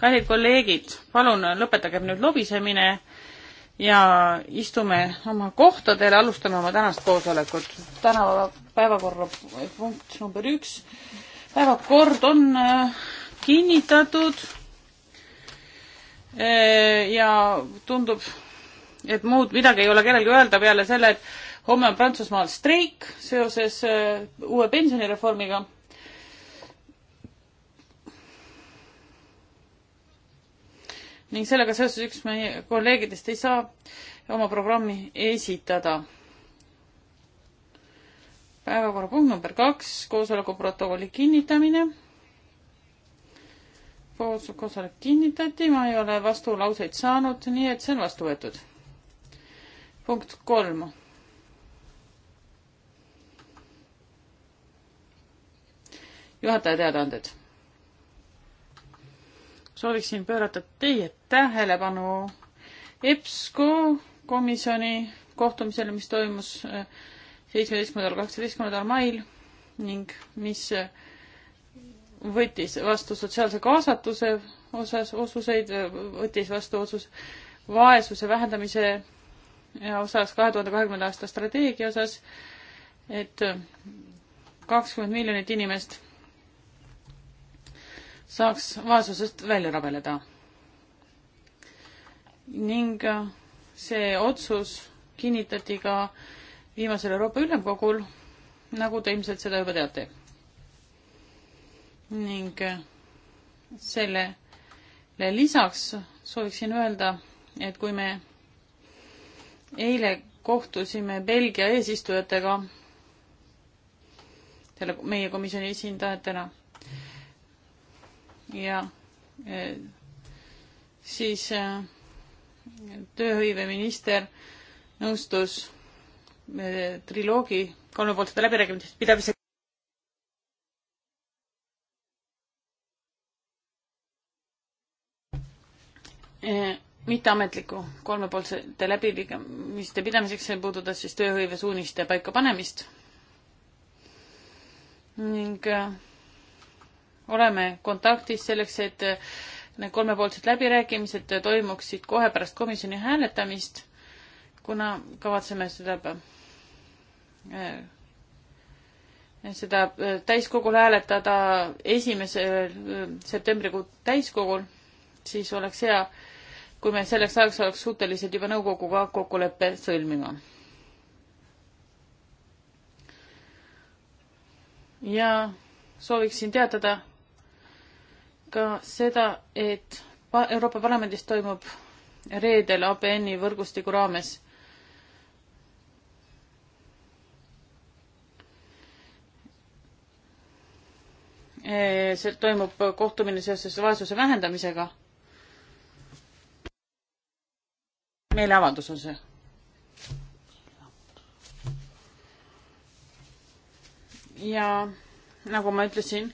kallid kolleegid, palun lõpetagem nüüd lobisemine ja istume oma kohtadele, alustame oma tänast koosolekut. täna päevakorrapunkt number üks, päevakord on äh, kinnitatud äh, ja tundub, et muud midagi ei ole kellelgi öelda peale selle, et homme on Prantsusmaal streik seoses äh, uue pensionireformiga ning sellega seoses üks meie kolleegidest ei saa oma programmi esitada. päevakorrapunkt number kaks, koosoleku protokolli kinnitamine. koosolek kinnitati, ma ei ole vastulauseid saanud, nii et see on vastu võetud. punkt kolm. juhataja teadaanded sooviksin pöörata teie tähelepanu EBSCO komisjoni kohtumisele, mis toimus äh, seitsmeteistkümnendal, kaheksateistkümnendal mail ning mis äh, võttis vastu sotsiaalse kaasatuse osas otsuseid, äh, võttis vastu otsus vaesuse vähendamise osas, kahe tuhande kahekümnenda aasta strateegia osas, et kakskümmend miljonit inimest saaks vaesusest välja rabeleda. ning äh, see otsus kinnitati ka viimasel Euroopa Ülemkogul, nagu te ilmselt seda juba teate. ning äh, sellele lisaks sooviksin öelda, et kui me eile kohtusime Belgia eesistujatega, selle meie komisjoni esindajatena ja eh, siis eh, tööhõiveminister nõustus eh, triloogi kolmepoolsete läbirääkimiste pidamise mitteametliku kolmepoolsete läbirääkimiste pidamiseks, see puudutas siis tööhõive suuniste paikapanemist ning oleme kontaktis selleks, et need kolmepoolsed läbirääkimised toimuksid kohe pärast komisjoni hääletamist, kuna kavatseme seda eh, seda täiskogul hääletada esimesel eh, septembrikuu täiskogul, siis oleks hea, kui me selleks ajaks oleks suutelised juba nõukoguga kokkuleppe sõlmima. ja sooviksin teatada, ka seda, et Euroopa Parlamendis toimub reedel ABN-i võrgustiku raames seal toimub kohtumine seoses vaesuse vähendamisega. meeleavaldus on see. ja nagu ma ütlesin,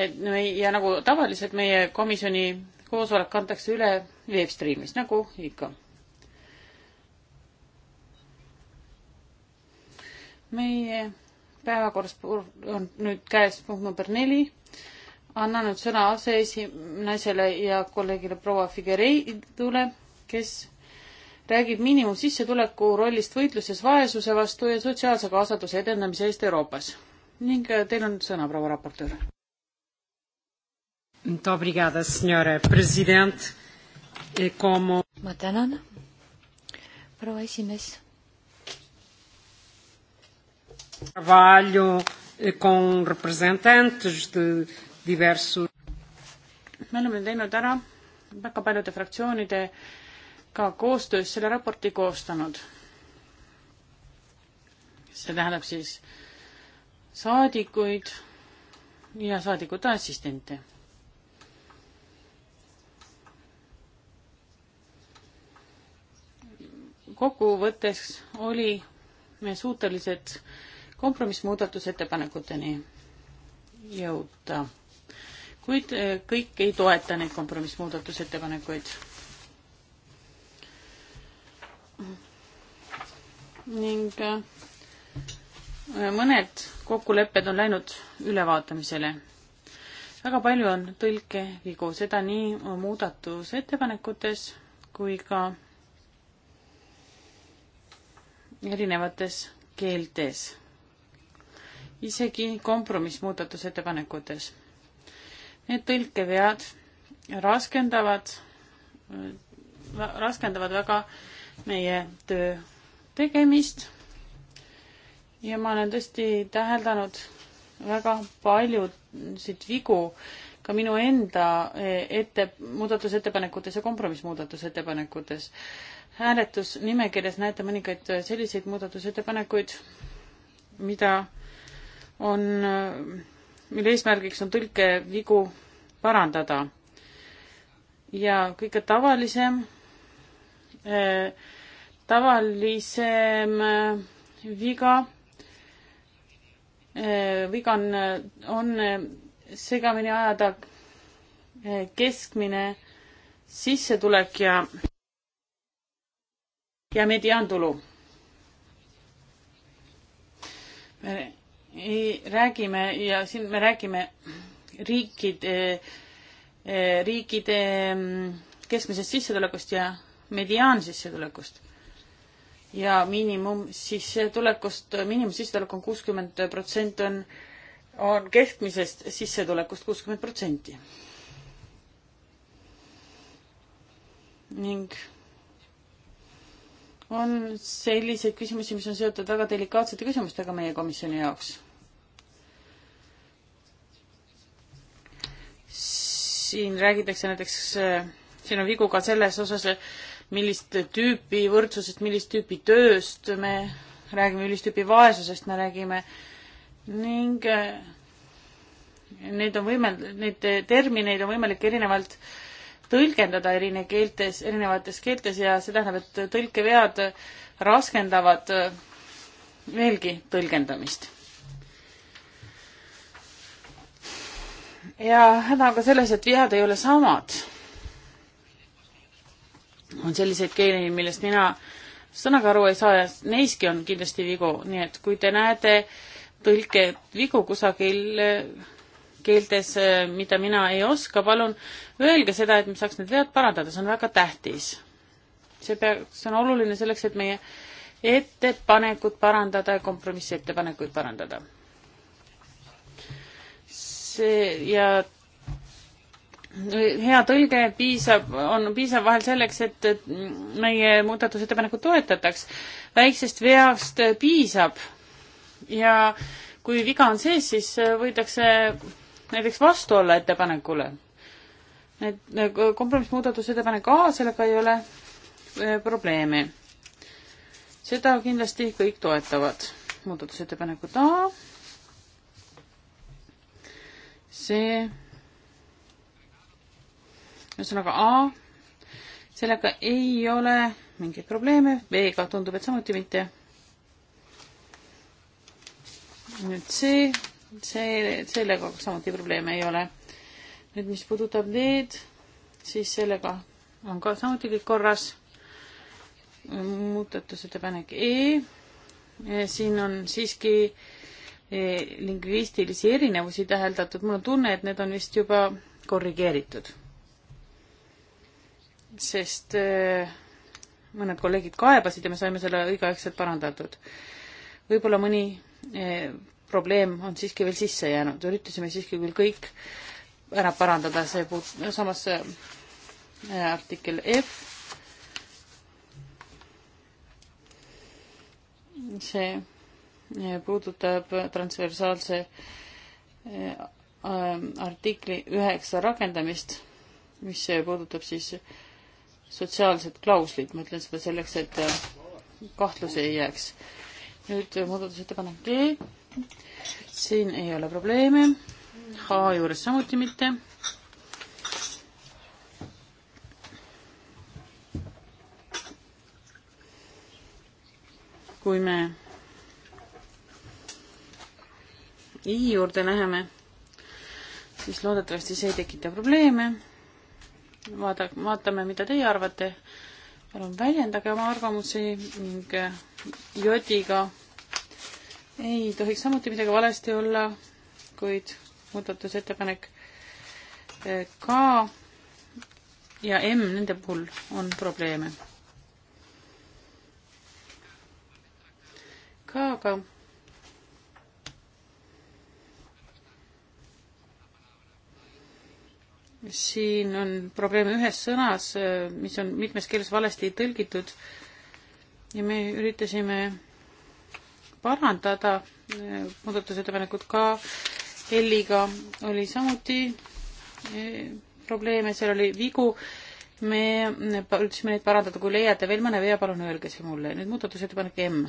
et me ja nagu tavaliselt meie komisjoni koosolek kantakse üle veebstriimis, nagu ikka. meie päevakorras on nüüd käes punkt number neli. annan nüüd sõna aseesinaisele ja kolleegile proua Figuereidule, kes räägib miinimumsissetuleku rollist võitluses vaesuse vastu ja sotsiaalse kaasatuse edendamise eest Euroopas. ning teil on sõna, proua raportöör Muito obrigada, senhora president. E como... ma tänan, proua esimees. Trabalho eh, com representantes de diversos. me oleme teinud ära väga paljude fraktsioonidega koostöös selle raporti koostanud. see tähendab siis saadikuid ja saadikute assistente kokkuvõtteks olime suutelised kompromissmuudatusettepanekuteni jõuda. kuid eh, kõik ei toeta neid kompromissmuudatusettepanekuid. ning eh, mõned kokkulepped on läinud ülevaatamisele. väga palju on tõlkevigu, seda nii muudatusettepanekutes kui ka erinevates keeltes, isegi kompromissmuudatusettepanekutes. Need tõlkevead raskendavad, äh, raskendavad väga meie töö tegemist ja ma olen tõesti täheldanud väga paljusid vigu ka minu enda äh, ette, muudatusettepanekutes ja kompromissmuudatusettepanekutes hääletusnimekirjas näete mõningaid selliseid muudatusettepanekuid, mida on, mille eesmärgiks on tõlkevigu parandada. ja kõige tavalisem, eh, tavalisem eh, viga, eh, viga on, on segamini ajada keskmine sissetulek ja ja mediaantulu. me räägime ja siin me räägime riikide, eh, riikide mm, keskmisest sissetulekust ja mediaansissetulekust. ja miinimumsissetulekust, miinimumsissetulek on kuuskümmend protsent, on, on keskmisest sissetulekust kuuskümmend protsenti. ning on selliseid küsimusi, mis on seotud väga delikaatsete küsimustega meie komisjoni jaoks. siin räägitakse näiteks, eh, siin on vigu ka selles osas, millist tüüpi võrdsusest, millist tüüpi tööst me räägime, millist tüüpi vaesusest me räägime ning eh, need on võimel-, neid termineid on võimalik erinevalt äh, tõlgendada erine keeltes, erinevates keeltes ja see tähendab, et tõlkevead raskendavad äh, veelgi tõlgendamist. ja häda on ka selles, et vead ei ole samad. on selliseid keeli, millest mina sõnaga aru ei saa ja neiski on kindlasti vigu, nii et kui te näete tõlkevigu kusagil, äh, keeltes, eh, mida mina ei oska, palun öelge seda, et me saaks need vead parandada, see on väga tähtis. see peaks, see on oluline selleks, et meie ettepanekud parandada ja kompromissettepanekuid parandada. see ja eh, hea tõlge piisab, on piisav vahel selleks, et, et meie muudatusettepanekut toetataks. väiksest veast piisab ja kui viga on sees, siis võidakse näiteks vastu olla ettepanekule. et kompromissmuudatusettepanek A, sellega ei ole e, probleemi. seda kindlasti kõik toetavad. muudatusettepanekut A. see, ühesõnaga A, sellega ei ole mingeid probleeme, B-ga tundub, et samuti mitte. nüüd C see, sellega samuti probleeme ei ole. nüüd, mis puudutab need, siis sellega on ka samuti kõik korras. muudatusettepanek E, e siin on siiski e, lingvistilisi erinevusi täheldatud, mul on tunne, et need on vist juba korrigeeritud. sest e, mõned kolleegid kaebasid ja me saime selle õigeaegselt parandatud. võib-olla mõni probleem on siiski veel sisse jäänud, üritasime siiski küll kõik ära parandada, see puut-, samas see äh, artikkel F, see äh, puudutab transversaalse äh, artikli üheksa rakendamist, mis puudutab siis sotsiaalset klauslit, ma ütlen seda selleks, et kahtlusi ei jääks. nüüd muudatusettepanek D siin ei ole probleeme. H juures samuti mitte. kui me I juurde läheme, siis loodetavasti see ei tekita probleeme. vaada, vaatame, mida teie arvate. palun väljendage oma arvamusi ning J-ga ei tohiks samuti midagi valesti olla, kuid muudatusettepanek eh, K ja M, nende puhul on probleeme. K-ga siin on probleeme ühes sõnas, eh, mis on mitmes keeles valesti tõlgitud ja me üritasime parandada, muudatusettepanekud ka L-iga oli samuti eh, probleeme, seal oli vigu, me üritasime neid parandada, kui leiate veel mõne vea, palun öelge see mulle. nüüd muudatusettepanek M.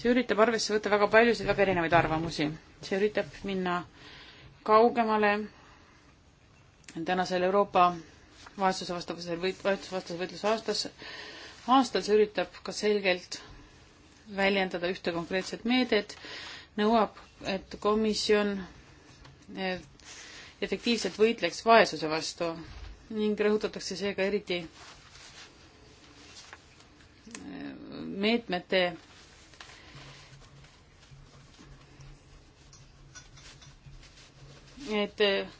see üritab arvesse võtta väga paljusid väga erinevaid arvamusi. see üritab minna kaugemale tänasel Euroopa vaesuse vastasel võit-, vaesusevastase võitluse aastas, aastas üritab ka selgelt väljendada ühte konkreetset meedet, nõuab, et komisjon efektiivselt võitleks vaesuse vastu ning rõhutatakse seega eriti äh, meetmete et äh,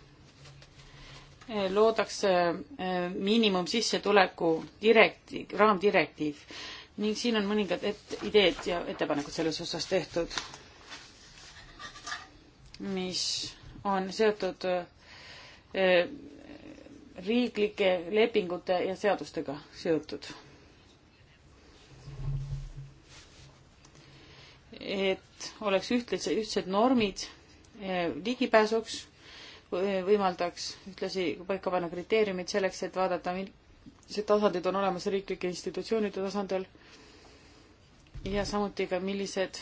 loodakse eh, miinimumsissetuleku direktiiv, raamdirektiiv ning siin on mõningad et-, ideed ja ettepanekud selles osas tehtud, mis on seotud eh, riiklike lepingute ja seadustega seotud. et oleks ühtlased, ühtsed normid eh, ligipääsuks võimaldaks ühtlasi paika panna kriteeriumid selleks, et vaadata, millised tasandid on olemas riiklike institutsioonide tasandil ja samuti ka, millised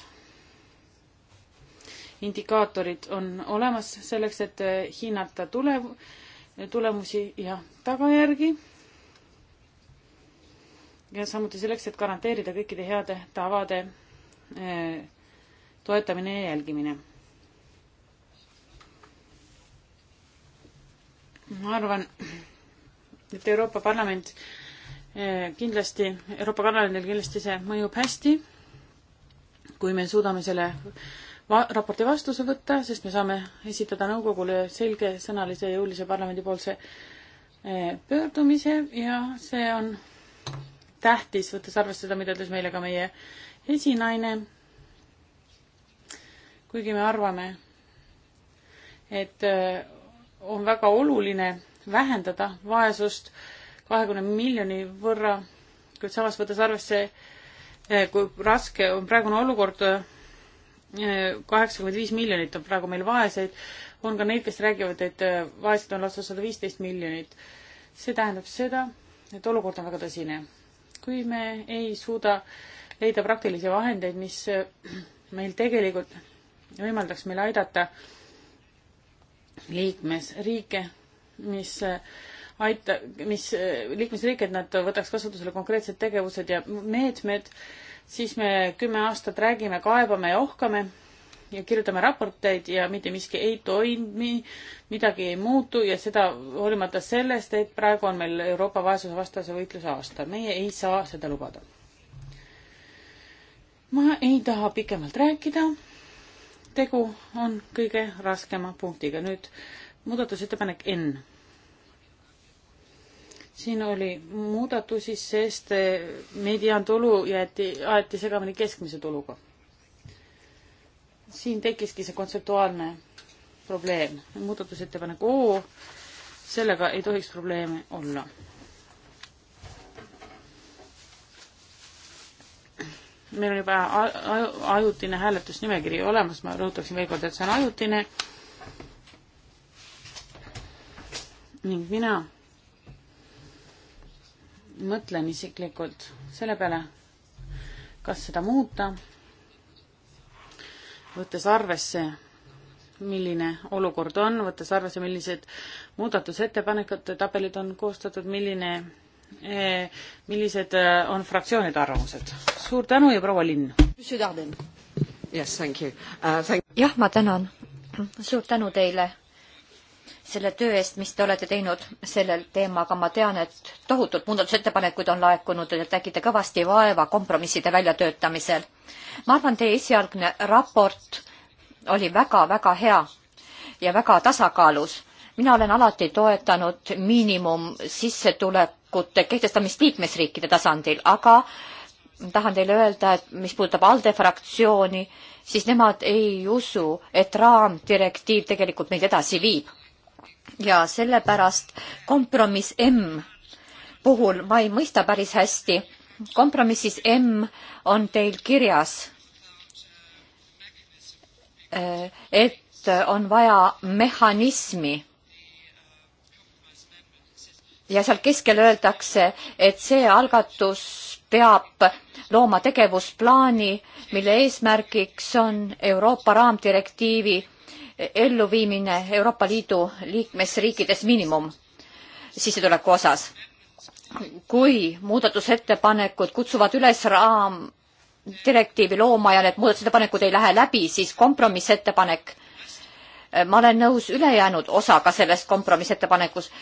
indikaatorid on olemas selleks, et hinnata tule, tulemusi ja tagajärgi. ja samuti selleks, et garanteerida kõikide heade tavade eh, toetamine ja jälgimine ma arvan, et Euroopa Parlament eh, kindlasti, Euroopa Parlamendil kindlasti see mõjub hästi, kui me suudame selle va-, raporti vastuse võtta, sest me saame esitada nõukogule selgesõnalise jõulise parlamendipoolse eh, pöördumise ja see on tähtis, võttes arvesse seda, mida ütles meile ka meie esinaine. kuigi me arvame, et eh, on väga oluline vähendada vaesust kahekümne miljoni võrra, kuid samas võttes arvesse, eh, kui raske on praegune olukord, eh, kaheksakümmend viis miljonit on praegu meil vaeseid, on ka neid, kes räägivad, et eh, vaesed on lausa sada viisteist miljonit. see tähendab seda, et olukord on väga tõsine. kui me ei suuda leida praktilisi vahendeid, mis meil tegelikult võimaldaks meil aidata äh, liikmesriike, mis äh, aita-, mis äh, liikmesriik, et nad võtaks kasutusele konkreetsed tegevused ja meetmed, siis me kümme aastat räägime, kaebame ja ohkame ja kirjutame raporteid ja mitte miski ei toimi, midagi ei muutu ja seda hoolimata sellest, et praegu on meil Euroopa vaesusevastase võitluse aasta. meie ei saa seda lubada. ma ei taha pikemalt rääkida tegu on kõige raskema punktiga. nüüd muudatusettepanek N. siin oli muudatusi, sest mediaantulu jäeti, aeti segamini keskmise tuluga. siin tekkiski see kontseptuaalne probleem. muudatusettepanek O, sellega ei tohiks probleeme olla meil on juba ajutine hääletusnimekiri olemas, ma rõhutaksin veel kord, et see on ajutine. ning mina mõtlen isiklikult selle peale, kas seda muuta, võttes arvesse, milline olukord on, võttes arvesse, millised muudatusettepanekute tabelid on koostatud, milline Eh, millised eh, on fraktsioonide arvamused? suur tänu ja proua Linn. Uh, jah, ma tänan. suur tänu teile selle töö eest, mis te olete teinud sellel teemaga, ma tean, et tohutult muudatusettepanekuid on laekunud ja te nägite kõvasti vaeva kompromisside väljatöötamisel. ma arvan, teie esialgne raport oli väga-väga hea ja väga tasakaalus mina olen alati toetanud miinimumsissetulekute kehtestamist liikmesriikide tasandil, aga tahan teile öelda, et mis puudutab ALDE fraktsiooni, siis nemad ei usu, et raamdirektiiv tegelikult meid edasi viib. ja sellepärast kompromiss M puhul ma ei mõista päris hästi, kompromissis M on teil kirjas, et on vaja mehhanismi ja seal keskel öeldakse, et see algatus peab looma tegevusplaani, mille eesmärgiks on Euroopa raamdirektiivi elluviimine Euroopa Liidu liikmesriikides miinimum sissetuleku osas. kui muudatusettepanekud kutsuvad üles raamdirektiivi looma ja need muudatusettepanekud ei lähe läbi, siis kompromissettepanek ma olen nõus ülejäänud osaga sellest kompromissettepanekust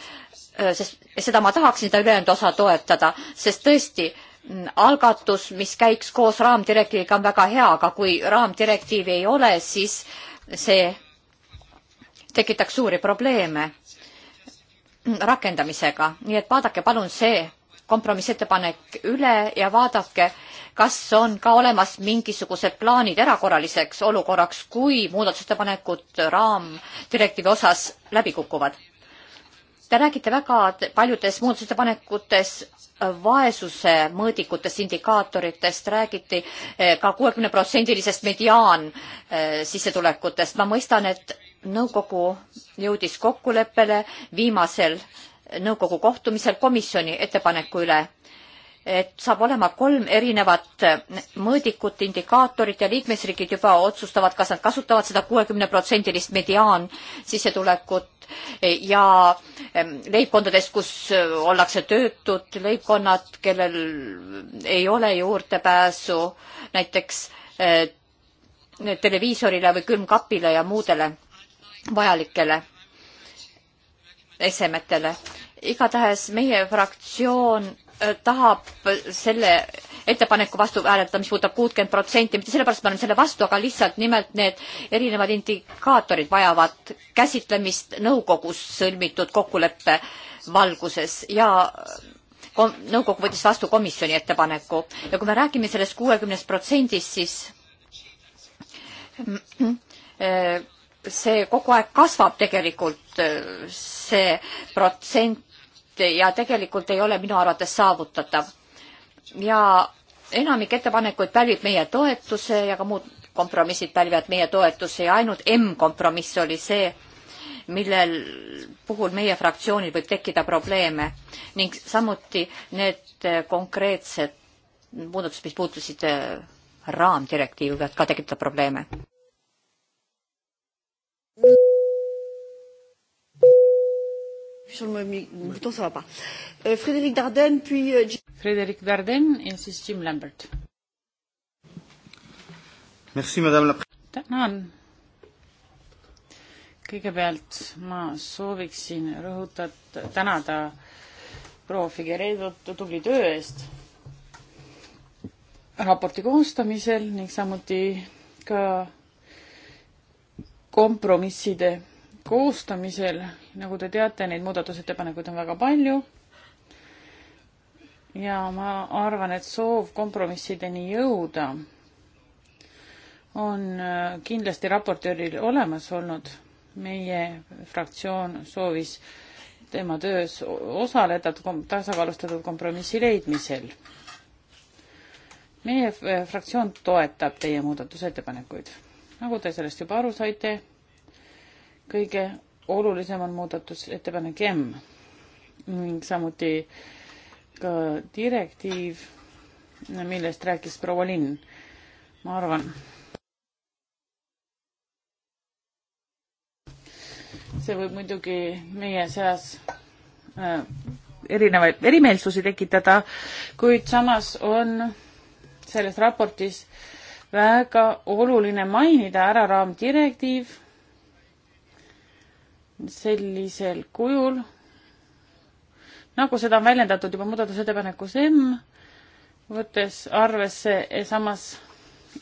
Äh, sest seda ma tahaksin, seda ülejäänud osa toetada, sest tõesti, mm, algatus, mis käiks koos raamdirektiiviga, on väga hea, aga kui raamdirektiivi ei ole, siis see tekitaks suuri probleeme mm, rakendamisega, nii et vaadake palun see kompromissettepanek üle ja vaadake, kas on ka olemas mingisugused plaanid erakorraliseks olukorraks, kui muudatusettepanekud raamdirektiivi osas läbi kukuvad Te räägite väga paljudes muudatusettepanekutes äh, vaesuse mõõdikutest, indikaatoritest, räägiti äh, ka kuuekümneprotsendilisest mediaan äh, sissetulekutest. ma mõistan, et nõukogu jõudis kokkuleppele viimasel nõukogu kohtumisel komisjoni ettepaneku üle, et saab olema kolm erinevat mõõdikut, indikaatorit ja liikmesriigid juba otsustavad, kas nad kasutavad seda kuuekümneprotsendilist mediaan sissetulekut ja leibkondadest, kus äh, ollakse töötud, leibkonnad, kellel ei ole juurdepääsu näiteks äh, televiisorile või külmkapile ja muudele vajalikele esemetele. igatahes meie fraktsioon äh, tahab selle ettepaneku vastu hääletada, mis puudutab kuutkümmend protsenti, mitte sellepärast, et me oleme selle vastu, aga lihtsalt nimelt need erinevad indikaatorid vajavad käsitlemist nõukogus sõlmitud kokkuleppe valguses ja kom-, nõukogu võttis vastu komisjoni ettepaneku ja kui me räägime sellest kuuekümnest protsendist, siis äh, see kogu aeg kasvab tegelikult, äh, see protsent ja tegelikult ei ole minu arvates saavutatav ja enamik ettepanekuid pälvib meie toetuse ja ka muud kompromissid pälvivad meie toetuse ja ainult M-kompromiss oli see, millel puhul meie fraktsioonil võib tekkida probleeme ning samuti need konkreetsed muudatused, mis puutusid äh, raamdirektiiviga, et ka tekitada probleeme sur le bouton, ça va pas. Euh, Frédéric Dardenne, puis... Euh, Frédéric Dardenne ja siis Jim Lambert. Merci, madame la... Tänan. Kõigepealt ma sooviksin rõhutada, tänada proua Figueredot tubli töö eest raporti koostamisel ning samuti ka kompromisside koostamisel. nagu te teate, neid muudatusettepanekuid on väga palju. ja ma arvan, et soov kompromissideni jõuda on äh, kindlasti raportööril olemas olnud. meie fraktsioon soovis tema töös osaleda tasakaalustatud kompromissi leidmisel. meie fraktsioon toetab teie muudatusettepanekuid. nagu te sellest juba aru saite kõige olulisem on muudatusettepanek M ning samuti ka direktiiv, millest rääkis proua Linn, ma arvan. see võib muidugi meie seas äh, erinevaid erimeelsusi tekitada, kuid samas on selles raportis väga oluline mainida ära raamdirektiiv sellisel kujul, nagu seda on väljendatud juba muudatusettepanekus M, võttes arvesse samas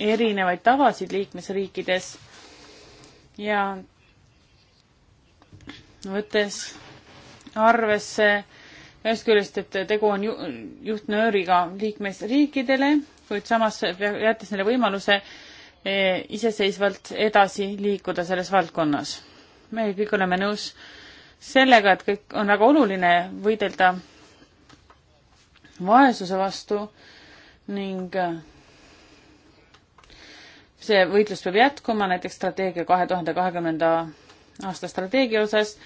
erinevaid tavasid liikmesriikides ja võttes arvesse ühest küljest, et tegu on ju, juhtnööriga liikmesriikidele, kuid samas jättes neile võimaluse eh, iseseisvalt edasi liikuda selles valdkonnas me kõik oleme nõus sellega, et kõik on väga oluline võidelda vaesuse vastu ning äh, see võitlus peab jätkuma, näiteks strateegia kahe tuhande kahekümnenda aasta strateegia osas.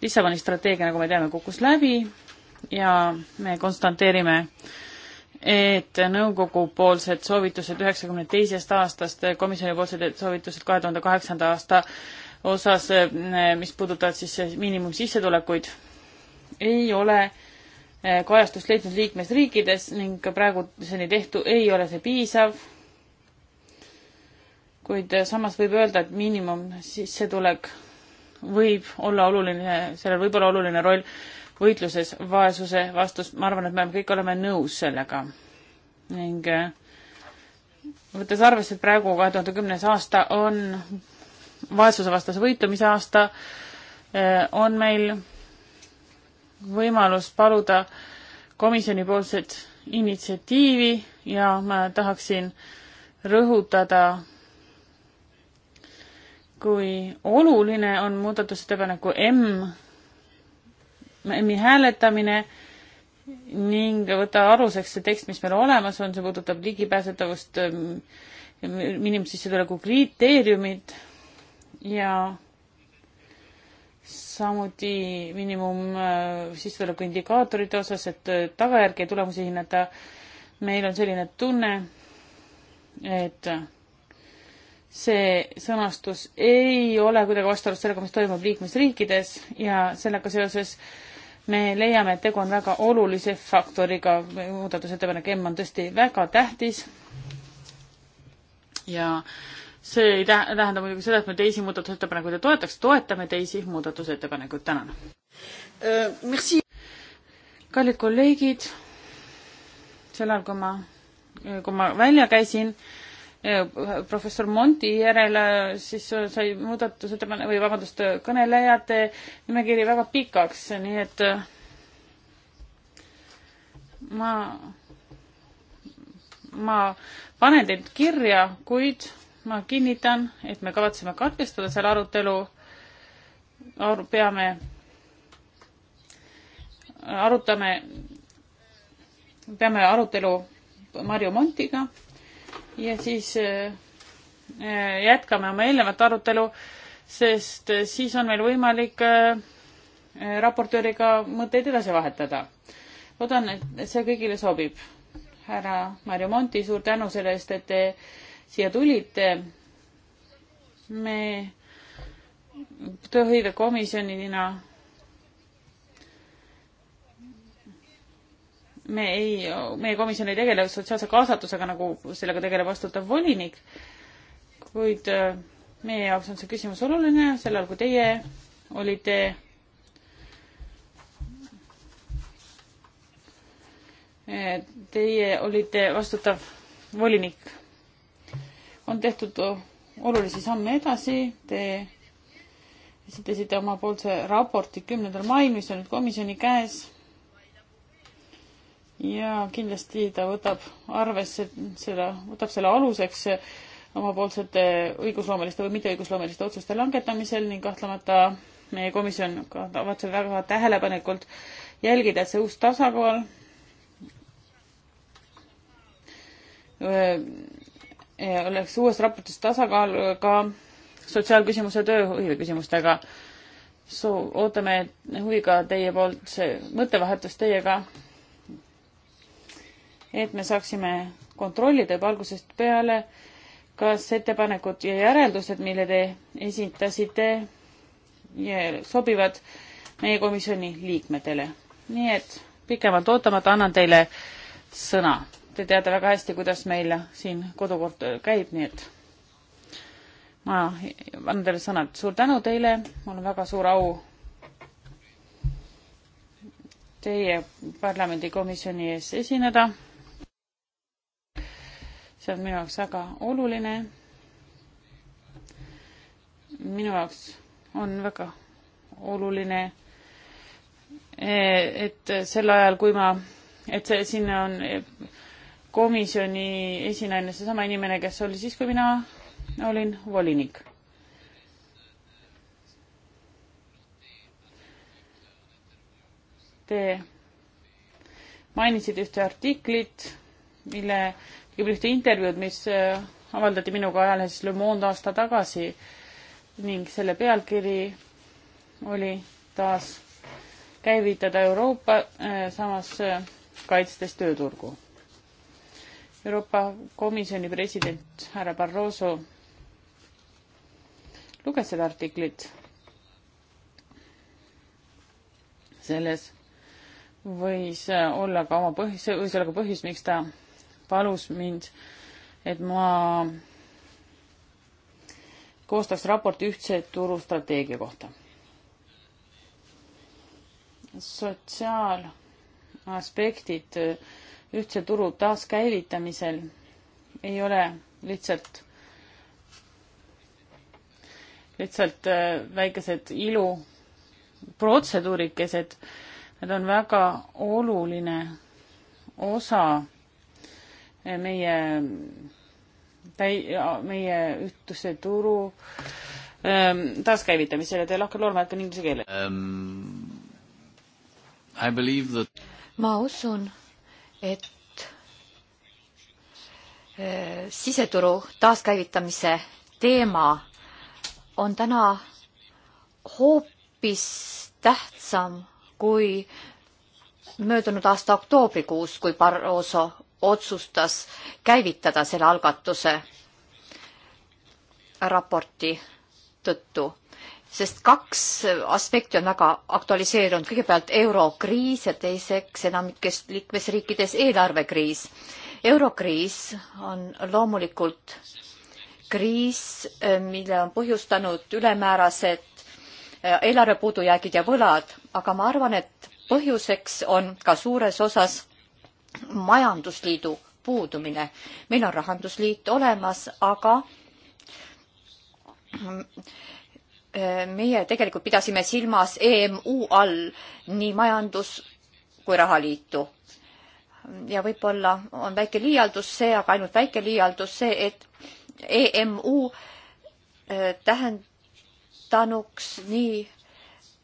Lissaboni strateegia, nagu me teame, kukkus läbi ja me konstanteerime, et nõukogupoolsed soovitused üheksakümne teisest aastast, komisjonipoolsed soovitused kahe tuhande kaheksanda aasta osas, eh, mis puudutavad siis eh, miinimumsissetulekuid, ei ole eh, kajastust leidnud liikmesriikides ning praeguseni tehtu ei ole see piisav. kuid samas võib öelda, et miinimumsissetulek võib olla oluline, sellel võib olla oluline roll võitluses vaesuse vastus, ma arvan, et me kõik oleme nõus sellega. ning võttes arvesse, et praegu kahe tuhande kümnes aasta on vaesusevastase võitlemise aasta, on meil võimalus paluda komisjonipoolset initsiatiivi ja ma tahaksin rõhutada, kui oluline on muudatusettepaneku M, M-i hääletamine ning võta aluseks see tekst, mis meil olemas on, see puudutab ligipääsetavust, miinimumsissetuleku kriteeriumid ja samuti miinimum äh, sissetuleku indikaatorite osas, et äh, tagajärgi ja tulemusi hinnata. meil on selline tunne, et see sõnastus ei ole kuidagi vastuolus sellega, mis toimub liikmesriikides ja sellega seoses me leiame, et tegu on väga olulise faktoriga, muudatusettepanek M on tõesti väga tähtis ja see ei tähenda muidugi seda, et me teisi muudatusettepanekuid ei toetaks, toetame teisi muudatusettepanekuid, tänan uh,. kallid kolleegid, sel ajal, kui ma, kui ma välja käisin, äh, professor Monti järele, äh, siis sai muudatusettepanek või vabandust, kõnelejate nimekiri väga pikaks, nii et ma, ma panen teid kirja, kuid ma kinnitan, et me kavatseme katkestada selle arutelu aru,, peame, arutame, peame arutelu Marju Montiga ja siis äh, jätkame oma eelnevat arutelu, sest siis on meil võimalik äh, raportööriga mõtteid edasi vahetada. loodan, et see kõigile sobib. härra Marju Monti, suur tänu selle eest, et te siia tulite. me tööhõive komisjonina me ei, meie komisjon ei tegele sotsiaalse kaasatusega, nagu sellega tegeleb vastutav volinik, kuid äh, meie jaoks on see küsimus oluline, sel ajal kui teie olite äh, Teie olite vastutav volinik on tehtud olulisi samme edasi, te esitasite omapoolse raporti kümnendal mail, mis on nüüd komisjoni käes. ja kindlasti ta võtab arvesse seda, võtab selle aluseks omapoolsete õigusloomeliste või mitteõigusloomeliste otsuste langetamisel ning kahtlemata meie komisjon kavatseb väga tähelepanelikult jälgida, et see uus tasakaal oleks uues raportis tasakaal ka sotsiaalküsimuse tööhõive küsimustega. soo-, ootame huviga teie poolt see mõttevahetus teiega, et me saaksime kontrollida juba algusest peale, kas ettepanekud ja järeldused, mille te esitasite, sobivad meie komisjoni liikmetele. nii et pikemalt ootamata annan teile sõna Te teate väga hästi, kuidas meil siin kodukord käib, nii et ma annan teile sõnad. suur tänu teile, mul on väga suur au teie parlamendikomisjoni ees esineda. see on minu jaoks väga oluline. minu jaoks on väga oluline, eh, et sel ajal, kui ma, et see, siin on komisjoni esinaine, seesama inimene, kes oli siis, kui mina olin volinik. Te mainisite ühte artiklit, mille, ühte intervjuud, mis äh, avaldati minuga ajalehes Le Monde aasta tagasi ning selle pealkiri oli taas käivitada Euroopa, äh, samas äh, kaitstes tööturgu Euroopa Komisjoni president härra Barroso luges seda artiklit. selles võis olla ka oma põhjus, võis olla ka põhjus, miks ta palus mind, et ma koostaks raporti ühtse turustrateegia kohta. sotsiaalaspektid äh, ühtse turu taaskäivitamisel ei ole lihtsalt, lihtsalt äh, väikesed iluprotseduurikesed, need on väga oluline osa äh, meie täi-, meie ühtluse turu ähm, taaskäivitamisele, teil hakkab loomad ka inglise keele um,. That... ma usun, et äh, siseturu taaskäivitamise teema on täna hoopis tähtsam kui möödunud aasta oktoobrikuus, kui Barroso otsustas käivitada selle algatuse raporti tõttu sest kaks aspekti on väga aktualiseerunud, kõigepealt eurokriis ja teiseks enamikes liikmesriikides eelarvekriis. eurokriis on loomulikult kriis, mille on põhjustanud ülemäärased äh, eelarve puudujäägid ja võlad, aga ma arvan, et põhjuseks on ka suures osas majandusliidu puudumine. meil on rahandusliit olemas, aga meie tegelikult pidasime silmas EMU all nii majandus kui rahaliitu. ja võib-olla on väike liialdus see, aga ainult väike liialdus see, et EMU äh, tähendanuks nii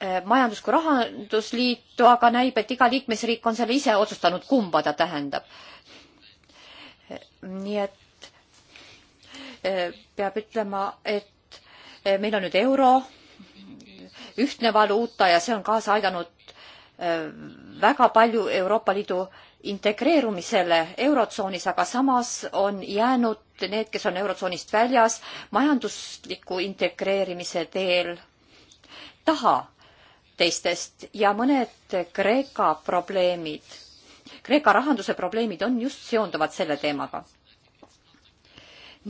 äh, majandus- kui rahandusliitu, aga näib, et iga liikmesriik on selle ise otsustanud, kumba ta tähendab. nii et äh, peab ütlema, et Eh, meil on nüüd euro, ühtne valuuta ja see on kaasa aidanud eh, väga palju Euroopa Liidu integreerumisele Eurotsoonis, aga samas on jäänud need, kes on Eurotsoonist väljas, majandusliku integreerimise teel taha teistest ja mõned Kreeka probleemid, Kreeka rahanduse probleemid on just seonduvad selle teemaga.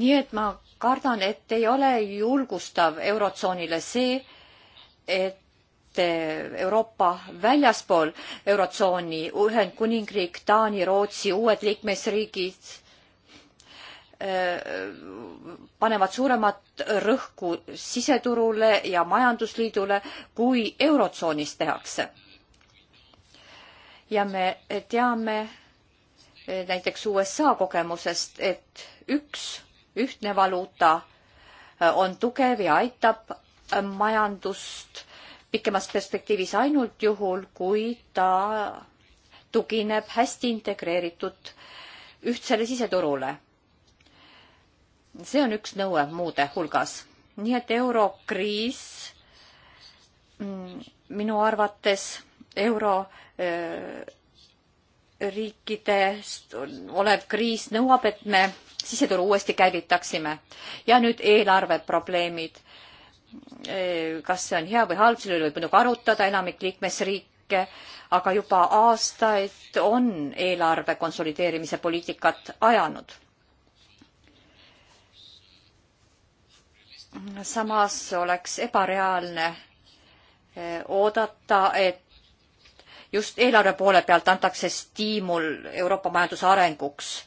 nii et ma kardan, et ei ole julgustav Eurotsoonile see, et eh, Euroopa väljaspool Eurotsooni, Ühendkuningriik, Taani, Rootsi, uued liikmesriigid eh, panevad suuremat rõhku siseturule ja majandusliidule, kui Eurotsoonis tehakse. ja me teame eh, näiteks USA kogemusest, et üks ühtne valuuta äh, on tugev ja aitab äh, majandust pikemas perspektiivis ainult juhul, kui ta tugineb hästi integreeritud ühtsele siseturule. see on üks nõue muude hulgas. nii et eurokriis mm, minu arvates euro äh, riikidest olev kriis nõuab, et me siseturu uuesti käivitaksime. ja nüüd eelarveprobleemid. E, kas see on hea või halb, selle üle võib muidugi arutada, enamik liikmesriike, aga juba aastaid on eelarve konsolideerimise poliitikat ajanud. samas oleks ebareaalne e, oodata, et just eelarve poole pealt antakse stiimul Euroopa majanduse arenguks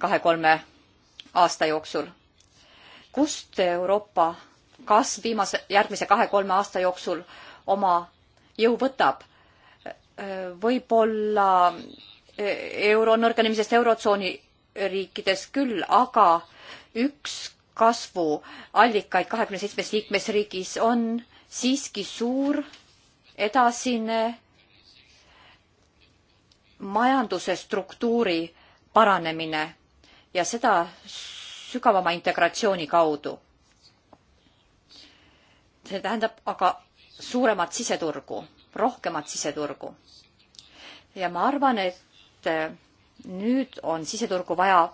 kahe-kolme aasta jooksul. kust Euroopa kas viimase, järgmise kahe-kolme aasta jooksul oma jõu võtab? võib-olla eh, euro nõrgenemisest eurotsooni riikides küll, aga üks kasvuallikaid kahekümne seitsmes liikmesriigis on siiski suur edasine majanduse struktuuri paranemine ja seda sügavama integratsiooni kaudu. see tähendab aga suuremat siseturgu, rohkemat siseturgu. ja ma arvan, et äh, nüüd on siseturgu vaja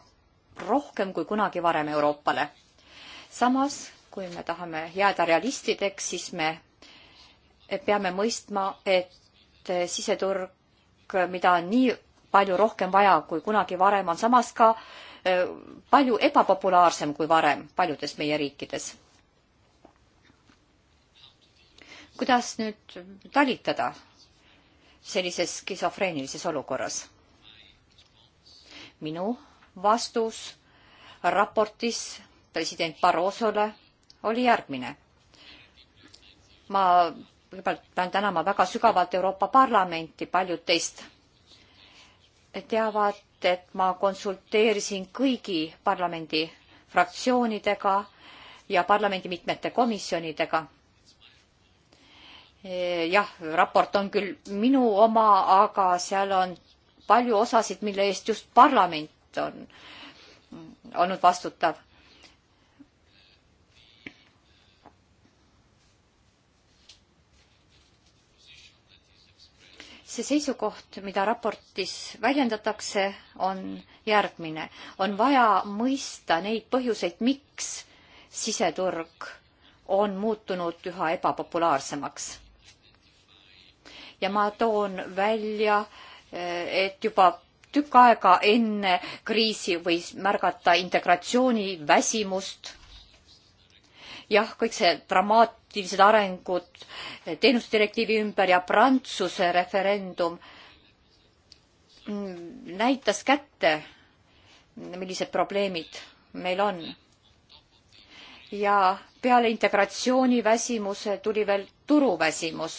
rohkem kui kunagi varem Euroopale. samas, kui me tahame jääda realistideks, siis me peame mõistma, et äh, siseturg, mida on nii palju rohkem vaja kui kunagi varem, on samas ka Äh, palju ebapopulaarsem kui varem paljudes meie riikides. kuidas nüüd talitada sellises skisofreenilises olukorras? minu vastus raportis president Barrosole oli järgmine. ma kõigepealt pean tänama väga sügavalt Euroopa Parlamenti, paljud teist teavad, et ma konsulteerisin kõigi parlamendi fraktsioonidega ja parlamendi mitmete komisjonidega. E, jah, raport on küll minu oma, aga seal on palju osasid, mille eest just parlament on olnud vastutav see seisukoht, mida raportis väljendatakse, on järgmine. on vaja mõista neid põhjuseid, miks siseturg on muutunud üha ebapopulaarsemaks. ja ma toon välja, et juba tükk aega enne kriisi võis märgata integratsiooni väsimust. jah, kõik see dramaat-, positiivsed arengud teenuste direktiivi ümber ja Prantsuse referendum näitas kätte, millised probleemid meil on. ja peale integratsiooniväsimuse tuli veel turuväsimus.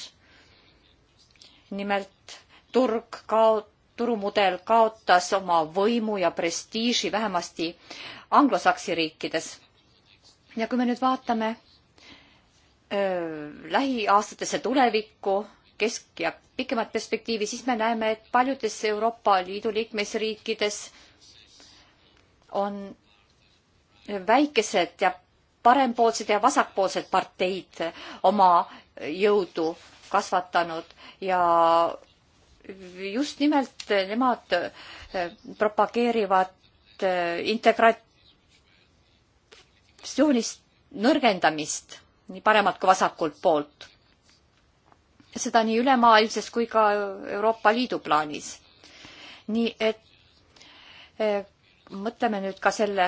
nimelt turg kaot-, turumudel kaotas oma võimu ja prestiiži vähemasti anglosaksi riikides. ja kui me nüüd vaatame lähiaastatesse tulevikku, kesk- ja pikemat perspektiivi, siis me näeme, et paljudes Euroopa Liidu liikmesriikides on väikesed ja parempoolsed ja vasakpoolsed parteid oma jõudu kasvatanud ja just nimelt nemad propageerivad integratsioonist nõrgendamist nii paremalt kui vasakult poolt. seda nii ülemaailmses kui ka Euroopa Liidu plaanis. nii et eh, mõtleme nüüd ka selle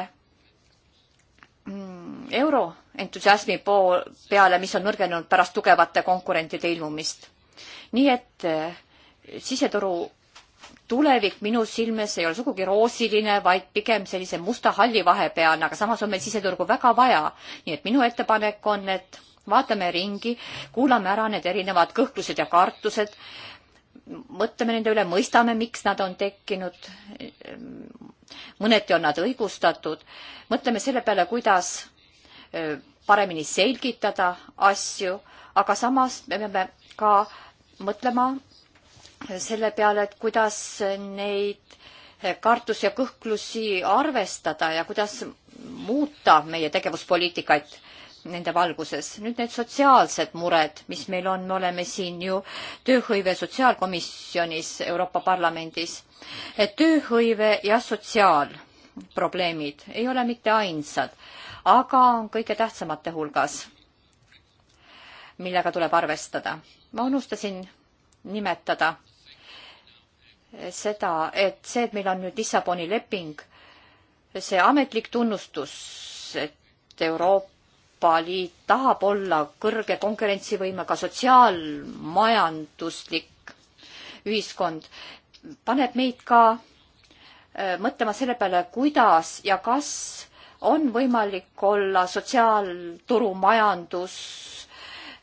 mm, euro entusiasmi pool, peale, mis on nõrgenenud pärast tugevate konkurentide ilmumist. nii et eh, siseturu tulevik minu silmes ei ole sugugi roosiline, vaid pigem sellise musta-halli vahepealne, aga samas on meil siseturgu väga vaja. nii et minu ettepanek on, et vaatame ringi, kuulame ära need erinevad kõhklused ja kartused, mõtleme nende üle, mõistame, miks nad on tekkinud. mõneti on nad õigustatud. mõtleme selle peale, kuidas paremini selgitada asju, aga samas me peame ka mõtlema selle peale, et kuidas neid kartus ja kõhklusi arvestada ja kuidas muuta meie tegevuspoliitikaid nende valguses. nüüd need sotsiaalsed mured, mis meil on, me oleme siin ju tööhõive sotsiaalkomisjonis Euroopa Parlamendis. et tööhõive ja sotsiaalprobleemid ei ole mitte ainsad, aga on kõige tähtsamate hulgas, millega tuleb arvestada. ma unustasin nimetada seda, et see, et meil on nüüd Lissaboni leping, see ametlik tunnustus, et Euroopa Liit tahab olla kõrge konkurentsivõimega sotsiaalmajanduslik ühiskond, paneb meid ka äh, mõtlema selle peale, kuidas ja kas on võimalik olla sotsiaalturumajandus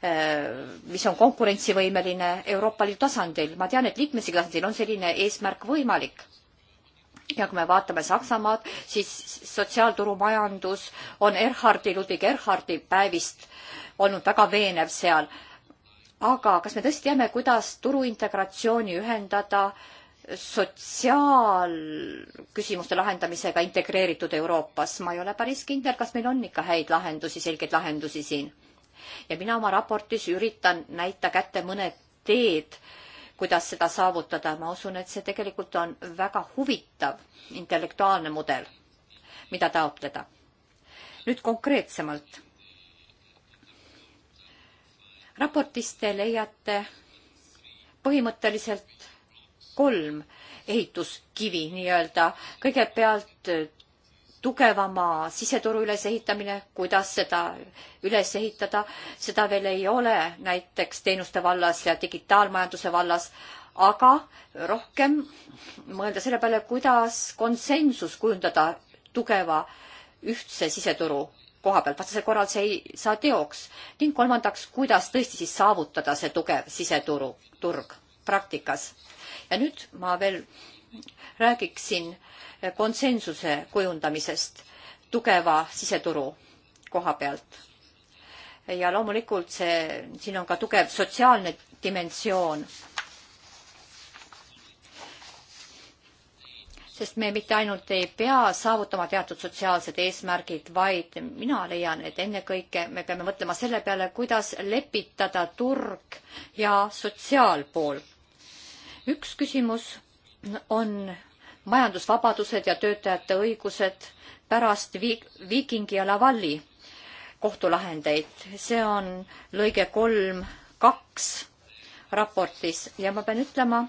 Äh, mis on konkurentsivõimeline Euroopa Liidu tasandil. ma tean, et liikmesriigi tasandil on selline eesmärk võimalik. ja kui me vaatame Saksamaad, siis sotsiaalturumajandus on Erhardi, Ludwig Erhardi päevist olnud väga veenev seal. aga kas me tõesti teame, kuidas turuintegratsiooni ühendada sotsiaalküsimuste lahendamisega integreeritud Euroopas, ma ei ole päris kindel, kas meil on ikka häid lahendusi, selgeid lahendusi siin ja mina oma raportis üritan näita kätte mõned teed, kuidas seda saavutada. ma usun, et see tegelikult on väga huvitav intellektuaalne mudel, mida taotleda. nüüd konkreetsemalt. raportis te leiate põhimõtteliselt kolm ehituskivi nii-öelda. kõigepealt tugevama siseturu ülesehitamine, kuidas seda üles ehitada, seda veel ei ole näiteks teenuste vallas ja digitaalmajanduse vallas, aga rohkem mõelda selle peale, kuidas konsensus kujundada tugeva ühtse siseturu koha pealt, vastasel korral see ei saa teoks. ning kolmandaks, kuidas tõesti siis saavutada see tugev siseturu, turg praktikas. ja nüüd ma veel räägiksin konsensuse kujundamisest tugeva siseturu koha pealt. ja loomulikult see, siin on ka tugev sotsiaalne dimensioon. sest me mitte ainult ei pea saavutama teatud sotsiaalsed eesmärgid, vaid mina leian, et ennekõike me peame mõtlema selle peale, kuidas lepitada turg ja sotsiaalpool. üks küsimus on majandusvabadused ja töötajate õigused pärast Viikingi ja Lavalli kohtulahendeid. see on lõige kolm kaks raportis ja ma pean ütlema,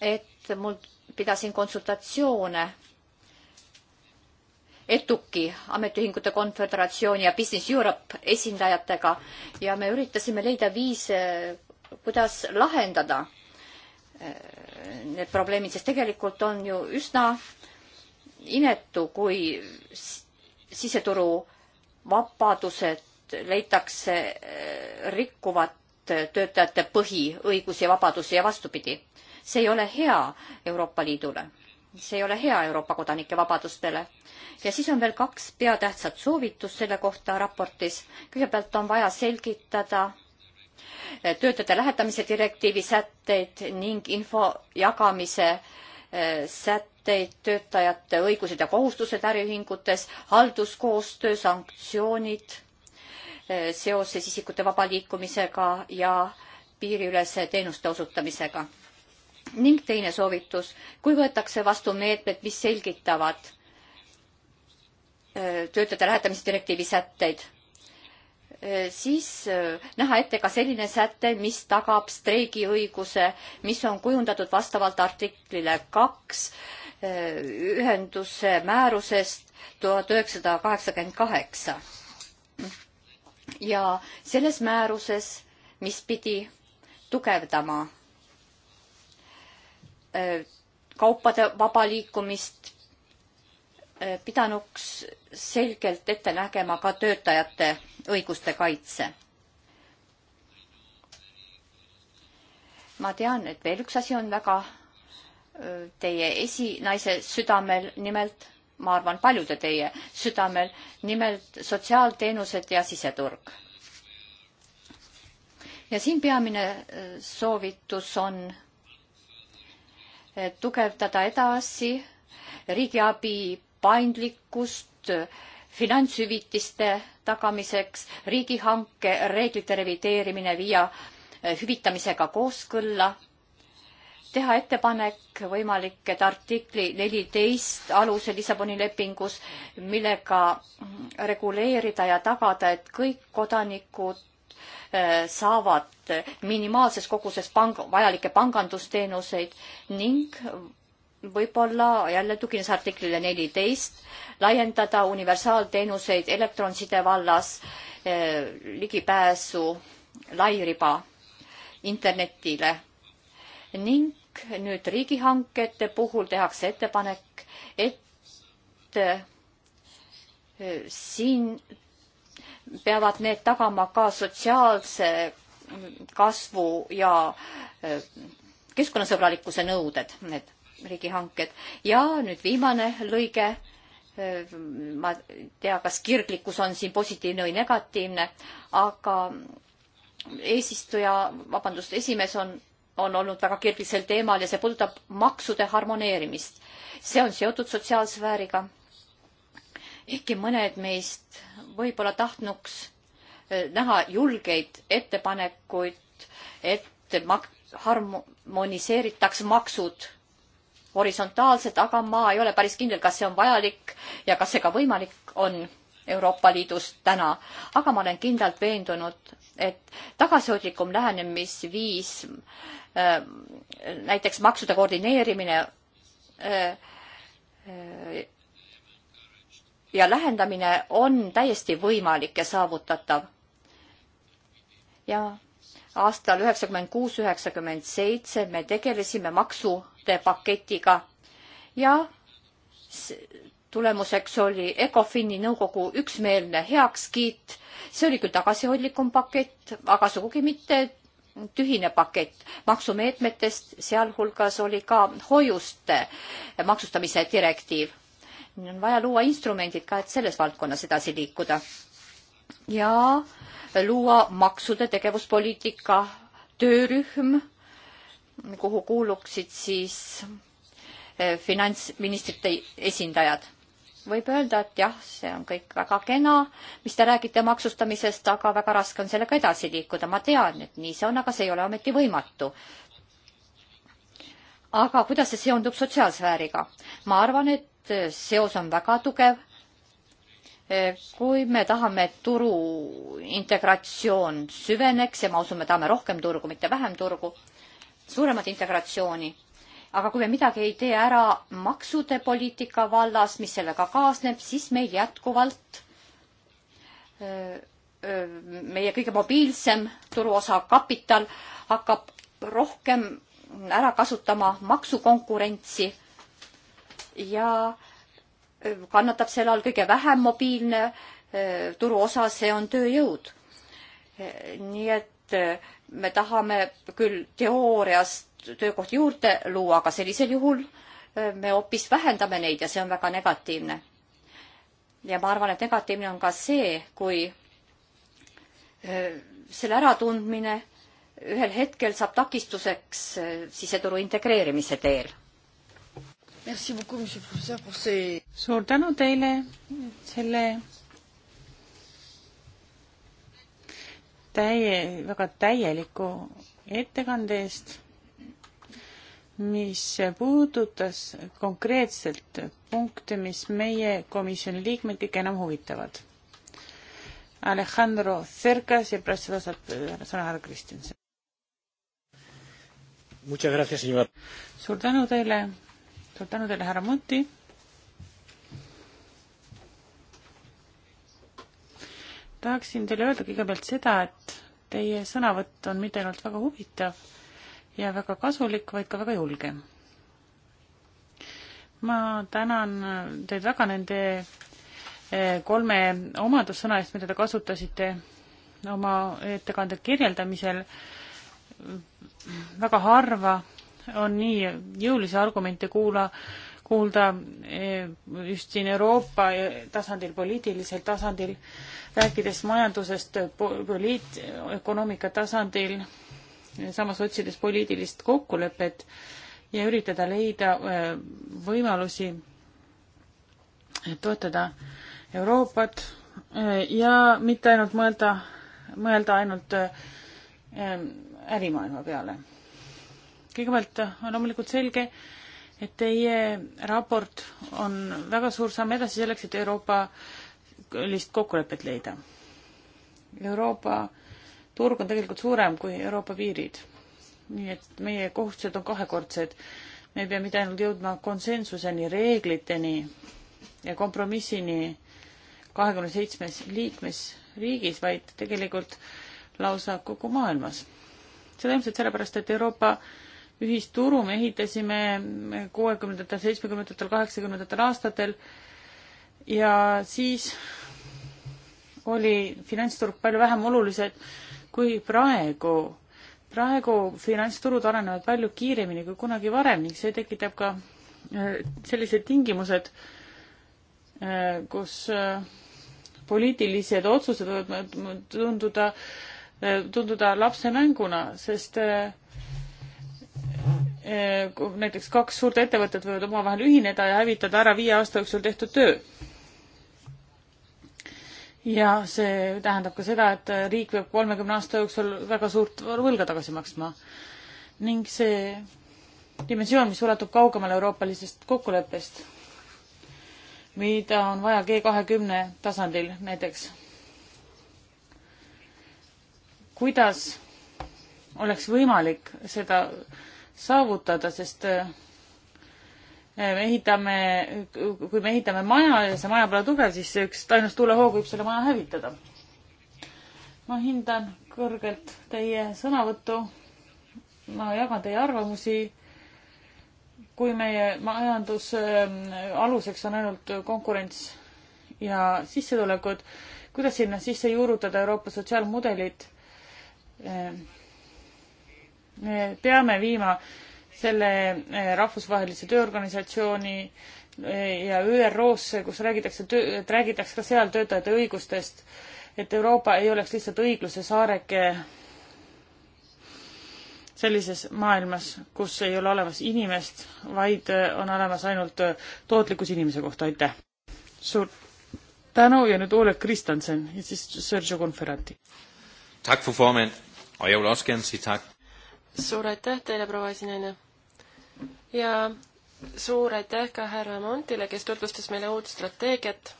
et mul pidasin konsultatsioone ETUK-i, Ametiühingute Konföderatsiooni ja Business Europe esindajatega ja me üritasime leida viise, kuidas lahendada need probleemid, sest tegelikult on ju üsna inetu, kui siseturu vabadused leitakse äh, rikkuvat töötajate põhiõigusi ja vabadusi ja vastupidi. see ei ole hea Euroopa Liidule. see ei ole hea Euroopa kodanike vabadustele. ja siis on veel kaks peatähtsat soovitust selle kohta raportis. kõigepealt on vaja selgitada töötajate lähetamise direktiivi sätteid ning info jagamise eh, sätteid, töötajate õigused ja kohustused äriühingutes, halduskoostöö, sanktsioonid eh, seoses isikute vaba liikumisega ja piiriülese teenuste osutamisega. ning teine soovitus, kui võetakse vastu meetmed, mis selgitavad eh, töötajate lähetamise direktiivi sätteid, Äh, siis äh, näha ette ka selline säte, mis tagab streigiõiguse, mis on kujundatud vastavalt artiklile kaks äh, ühenduse määrusest tuhat üheksasada kaheksakümmend kaheksa. ja selles määruses, mis pidi tugevdama kaupade vaba liikumist Eh, pidanuks selgelt ette nägema ka töötajate õiguste kaitse. ma tean, et veel üks asi on väga eh, teie esinaise südamel, nimelt ma arvan, paljude teie südamel, nimelt sotsiaalteenused ja siseturg. ja siin peamine eh, soovitus on tugevdada edasi riigiabi paindlikkust finantshüvitiste tagamiseks, riigihanke reeglite revideerimine viia eh, hüvitamisega kooskõlla, teha ettepanek võimalik, et artikli neliteist alusel Lissaboni lepingus, millega mm, reguleerida ja tagada, et kõik kodanikud eh, saavad minimaalses koguses pang-, vajalikke pangandusteenuseid ning võib-olla jälle tugines artiklile neliteist, laiendada universaalteenuseid elektronside vallas eh,, ligipääsu lairiba internetile ning nüüd riigihankete puhul tehakse ettepanek, et eh, siin peavad need tagama ka sotsiaalse kasvu ja eh, keskkonnasõbralikkuse nõuded, need riigihanked. ja nüüd viimane lõige. Äh, ma ei tea, kas kirglikkus on siin positiivne või negatiivne, aga eesistuja, vabandust, esimees on on olnud väga kirglisel teemal ja see puudutab maksude harmoneerimist. see on seotud sotsiaalsfääriga. ehkki mõned meist võib-olla tahtnuks äh, näha julgeid ettepanekuid, et mak-, harmoniseeritaks maksud horisontaalselt, aga ma ei ole päris kindel, kas see on vajalik ja kas see ka võimalik on Euroopa Liidus täna. aga ma olen kindlalt veendunud, et tagasihoidlikum lähenemisviis äh,, näiteks maksude koordineerimine äh, äh, ja lähendamine on täiesti võimalik ja saavutatav. ja aastal üheksakümmend kuus, üheksakümmend seitse me tegelesime maksu saatepaketiga ja tulemuseks oli ECOFIN-i nõukogu üksmeelne heakskiit. see oli küll tagasihoidlikum pakett, aga sugugi mitte tühine pakett maksumeetmetest, sealhulgas oli ka hoiuste maksustamise direktiiv. on vaja luua instrumendid ka, et selles valdkonnas edasi liikuda. ja luua maksude tegevuspoliitika töörühm kuhu kuuluksid siis eh, finantsministrite esindajad. võib öelda, et jah, see on kõik väga kena, mis te räägite maksustamisest, aga väga raske on sellega edasi liikuda, ma tean, et nii see on, aga see ei ole ometi võimatu. aga kuidas see seondub sotsiaalsfääriga? ma arvan, et eh, seos on väga tugev. Eh, kui me tahame, et turu integratsioon süveneks ja ma usun, me tahame rohkem turgu, mitte vähem turgu suuremat integratsiooni. aga kui me midagi ei tee ära maksude poliitika vallas, mis sellega kaasneb, siis meil jätkuvalt öö, öö, meie kõige mobiilsem turuosa kapital hakkab rohkem ära kasutama maksukonkurentsi ja kannatab selle all kõige vähem mobiilne turuosa, see on tööjõud. nii et et me tahame küll teooriast töökohti juurde luua, aga sellisel juhul äh, me hoopis vähendame neid ja see on väga negatiivne. ja ma arvan, et negatiivne on ka see, kui äh, selle äratundmine ühel hetkel saab takistuseks äh, siseturu integreerimise teel. suur tänu teile selle täie, väga täieliku ettekande eest, mis puudutas konkreetselt punkte, mis meie komisjoni liikmeid kõige enam huvitavad. Alejandro Cercas ja pärast seda saab sõna härra Kristjanson. suur tänu teile, suur tänu teile, härra Muti tahaksin teile öelda kõigepealt seda, et teie sõnavõtt on mitte ainult väga huvitav ja väga kasulik, vaid ka väga julge. ma tänan teid väga nende eh, kolme omadussõna eest, mida te kasutasite oma ettekande kirjeldamisel. väga harva on nii jõulisi argumente kuula kuulda eh, just siin Euroopa tasandil, poliitilisel tasandil, rääkides majandusest poliit-, ökonoomika tasandil, samas otsides poliitilist kokkulepet ja üritada leida eh, võimalusi toetada Euroopat eh, ja mitte ainult mõelda, mõelda ainult ärimaailma peale. kõigepealt on loomulikult selge, et teie raport on väga suur samm edasi selleks, et Euroopa-list kokkulepet leida. Euroopa turg on tegelikult suurem kui Euroopa piirid. nii et meie kohustused on kahekordsed. me ei pea mitte ainult jõudma konsensuseni, reegliteni ja kompromissini kahekümne seitsmes liikmesriigis, vaid tegelikult lausa kogu maailmas. seda ilmselt sellepärast, et Euroopa ühisturu me ehitasime kuuekümnendatel, seitsmekümnendatel, kaheksakümnendatel aastatel ja siis oli finantsturg palju vähem olulised kui praegu. praegu finantsturud arenevad palju kiiremini kui kunagi varem ning see tekitab ka äh, sellised tingimused, äh, kus äh, poliitilised otsused võivad tunduda, tunduda lapsemänguna, sest äh, Eh, näiteks kaks suurt ettevõtet võivad omavahel ühineda ja hävitada ära viie aasta jooksul tehtud töö. ja see tähendab ka seda, et riik peab kolmekümne aasta jooksul väga suurt võlga tagasi maksma. ning see dimensioon, mis ulatub kaugemale euroopalisest kokkuleppest, mida on vaja G kahekümne tasandil näiteks. kuidas oleks võimalik seda saavutada, sest äh, me ehitame, kui me ehitame maja ja see maja pole tugev, siis üks ainus tulehoog võib selle maja hävitada. ma hindan kõrgelt teie sõnavõttu. ma jagan teie arvamusi. kui meie majanduse ähm, aluseks on ainult konkurents ja sissetulekud, kuidas sinna sisse juurutada Euroopa sotsiaalmudelit? Ähm, me peame viima selle eh, rahvusvahelise tööorganisatsiooni eh, ja ÜRO-sse, kus räägitakse, et räägitakse ka seal töötajate õigustest, et Euroopa ei oleks lihtsalt õigluse saareke sellises maailmas, kus ei ole olemas inimest, vaid eh, on olemas ainult tootlikkus inimese kohta, aitäh! suur tänu ja nüüd Oleg Kristjansen ja siis Sergei Konverati. tak for formand og jeg vil også gerne sige tak suur aitäh teile, proua esinaine. ja suur aitäh ka härra Montile, kes tutvustas meile uut strateegiat.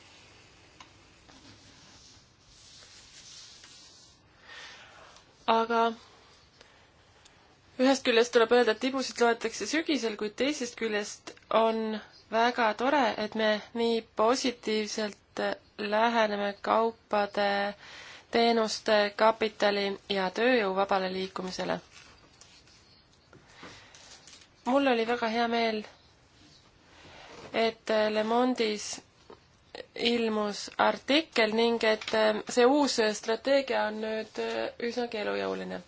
aga ühest küljest tuleb öelda, et tibusid loetakse sügisel, kuid teisest küljest on väga tore, et me nii positiivselt läheneme kaupade, teenuste, kapitali ja tööjõu vabale liikumisele mul oli väga hea meel, et Le Mondis ilmus artikkel ning et eh, see uus strateegia on nüüd eh, üsnagi elujõuline.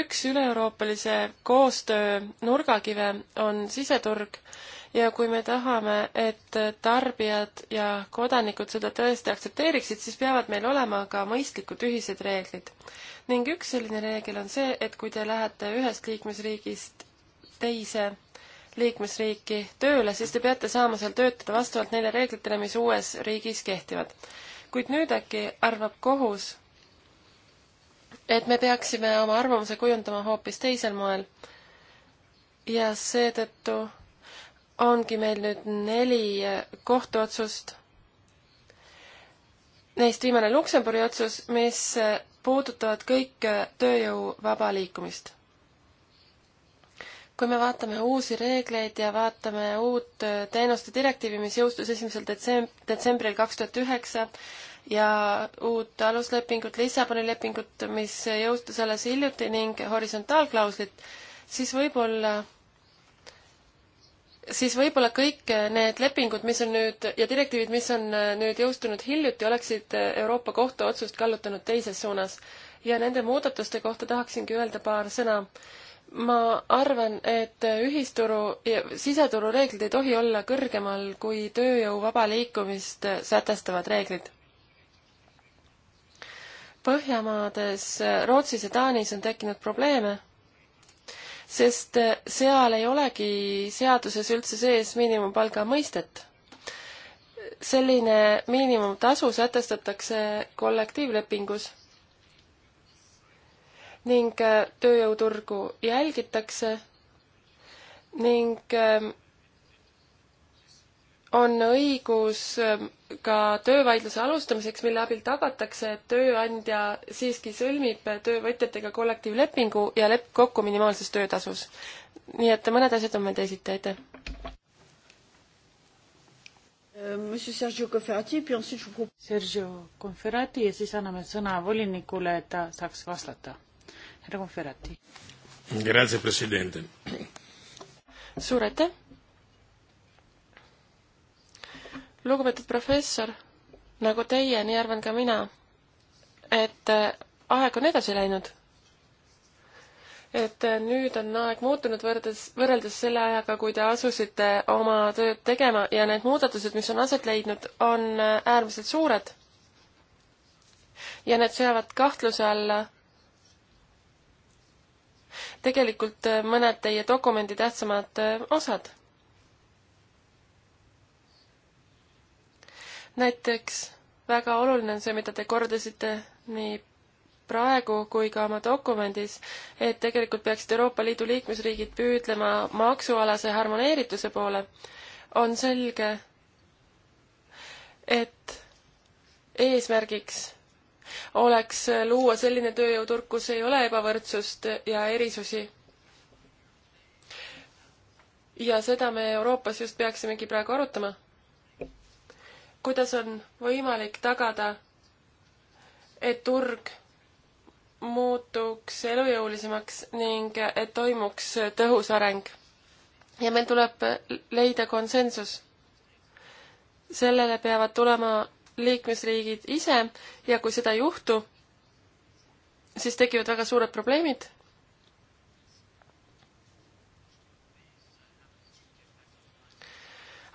üks üle-euroopalise koostöö nurgakive on siseturg ja kui me tahame, et tarbijad ja kodanikud seda tõesti aktsepteeriksid, siis peavad meil olema ka mõistlikud ühised reeglid. ning üks selline reegel on see, et kui te lähete ühest liikmesriigist teise liikmesriiki tööle, siis te peate saama seal töötada vastavalt neile reeglitele, mis uues riigis kehtivad. kuid nüüd äkki arvab kohus, et me peaksime oma arvamuse kujundama hoopis teisel moel. ja seetõttu ongi meil nüüd neli kohtuotsust. Neist viimane Luksemburgi otsus, mis puudutavad kõik tööjõu vaba liikumist kui me vaatame uusi reegleid ja vaatame uut äh, teenuste direktiivi, mis jõustus esimesel detsemb-, detsembril kaks tuhat üheksa, ja uut aluslepingut, Lissaboni lepingut, mis jõustus alles hiljuti ning horisontaalklauslit, siis võib-olla, siis võib-olla kõik need lepingud, mis on nüüd ja direktiivid, mis on äh, nüüd jõustunud hiljuti, oleksid äh, Euroopa Kohtu otsust kallutanud teises suunas. ja nende muudatuste kohta tahaksingi öelda paar sõna ma arvan, et ühisturu ja siseturu reeglid ei tohi olla kõrgemal kui tööjõu vaba liikumist sätestavad reeglid. Põhjamaades, Rootsis ja Taanis on tekkinud probleeme, sest seal ei olegi seaduses üldse sees miinimumpalga mõistet. selline miinimumtasu sätestatakse kollektiivlepingus ning äh, tööjõuturgu jälgitakse ning ähm, on õigus ähm, ka töövaidluse alustamiseks, mille abil tagatakse, et tööandja siiski sõlmib töövõtjatega kollektiivlepingu ja lepp kokku minimaalses töötasus. nii et mõned asjad on meil teisiti, aitäh! Euh, monsieur Sergio Conferati, puis ensuite je vous propose... Sergio Conferati ja siis anname sõna volinikule, et ta saaks vastata härra Conferati. Grazie, president. suur aitäh! lugupeetud professor, nagu teie, nii arvan ka mina, et äh, aeg on edasi läinud. et äh, nüüd on aeg muutunud võrreldes, võrreldes selle ajaga, kui te asusite oma tööd tegema ja need muudatused, mis on aset leidnud, on äh, äärmiselt suured. ja need seavad kahtluse alla tegelikult äh, mõned teie dokumendi tähtsamad äh, osad. näiteks väga oluline on see, mida te kordasite nii praegu kui ka oma dokumendis, et tegelikult peaksid Euroopa Liidu liikmesriigid püüdlema maksualase harmoneerituse poole, on selge, et eesmärgiks oleks luua selline tööjõuturg, kus ei ole ebavõrdsust ja erisusi. ja seda me Euroopas just peaksimegi praegu arutama. kuidas on võimalik tagada, et turg muutuks elujõulisemaks ning et toimuks tõhus areng. ja meil tuleb leida konsensus. sellele peavad tulema liikmesriigid ise ja kui seda ei juhtu, siis tekivad väga suured probleemid.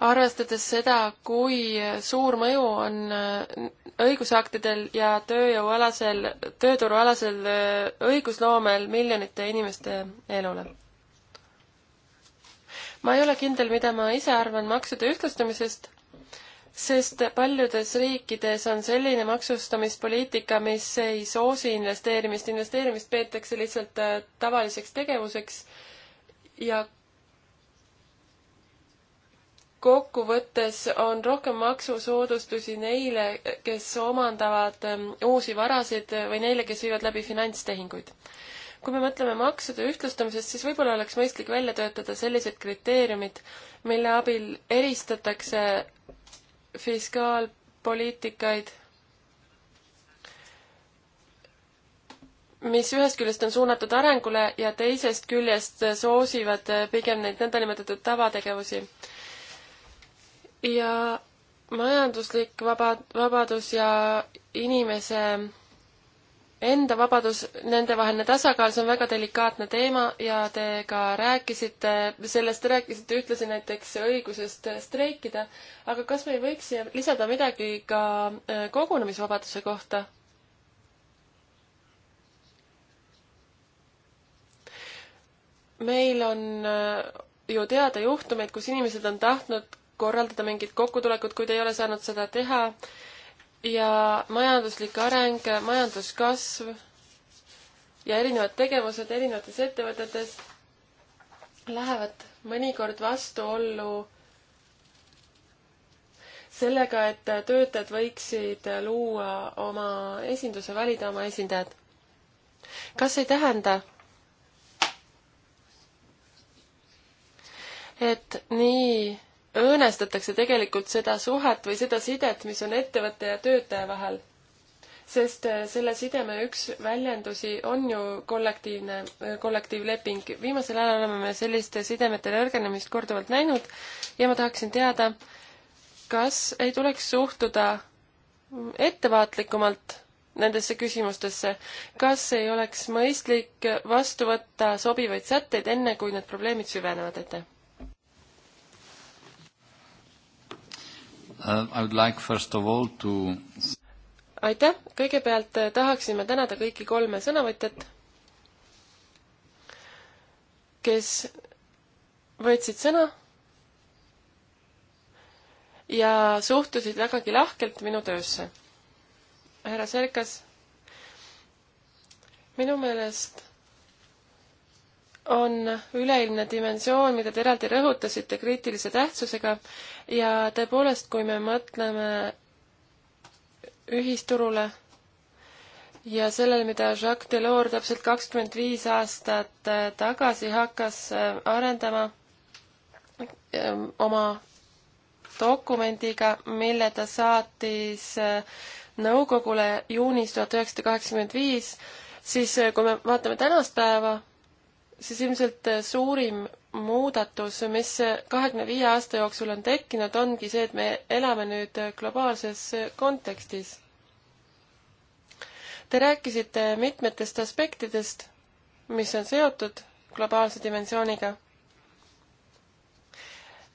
arvestades seda, kui suur mõju on äh, õigusaktidel ja tööjõualasel, tööturualasel äh, õigusloomel miljonite inimeste elule. ma ei ole kindel, mida ma ise arvan maksude ühtlustamisest sest paljudes riikides on selline maksustamispoliitika, mis ei soosi investeerimist, investeerimist peetakse lihtsalt äh, tavaliseks tegevuseks ja kokkuvõttes on rohkem maksusoodustusi neile, kes omandavad ähm, uusi varasid või neile, kes viivad läbi finantstehinguid kui me mõtleme maksude ühtlustamisest, siis võib-olla oleks mõistlik välja töötada sellised kriteeriumid, mille abil eristatakse fiskaalpoliitikaid, mis ühest küljest on suunatud arengule ja teisest küljest soosivad pigem neid nõndanimetatud tavategevusi. ja majanduslik vaba, vabadus ja inimese enda vabadus, nendevaheline tasakaal, see on väga delikaatne teema ja te ka rääkisite, sellest rääkisite ühtlasi näiteks õigusest streikida, aga kas me ei võiks siia lisada midagi ka äh, kogunemisvabaduse kohta? meil on äh, ju teada juhtumeid, kus inimesed on tahtnud korraldada mingit kokkutulekut, kuid ei ole saanud seda teha äh, ja majanduslik areng, majanduskasv ja erinevad tegevused erinevates ettevõtetes lähevad mõnikord vastuollu sellega, et töötajad võiksid luua oma esinduse, valida oma esindajad. kas ei tähenda, et nii õõnestatakse tegelikult seda suhet või seda sidet, mis on ettevõtte ja töötaja vahel. sest äh, selle sideme üks väljendusi on ju kollektiivne, äh, kollektiivleping. viimasel ajal oleme me selliste sidemete nõrgenemist korduvalt näinud ja ma tahaksin teada, kas ei tuleks suhtuda ettevaatlikumalt nendesse küsimustesse, kas ei oleks mõistlik vastu võtta sobivaid sätteid, enne kui need probleemid süvenevad, aitäh? uh,. Like to... aitäh, kõigepealt eh, tahaksime tänada kõiki kolme sõnavõtjat, kes võtsid sõna ja suhtusid vägagi lahkelt minu töösse. härra Serkas, minu meelest on üleilmne dimensioon, mida te eraldi rõhutasite kriitilise tähtsusega ja tõepoolest, kui me mõtleme ühisturule ja sellele, mida Jacques Delors täpselt kakskümmend viis aastat äh, tagasi hakkas äh, arendama ähm, oma dokumendiga, mille ta saatis äh, nõukogule juunis tuhat üheksasada kaheksakümmend viis, siis kui me vaatame tänast päeva, siis ilmselt äh, suurim muudatus, mis kahekümne viie aasta jooksul on tekkinud, ongi see, et me elame nüüd äh, globaalses äh, kontekstis. Te rääkisite mitmetest aspektidest, mis on seotud globaalse dimensiooniga.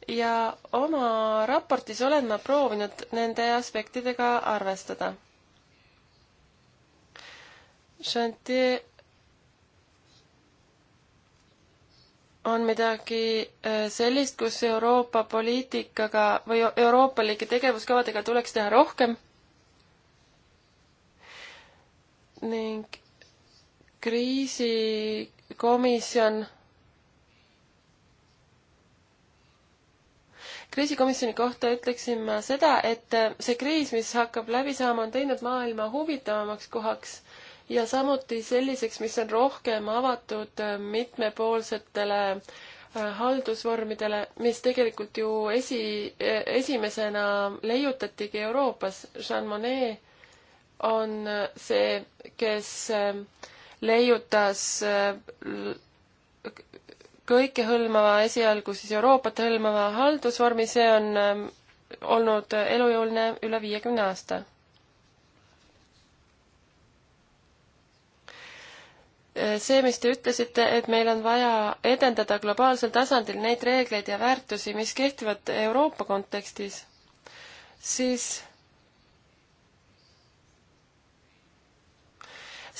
ja oma raportis olen ma proovinud nende aspektidega arvestada. Chantier on midagi äh, sellist, kus Euroopa poliitikaga või euroopalike tegevuskavadega tuleks teha rohkem ning kriisikomisjon kriisikomisjoni kohta ütleksin ma seda, et see kriis, mis hakkab läbi saama, on teinud maailma huvitavamaks kohaks ja samuti selliseks, mis on rohkem avatud mitmepoolsetele äh, haldusvormidele, mis tegelikult ju esi, äh, esimesena leiutatigi Euroopas. Jean Monnet on äh, see, kes leiutas kõikehõlmava, esialgu siis Euroopat hõlmava haldusvormi, see on olnud elujõuline üle viiekümne aasta see, mis te ütlesite, et meil on vaja edendada globaalsel tasandil neid reegleid ja väärtusi, mis kehtivad Euroopa kontekstis, siis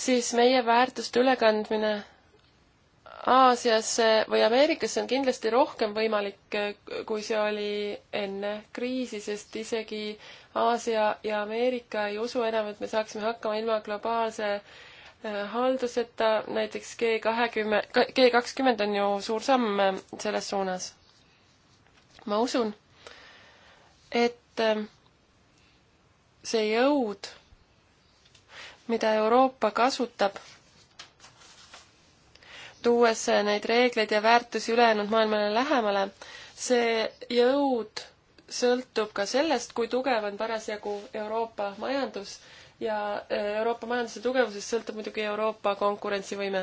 siis meie väärtuste ülekandmine Aasiasse või Ameerikasse on kindlasti rohkem võimalik, kui see oli enne kriisi, sest isegi Aasia ja Ameerika ei usu enam, et me saaksime hakkama ilma globaalse äh, halduseta, näiteks G kahekümne, G kakskümmend on ju suur samm äh, selles suunas. ma usun, et äh, see jõud, mida Euroopa kasutab, tuues äh, neid reegleid ja väärtusi ülejäänud maailmale lähemale, see jõud sõltub ka sellest, kui tugev on parasjagu Euroopa majandus ja äh, Euroopa majanduse tugevusest sõltub muidugi Euroopa konkurentsivõime.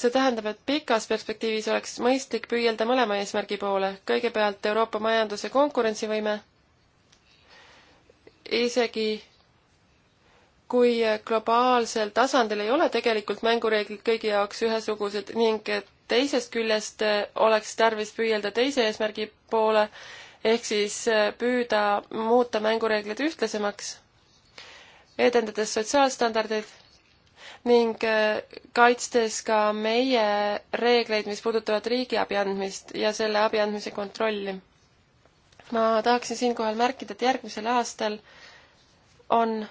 see tähendab, et pikas perspektiivis oleks mõistlik püüelda mõlema eesmärgi poole, kõigepealt Euroopa majanduse konkurentsivõime, isegi kui globaalsel tasandil ei ole tegelikult mängureeglid kõigi jaoks ühesugused ning teisest küljest äh, oleks tarvis püüelda teise eesmärgi poole, ehk siis äh, püüda muuta mängureeglid ühtlasemaks edendades sotsiaalstandardeid ning äh, kaitstes ka meie reegleid, mis puudutavad riigiabi andmist ja selle abi andmise kontrolli. ma tahaksin siinkohal märkida, et järgmisel aastal on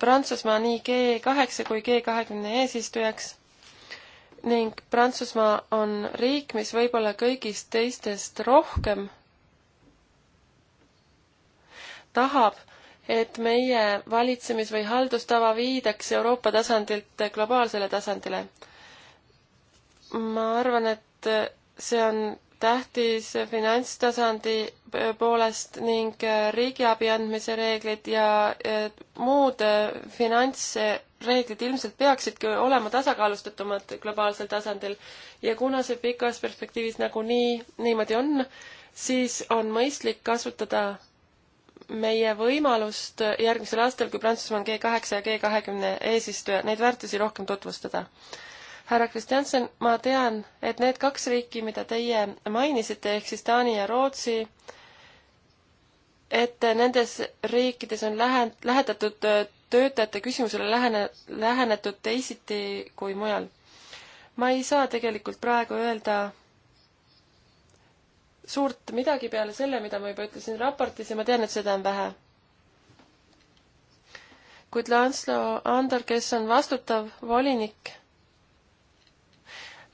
Prantsusmaa nii G kaheksa kui G kahekümne eesistujaks ning Prantsusmaa on riik, mis võib-olla kõigist teistest rohkem tahab et meie valitsemis- või haldustava viidaks Euroopa tasandilt globaalsele tasandile. ma arvan, et see on tähtis finantstasandi poolest ning riigiabi andmise reeglid ja muud finantsreeglid ilmselt peaksidki olema tasakaalustatumad globaalsel tasandil ja kuna see pikas perspektiivis nagunii niimoodi on, siis on mõistlik kasutada meie võimalust järgmisel aastal, kui Prantsusmaa on G8 ja G20 eesistuja, neid väärtusi rohkem tutvustada. härra Kristjanson, ma tean, et need kaks riiki, mida teie mainisite, ehk siis Taani ja Rootsi, et nendes riikides on lähe-, lähetatud töötajate küsimusele lähene, lähenetud teisiti kui mujal. ma ei saa tegelikult praegu öelda, suurt midagi peale selle, mida ma juba ütlesin raportis ja ma tean, et seda on vähe. kuid Lanslo Ander, kes on vastutav volinik,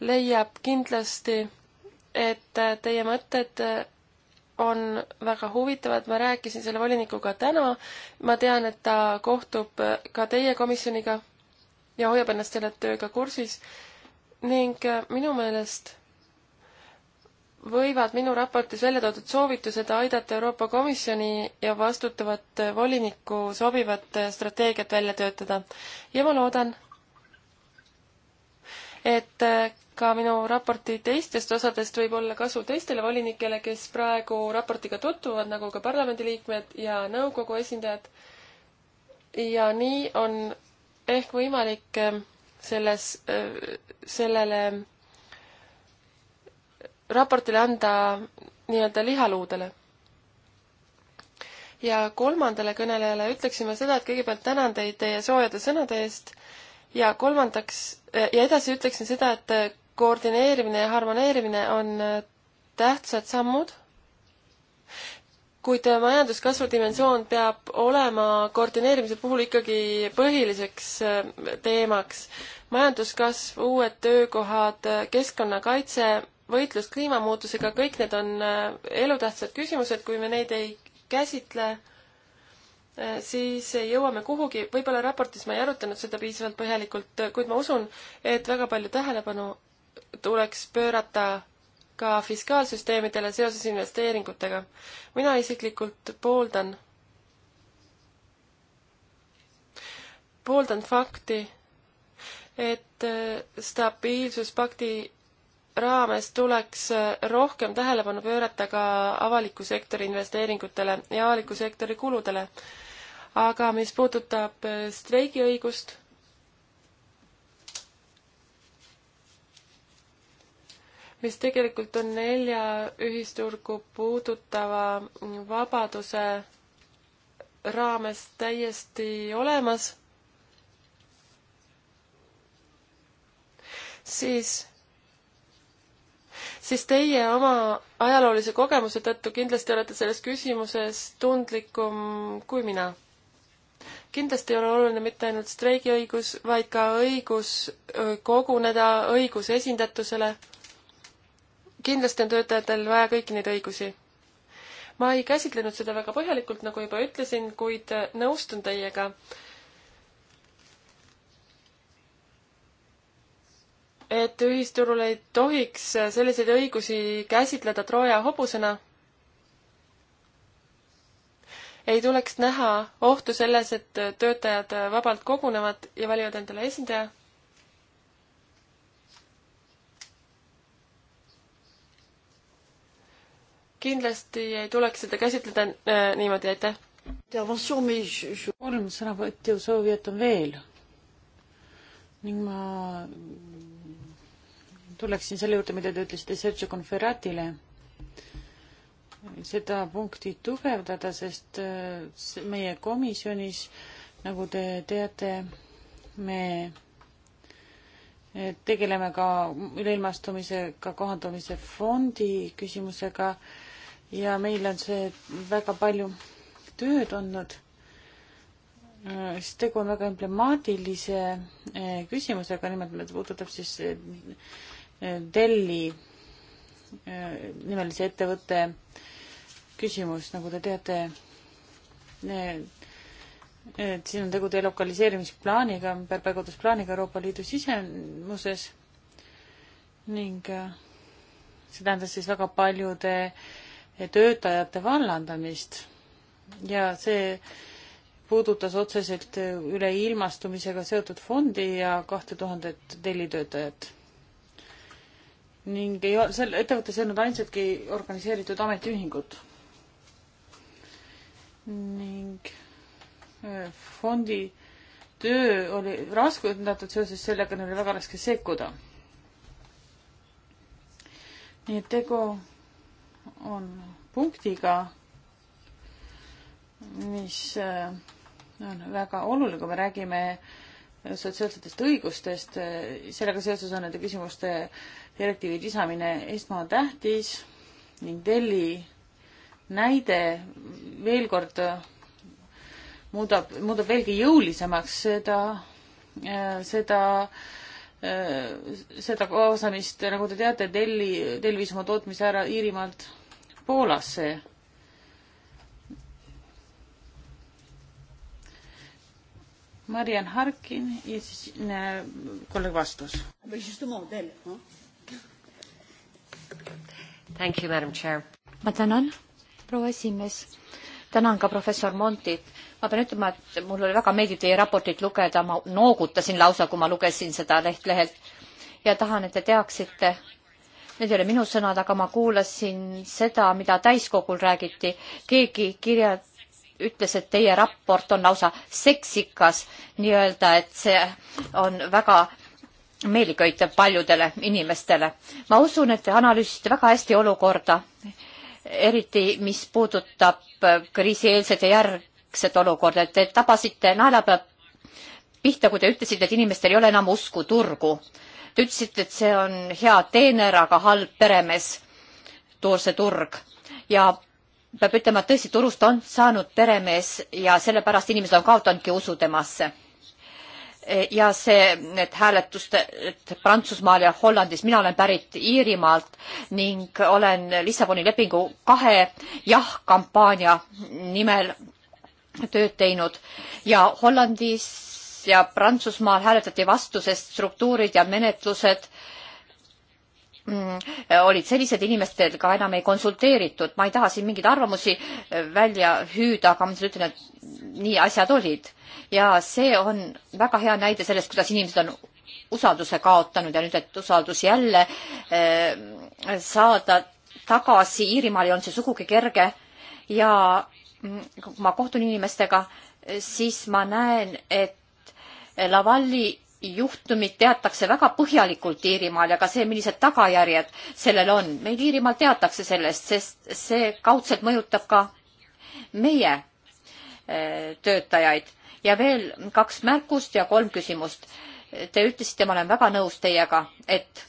leiab kindlasti, et teie mõtted on väga huvitavad, ma rääkisin selle volinikuga täna, ma tean, et ta kohtub ka teie komisjoniga ja hoiab ennast selle tööga kursis ning minu meelest võivad minu raportis välja toodud soovitused aidata Euroopa Komisjoni ja vastutavat volinikku sobivat strateegiat välja töötada. ja ma loodan, et ka minu raporti teistest osadest võib olla kasu teistele volinikele, kes praegu raportiga tutvuvad, nagu ka parlamendiliikmed ja nõukogu esindajad. ja nii on ehk võimalik selles, sellele raportile anda nii-öelda lihaluudele. ja kolmandale kõnelejale ütleksime seda, et kõigepealt tänan teid teie soojade sõnade eest ja kolmandaks ja edasi ütleksin seda, et koordineerimine ja harmoneerimine on tähtsad sammud, kuid majanduskasvu dimensioon peab olema koordineerimise puhul ikkagi põhiliseks äh, teemaks. majanduskasv, uued töökohad, keskkonnakaitse võitlus kliimamuutusega, kõik need on äh, elutähtsad küsimused, kui me neid ei käsitle, äh, siis jõuame kuhugi, võib-olla raportis ma ei arutanud seda piisavalt põhjalikult, äh, kuid ma usun, et väga palju tähelepanu tuleks pöörata ka fiskaalsüsteemidele seoses investeeringutega. mina isiklikult pooldan, pooldan fakti, et stabiilsuspakti raames tuleks äh, rohkem tähelepanu pöörata ka avaliku sektori investeeringutele ja avaliku sektori kuludele. aga mis puudutab äh, streigiõigust, mis tegelikult on nelja ühisturgu puudutava mm, vabaduse raames täiesti olemas, siis siis teie oma ajaloolise kogemuse tõttu kindlasti olete selles küsimuses tundlikum kui mina. kindlasti ei ole oluline mitte ainult streigiõigus, vaid ka õigus koguneda, õigus esindatusele. kindlasti on töötajatel vaja kõiki neid õigusi. ma ei käsitlenud seda väga põhjalikult, nagu juba ütlesin, kuid nõustun teiega et ühisturul ei tohiks selliseid õigusi käsitleda Trooja hobusena, ei tuleks näha ohtu selles, et töötajad vabalt kogunevad ja valivad endale esindaja. kindlasti ei tuleks seda käsitleda äh, niimoodi, aitäh. kolm sõnavõtju soovijat on veel ning ma tuleksin selle juurde, mida te ütlesite Sergio Conferatile, seda punkti tugevdada, sest äh, meie komisjonis, nagu te teate, me äh, tegeleme ka üleilmastumisega kohandumise fondi küsimusega ja meil on see väga palju tööd andnud äh, sest tegu on väga emblemaatilise küsimusega, nimelt puudutab siis Delli äh, nimelise ettevõtte küsimus, nagu te teate, et siin on tegu delokaliseerimisplaaniga, ümberpaigutusplaaniga Euroopa Liidu sisemuses ning äh, see tähendas siis väga paljude töötajate vallandamist ja see puudutas otseselt üleilmastumisega seotud fondi ja kahte tuhandet tellitöötajat ning ei, seal ettevõttes ei olnud ainsatki organiseeritud ametiühingut. ning äh, fondi töö oli raskendatud seoses sellega, neil oli väga raske sekkuda. nii et tegu on punktiga, mis äh, on väga oluline, kui me räägime sotsiaalsetest õigustest, äh, sellega seoses on nende küsimuste direktiivi lisamine esmatähtis ning Delli näide veel kord muudab, muudab veelgi jõulisemaks seda, äh, seda, äh, seda kaasamist, nagu te teate, Delli, Dell viis oma tootmise ära Iirimaalt Poolasse Marian Harkin ja siis äh, kolleeg vastus ma tänan, proua esimees. tänan ka professor Montit. ma pean ütlema, et mul oli väga meeldiv teie raportit lugeda, ma noogutasin lausa, kui ma lugesin seda leht-lehelt ja tahan, et te teaksite, need ei ole minu sõnad, aga ma kuulasin seda, mida täiskogul räägiti. keegi kirja ütles, et teie raport on lausa seksikas nii-öelda, et see on väga meeliköitev paljudele inimestele. ma usun, et te analüüsisite väga hästi olukorda, eriti mis puudutab kriisieelset ja järgset olukorda, et te tabasite naela peal pihta, kui te ütlesite, et inimestel ei ole enam usku turgu. Te ütlesite, et see on hea teener, aga halb peremees, see turg ja peab ütlema, et tõesti Turust on saanud peremees ja sellepärast inimesed on kaotanudki usu temasse ja see, need hääletused Prantsusmaal ja Hollandis, mina olen pärit Iirimaalt ning olen Lissaboni lepingu kahe jah-kampaania nimel tööd teinud ja Hollandis ja Prantsusmaal hääletati vastu, sest struktuurid ja menetlused äh, Mm, olid sellised inimesed, kellega enam ei konsulteeritud, ma ei taha siin mingeid arvamusi eh, välja hüüda, aga ma lihtsalt ütlen, et nii asjad olid. ja see on väga hea näide sellest, kuidas inimesed on usalduse kaotanud ja nüüd, et usaldus jälle eh, saada tagasi Iirimaal ei olnud see sugugi kerge ja mm, kui ma kohtun inimestega, eh, siis ma näen, et Lavalli juhtumid teatakse väga põhjalikult Iirimaal ja ka see, millised tagajärjed sellel on. meil Iirimaal teatakse sellest, sest see kaudselt mõjutab ka meie äh, töötajaid. ja veel kaks märkust ja kolm küsimust. Te ütlesite, ma olen väga nõus teiega, et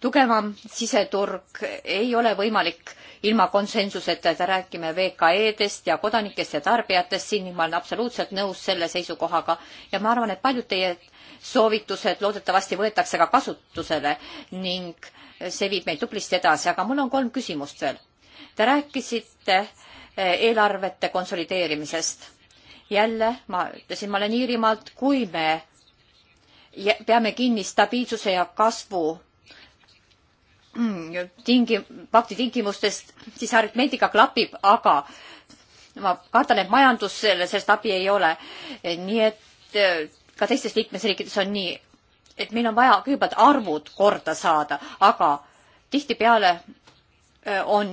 tugevam siseturg ei ole võimalik ilma konsensuseta, et räägime VKE-dest ja kodanikest ja tarbijatest, siin ma olen absoluutselt nõus selle seisukohaga ja ma arvan, et paljud teie soovitused loodetavasti võetakse ka kasutusele ning see viib meid tublisti edasi, aga mul on kolm küsimust veel. Te rääkisite eh, eelarvete konsolideerimisest. jälle, ma ütlesin, ma olen Iirimaalt, kui me peame kinni stabiilsuse ja kasvu Mm, tingi-, pakti tingimustest, siis aritmeetika klapib, aga ma kardan, et majandusele sellest abi ei ole. nii et eh, ka teistes liikmesriikides on nii, et meil on vaja kõigepealt arvud korda saada, aga tihtipeale eh, on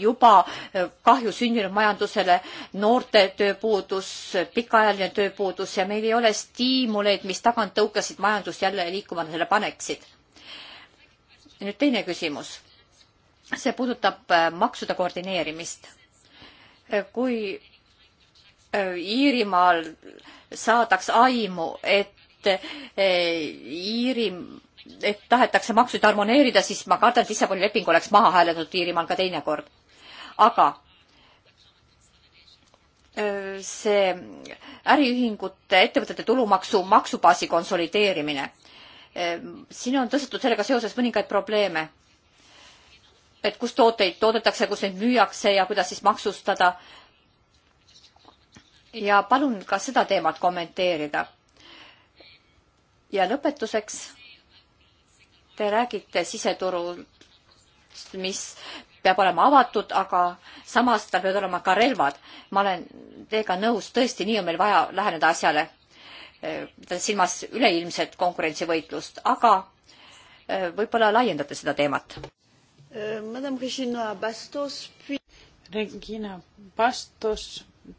juba eh, kahju sündinud majandusele, noorte tööpuudus, pikaajaline tööpuudus ja meil ei ole stiimuleid, mis taganttõukasid majandust jälle liikuma selle paneksid nüüd teine küsimus. see puudutab äh, maksude koordineerimist. Äh, kui äh, Iirimaal saadaks aimu, et Iiri, et tahetakse maksusid harmoneerida, siis ma kardan, et Lissaboni leping oleks maha hääletatud Iirimaal ka teinekord. aga see äriühingute, ettevõtete tulumaksu maksubaasi konsolideerimine Ehm, siin on tõstetud sellega seoses mõningaid probleeme. et kus tooteid toodetakse, kus neid müüakse ja kuidas siis maksustada. ja palun ka seda teemat kommenteerida. ja lõpetuseks. Te räägite siseturust, mis peab olema avatud, aga samas tal peavad olema ka relvad. ma olen teiega nõus, tõesti, nii on meil vaja läheneda asjale Äh, silmas üleilmset konkurentsivõitlust, aga äh, võib-olla laiendate seda teemat. Äh, Regina Bastos, Bastos,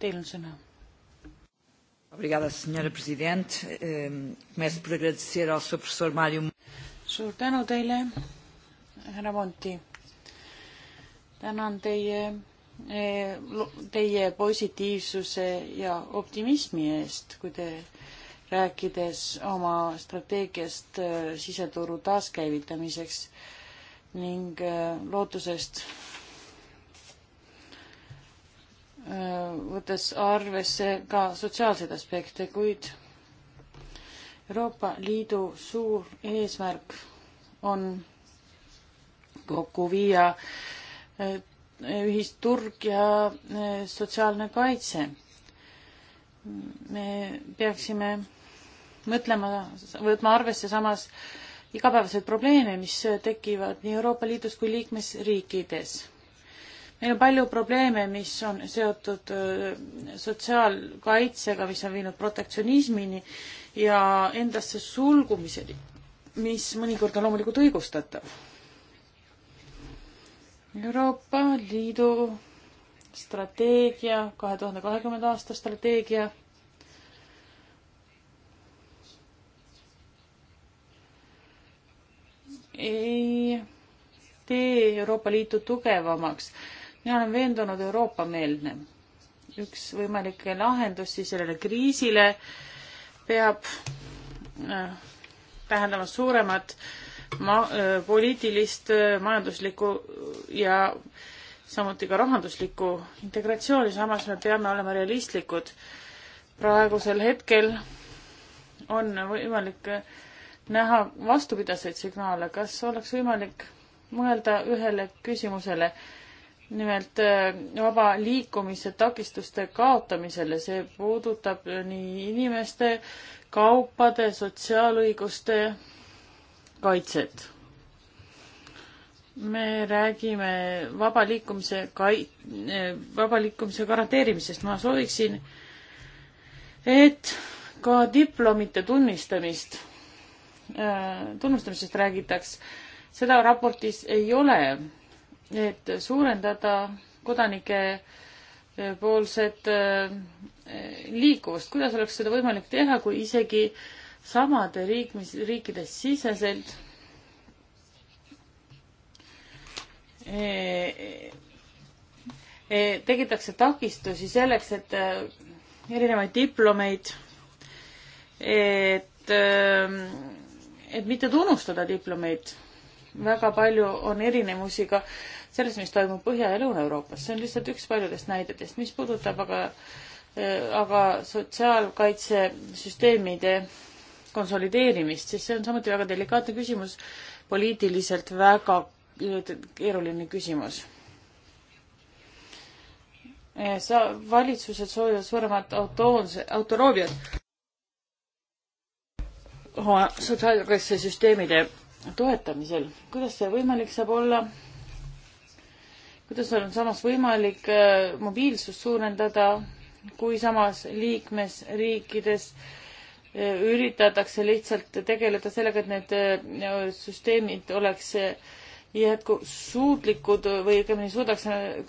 teil on sõna. Obrigada, senhora presidente. Ehm, começo por agradecer ao seu professor Mário. Suur tänu teile, härra Monti. tänan teie, eh, teie positiivsuse ja optimismi eest, kui te rääkides oma strateegiast äh, siseturu taaskäivitamiseks ning äh, lootusest äh, võttes arvesse ka sotsiaalseid aspekte, kuid Euroopa Liidu suur eesmärk on kokku viia ühisturg ja sotsiaalne kaitse. me peaksime mõtlema, võtma arvesse samas igapäevaseid probleeme, mis tekivad nii Euroopa Liidus kui liikmesriikides. meil on palju probleeme, mis on seotud äh, sotsiaalkaitsega, mis on viinud protektsionismini ja endasse sulgumiseni, mis mõnikord on loomulikult õigustatav. Euroopa Liidu strateegia, kahe tuhande kahekümnenda aasta strateegia ei tee Euroopa Liitu tugevamaks. mina olen veendunud Euroopa-meelne. üks võimalikke lahendusi sellele kriisile peab äh, tähendama suuremat ma-, äh, poliitilist, äh, majanduslikku ja samuti ka rahanduslikku integratsiooni, samas me peame olema realistlikud. praegusel hetkel on võimalik näha vastupidaseid signaale, kas oleks võimalik mõelda ühele küsimusele, nimelt äh, vaba liikumise takistuste kaotamisele, see puudutab nii inimeste, kaupade, sotsiaalõiguste kaitset. me räägime vaba liikumise kai-, äh, vaba liikumise garanteerimisest, ma sooviksin, et ka diplomite tunnistamist Äh, tunnustamisest räägitaks, seda raportis ei ole, et suurendada kodanike äh, poolset äh, liikuvust, kuidas oleks seda võimalik teha, kui isegi samade riik, mis riikide siseselt tegitakse takistusi selleks, et erinevaid diplomeid, et et mitte tunnustada diplomeid. väga palju on erinevusi ka selles, mis toimub Põhja- ja Lõuna-Euroopas, see on lihtsalt üks paljudest näidetest, mis puudutab aga äh, aga sotsiaalkaitsesüsteemide konsolideerimist, siis see on samuti väga delikaatne küsimus, poliitiliselt väga äh, keeruline küsimus. Äh, sa, valitsused soovivad suuremat autoonse, autonoomiat oma sotsiaalkaitsesüsteemide toetamisel. kuidas see võimalik saab olla? kuidas on samas võimalik äh, mobiilsust suurendada, kui samas liikmesriikides äh, üritatakse lihtsalt tegeleda sellega, et need äh, süsteemid oleks jätkusuutlikud või õigemini suudaks,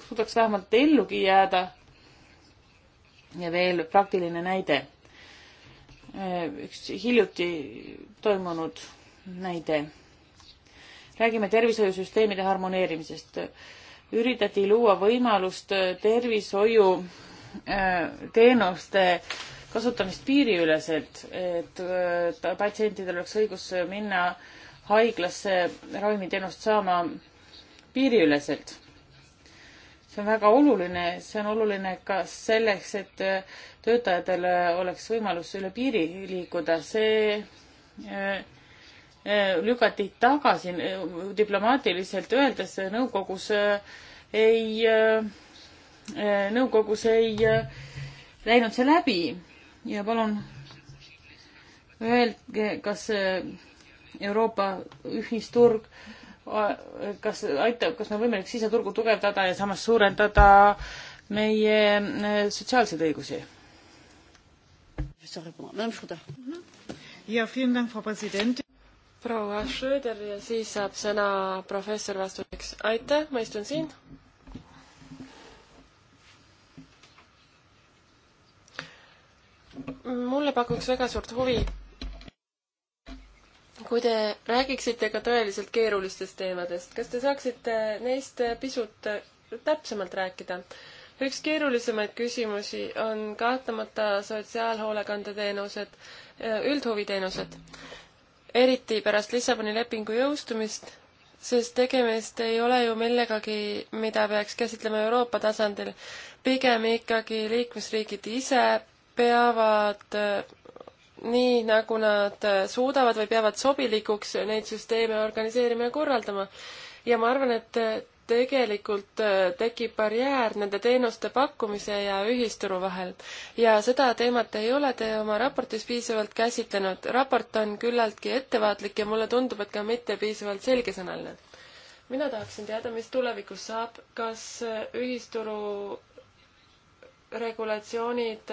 suudaks vähemalt ellugi jääda. ja veel praktiline näide. Äh, üks hiljuti toimunud näide. räägime tervishoiusüsteemide harmoneerimisest. üritati luua võimalust tervishoiuteenuste äh, kasutamist piiriüleselt, et äh, patsientidel oleks õigus minna haiglasse ravimiteenust saama piiriüleselt see on väga oluline, see on oluline ka selleks, et äh, töötajatel äh, oleks võimalus üle piiri liikuda, see äh, lükati tagasi diplomaatiliselt öeldes nõukogus ei, nõukogus ei läinud see läbi ja palun öelge, kas Euroopa ühisturg äh, kas aitab, kas on võimalik siseturgu tugevdada ja samas suurendada meie eh, sotsiaalseid õigusi? Mhm. proua Schröder ja siis saab sõna professor vastuseks. aitäh, ma istun siin. mulle pakuks väga suurt huvi kui te räägiksite ka tõeliselt keerulistest teemadest, kas te saaksite neist pisut täpsemalt rääkida? üks keerulisemaid küsimusi on kahtlemata sotsiaalhoolekandeteenused, üldhuviteenused, eriti pärast Lissaboni lepingu jõustumist, sest tegemist ei ole ju millegagi, mida peaks käsitlema Euroopa tasandil. pigem ikkagi liikmesriigid ise peavad nii, nagu nad suudavad või peavad sobilikuks neid süsteeme organiseerima ja korraldama. ja ma arvan, et tegelikult tekib barjäär nende teenuste pakkumise ja ühisturu vahel. ja seda teemat ei ole te oma raportis piisavalt käsitlenud. raport on küllaltki ettevaatlik ja mulle tundub, et ka mitte piisavalt selgesõnaline. mina tahaksin teada, mis tulevikus saab, kas ühisturu regulatsioonid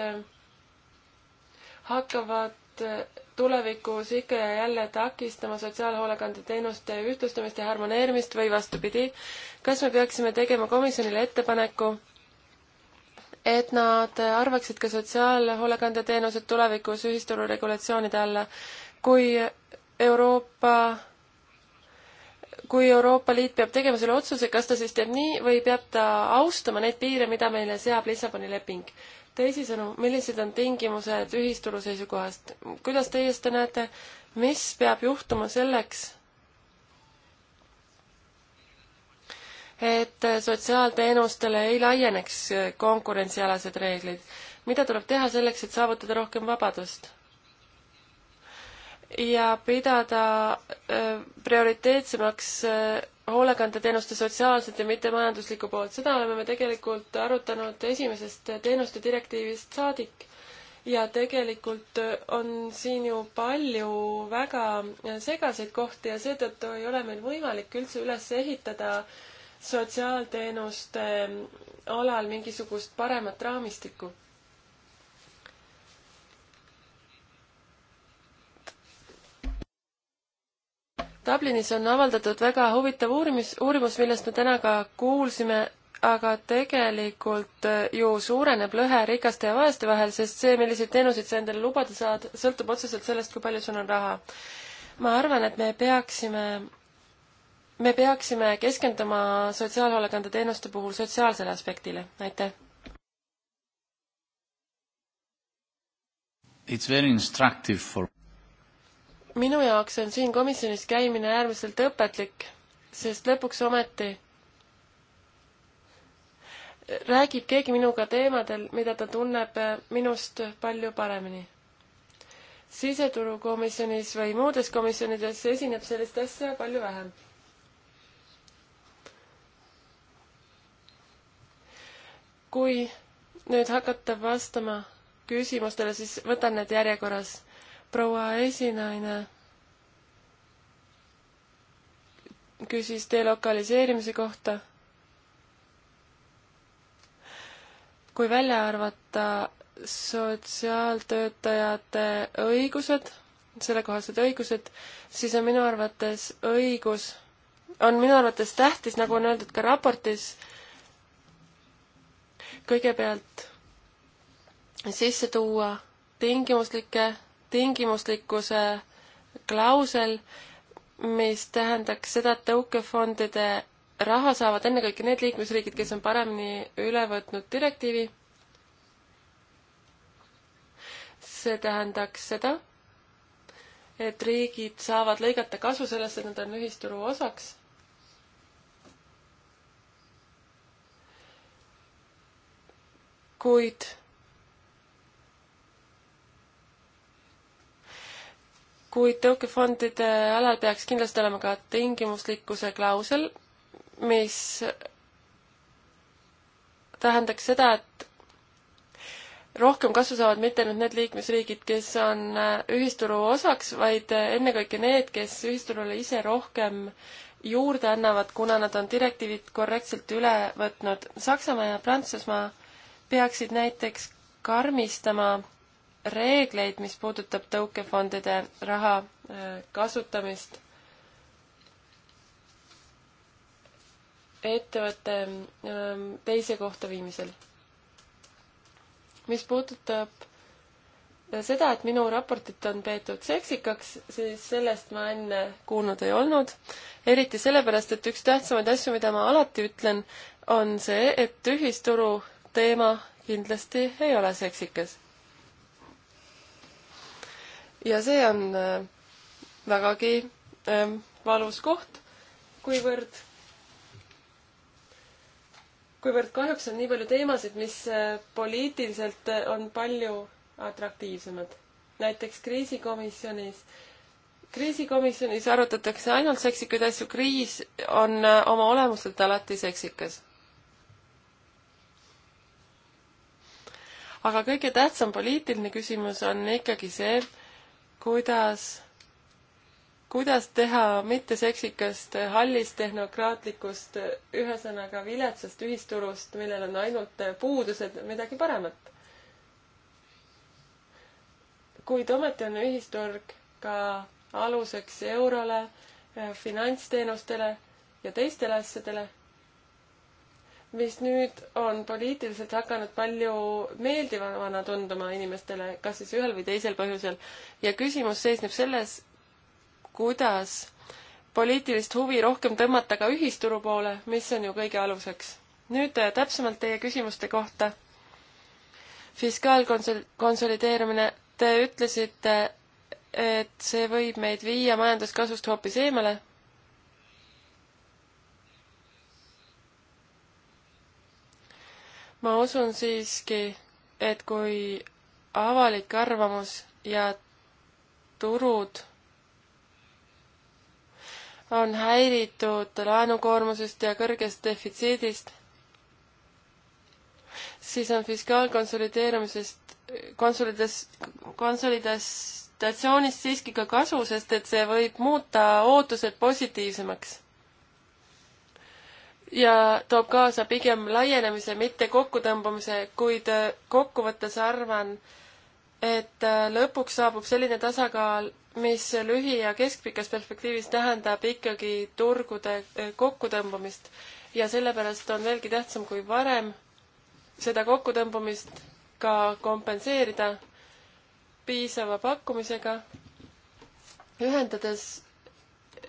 hakkavad peavad äh, tulevikus ikka ja jälle takistama sotsiaalhoolekandeteenuste ühtlustamist ja harmoneerimist või vastupidi, kas me peaksime tegema komisjonile ettepaneku, et nad arvaksid ka sotsiaalhoolekandeteenused tulevikus ühisturu regulatsioonide alla, kui Euroopa kui Euroopa Liit peab tegema selle otsuse, kas ta siis teeb nii või peab ta austama neid piire, mida meile seab Lissaboni leping? teisisõnu, millised on tingimused ühisturu seisukohast? kuidas teie seda näete, mis peab juhtuma selleks, et sotsiaalteenustele ei laieneks konkurentsialased reeglid? mida tuleb teha selleks, et saavutada rohkem vabadust? ja pidada äh, prioriteetsemaks äh, hoolekandeteenuste sotsiaalset ja mittemajanduslikku poolt. seda oleme me tegelikult arutanud esimesest teenuste direktiivist saadik ja tegelikult äh, on siin ju palju väga segaseid kohti ja seetõttu ei ole meil võimalik üldse üles ehitada sotsiaalteenuste alal mingisugust paremat raamistikku. Dublinis on avaldatud väga huvitav uurimis, uurimus, millest me täna ka kuulsime, aga tegelikult äh, ju suureneb lõhe rikaste ja vaeste vahel, sest see, milliseid teenuseid sa endale lubada saad, sõltub otseselt sellest, kui palju sul on raha. ma arvan, et me peaksime, me peaksime keskenduma sotsiaalhoolekandeteenuste puhul sotsiaalsele aspektile, aitäh. It's very instructive for minu jaoks on siin komisjonis käimine äärmiselt õpetlik, sest lõpuks ometi räägib keegi minuga teemadel, mida ta tunneb eh, minust palju paremini. siseturukomisjonis või muudes komisjonides esineb sellist asja palju vähem. kui nüüd hakata vastama küsimustele, siis võtan need järjekorras proua esinaine küsis delokaliseerimise kohta. kui välja arvata sotsiaaltöötajate õigused, sellekohased õigused, siis on minu arvates õigus, on minu arvates tähtis, nagu on öeldud ka raportis, kõigepealt sisse tuua tingimuslikke tingimuslikkuse klausel, mis tähendaks seda, et tõukefondide raha saavad ennekõike need liikmesriigid, kes on paremini üle võtnud direktiivi. see tähendaks seda, et riigid saavad lõigata kasu sellest, et nad on ühisturu osaks kuid kuid tõukefondide alal peaks kindlasti olema ka tingimuslikkuse klausel, mis tähendaks seda, et rohkem kasu saavad mitte ainult need liikmesriigid, kes on äh, ühisturu osaks, vaid äh, ennekõike need, kes ühisturule ise rohkem juurde annavad, kuna nad on direktiivid korrektselt üle võtnud. Saksamaa ja Prantsusmaa peaksid näiteks karmistama ka reegleid, mis puudutab tõukefondide raha äh, kasutamist. ettevõtte ähm, teise kohta viimisel. mis puudutab äh, seda, et minu raportit on peetud seksikaks, siis sellest ma enne kuulnud ei olnud. eriti sellepärast, et üks tähtsamaid asju, mida ma alati ütlen, on see, et ühisturu teema kindlasti ei ole seksikas ja see on äh, vägagi ähm, valus koht, kuivõrd, kuivõrd kahjuks on nii palju teemasid, mis äh, poliitiliselt äh, on palju atraktiivsemad. näiteks kriisikomisjonis kriisikomisjonis arutatakse ainult seksikaid asju, kriis on oma olemuselt alati seksikas. aga kõige tähtsam poliitiline küsimus on ikkagi see, kuidas, kuidas teha mitteseksikast hallist tehnokraatlikust, ühesõnaga viletsast ühisturust, millel on ainult puudused, midagi paremat. kuid ometi on ühisturg ka aluseks eurole, finantsteenustele ja teistele asjadele mis nüüd on poliitiliselt hakanud palju meeldivamana tunduma inimestele, kas siis ühel või teisel põhjusel. ja küsimus seisneb selles, kuidas poliitilist huvi rohkem tõmmata ka ühisturu poole, mis on ju kõige aluseks. nüüd äh, täpsemalt teie küsimuste kohta. fiskaalkonsol-, konsolideerimine, te ütlesite, et see võib meid viia majanduskasvust hoopis eemale ma usun siiski, et kui avalik arvamus ja turud on häiritud laenukoormusest ja kõrgest defitsiidist, siis on fiskaalkonsolideerumisest, konsolides-, konsolidatsioonist siiski ka kasu, sest et see võib muuta ootused positiivsemaks ja toob kaasa pigem laienemise, mitte kokkutõmbamise, kuid äh, kokkuvõttes arvan, et äh, lõpuks saabub selline tasakaal, mis lühi- ja keskpikas perspektiivis tähendab ikkagi turgude äh, kokkutõmbamist ja sellepärast on veelgi tähtsam kui varem seda kokkutõmbamist ka kompenseerida piisava pakkumisega, ühendades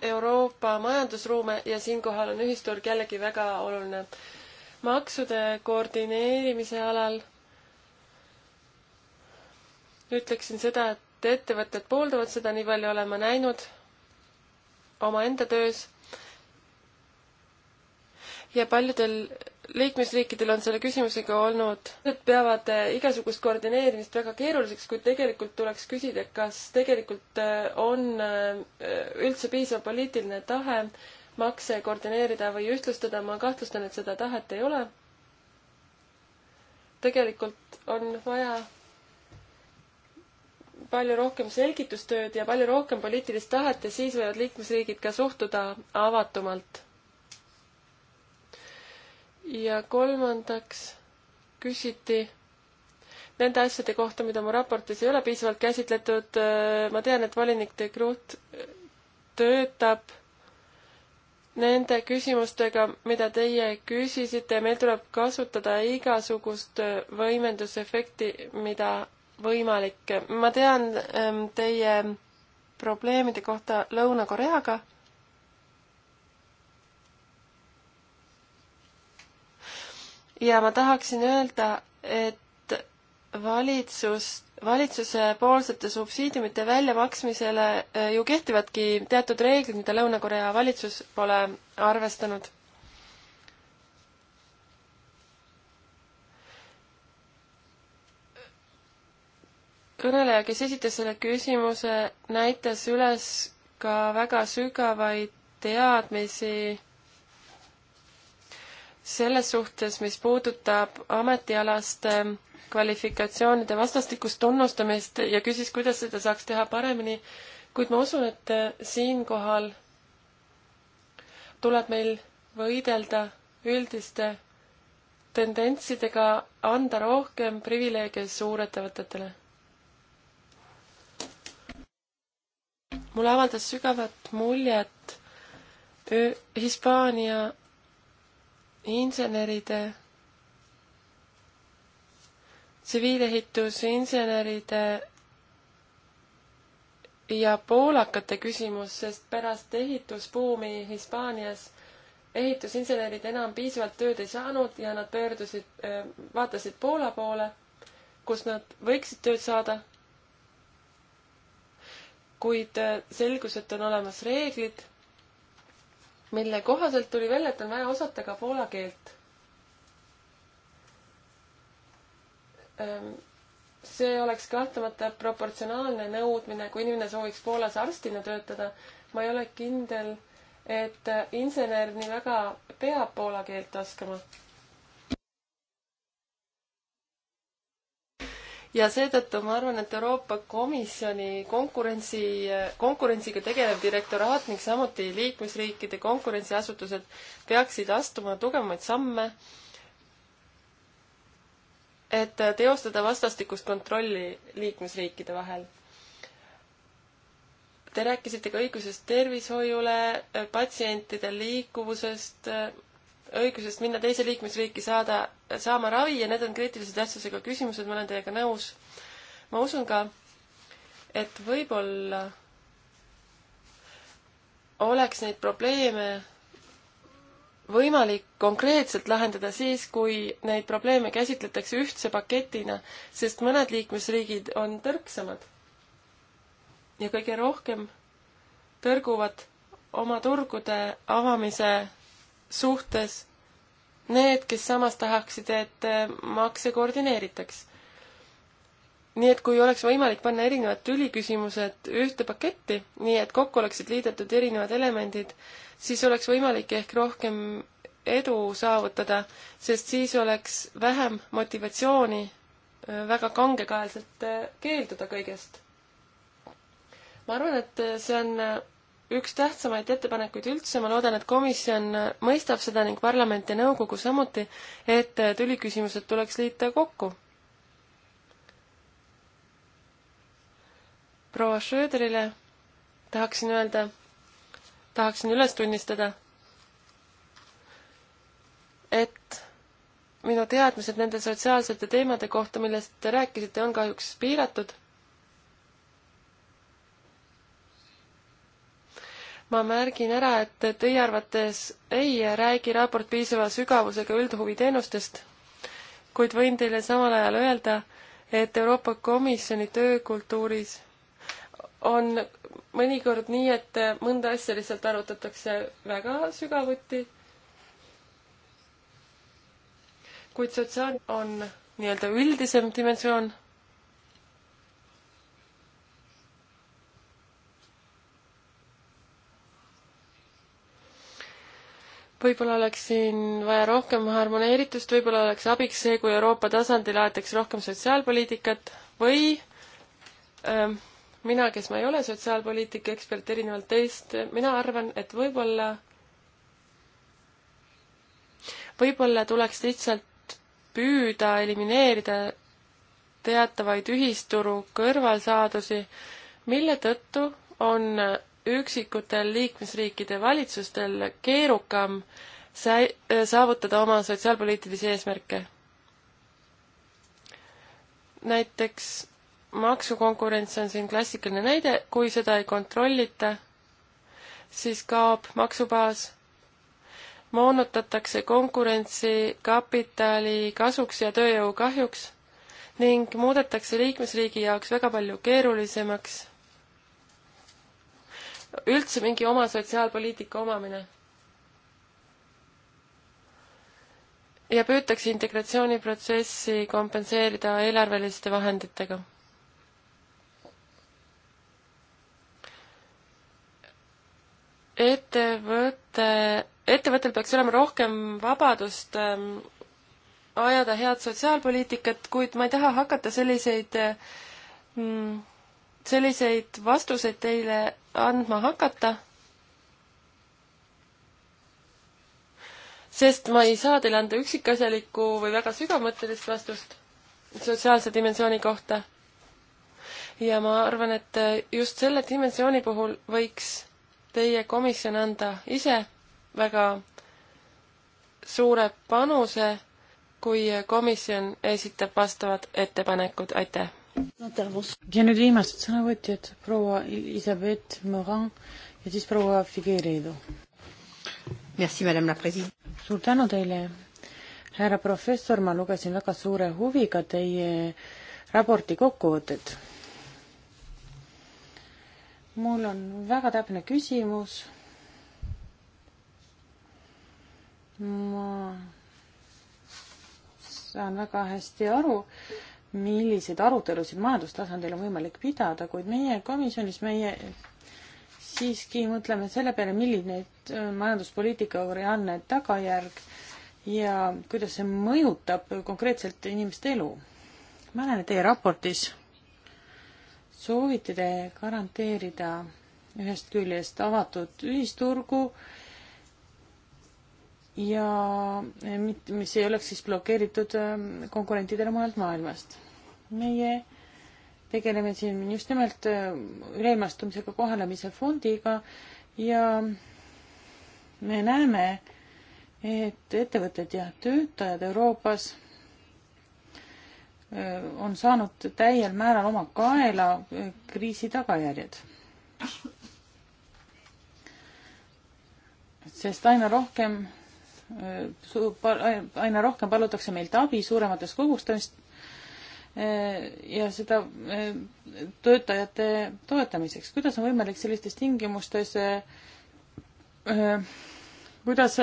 Euroopa majandusruume ja siinkohal on ühisturg jällegi väga oluline. maksude koordineerimise alal ütleksin seda, et ettevõtted pooldavad seda, nii palju olen ma näinud omaenda töös. ja paljudel liikmesriikidel on selle küsimusega olnud, nad peavad eh, igasugust koordineerimist väga keeruliseks, kuid tegelikult tuleks küsida, kas tegelikult eh, on eh, üldse piisav poliitiline tahe makse koordineerida või ühtlustada, ma kahtlustan, et seda tahet ei ole. tegelikult on vaja palju rohkem selgitustööd ja palju rohkem poliitilist tahet ja siis võivad liikmesriigid ka suhtuda avatumalt ja kolmandaks küsiti nende asjade kohta, mida mu raportis ei ole piisavalt käsitletud. ma tean, et volinik de Groot töötab nende küsimustega, mida teie küsisite ja meil tuleb kasutada igasugust võimendusefekti, mida võimalik. ma tean ähm, teie probleemide kohta Lõuna-Koreaga ja ma tahaksin öelda, et valitsus, valitsuse poolsete subsiidiumite väljamaksmisele eh, ju kehtivadki teatud reeglid, mida Lõuna-Korea valitsus pole arvestanud. kõneleja, kes esitas selle küsimuse, näitas üles ka väga sügavaid teadmisi selles suhtes, mis puudutab ametialast kvalifikatsioonide vastastikust tunnustamist ja küsis, kuidas seda saaks teha paremini, kuid ma usun, et äh, siinkohal tuleb meil võidelda üldiste tendentsidega anda rohkem privileege suurettevõtetele. mulle avaldas sügavat muljet äh, Hispaania inseneride, tsiviilehitusinseneride ja poolakate küsimus, sest pärast ehitusbuumi Hispaanias ehitusinsenerid enam piisavalt tööd ei saanud ja nad pöördusid, äh, vaatasid Poola poole, kus nad võiksid tööd saada. kuid äh, selgus, et on olemas reeglid mille kohaselt tuli välja, et on vaja osata ka poola keelt. Ehm, see oleks kahtlemata proportsionaalne nõudmine, kui inimene sooviks Poolas arstina töötada. ma ei ole kindel, et äh, insener nii väga peab poola keelt oskama ja seetõttu ma arvan, et Euroopa Komisjoni konkurentsi, konkurentsiga tegelev direktoraat ning samuti liikmesriikide konkurentsiasutused peaksid astuma tugevaid samme, et teostada vastastikust kontrolli liikmesriikide vahel. Te rääkisite ka õigusest tervishoiule, patsientide liikuvusest õigusest minna teise liikmesriiki saada, saama ravi ja need on kriitilise tähtsusega küsimused, ma olen teiega nõus. ma usun ka, et võib-olla oleks neid probleeme võimalik konkreetselt lahendada siis, kui neid probleeme käsitletakse ühtse paketina, sest mõned liikmesriigid on tõrksamad. ja kõige rohkem tõrguvad oma turgude avamise suhtes need, kes samas tahaksid, et äh, makse koordineeritaks. nii et kui oleks võimalik panna erinevad tüliküsimused ühte paketti, nii et kokku oleksid liidetud erinevad elemendid, siis oleks võimalik ehk rohkem edu saavutada, sest siis oleks vähem motivatsiooni äh, väga kangekaelselt äh, keelduda kõigest. ma arvan, et see on üks tähtsamaid ettepanekuid üldse, ma loodan, et komisjon mõistab seda ning parlament ja nõukogu samuti, et tüliküsimused tuleks liita kokku. proua Schröderile tahaksin öelda, tahaksin üles tunnistada, et minu teadmised nende sotsiaalsete teemade kohta, millest te rääkisite, on kahjuks piiratud ma märgin ära, et teie arvates ei räägi raport piisava sügavusega üldhuviteenustest, kuid võin teile samal ajal öelda, et Euroopa Komisjoni töökultuuris on mõnikord nii, et mõnda asja lihtsalt arutatakse väga sügavuti. kuid sotsiaal on nii-öelda üldisem dimensioon võib-olla oleks siin vaja rohkem harmoneeritust, võib-olla oleks abiks see, kui Euroopa tasandil aetaks rohkem sotsiaalpoliitikat või ähm, mina, kes ma ei ole sotsiaalpoliitika ekspert, erinevalt teist, mina arvan, et võib-olla, võib-olla tuleks lihtsalt püüda elimineerida teatavaid ühisturu kõrvalsaadusi, mille tõttu on üksikutel liikmesriikide valitsustel keerukam sai-, äh, saavutada oma sotsiaalpoliitilisi eesmärke. näiteks maksukonkurents on siin klassikaline näide, kui seda ei kontrollita, siis kaob maksubaas, moonutatakse konkurentsi kapitali kasuks ja tööjõu kahjuks ning muudetakse liikmesriigi jaoks väga palju keerulisemaks üldse mingi oma sotsiaalpoliitika omamine. ja püütakse integratsiooniprotsessi kompenseerida eelarveliste vahenditega. ettevõte, ettevõttel peaks olema rohkem vabadust ähm, ajada head sotsiaalpoliitikat, kuid ma ei taha hakata selliseid mm, selliseid vastuseid teile andma hakata. sest ma ei saa teile anda üksikasjalikku või väga sügavmõttelist vastust sotsiaalse dimensiooni kohta. ja ma arvan, et just selle dimensiooni puhul võiks teie komisjon anda ise väga suure panuse, kui komisjon esitab vastavad ettepanekud, aitäh! ja nüüd viimased sõnavõtjad, proua Elizabeth Morin ja siis proua Figueiredo. suur tänu teile, härra professor, ma lugesin väga suure huviga teie raporti kokkuvõtet. mul on väga täpne küsimus. ma saan väga hästi aru, milliseid arutelusid majandustasandil on võimalik pidada, kuid meie komisjonis, meie siiski mõtleme selle peale, milline on äh, majanduspoliitika reaalne tagajärg ja kuidas see mõjutab konkreetselt inimeste elu. ma näen, et teie raportis soovite te garanteerida ühest küljest avatud ühisturgu, ja mit-, mis ei oleks siis blokeeritud ähm, konkurentidele mujalt maailmast. meie tegeleme siin just nimelt üleilmastumisega ähm, kohanemise fondiga ja me näeme, et ettevõtted ja töötajad Euroopas äh, on saanud täiel määral oma kaela äh, kriisi tagajärjed. sest aina rohkem aina rohkem palutakse meilt abi suuremates kogustamist e, ja seda e, töötajate toetamiseks. kuidas on võimalik sellistes tingimustes, e, kuidas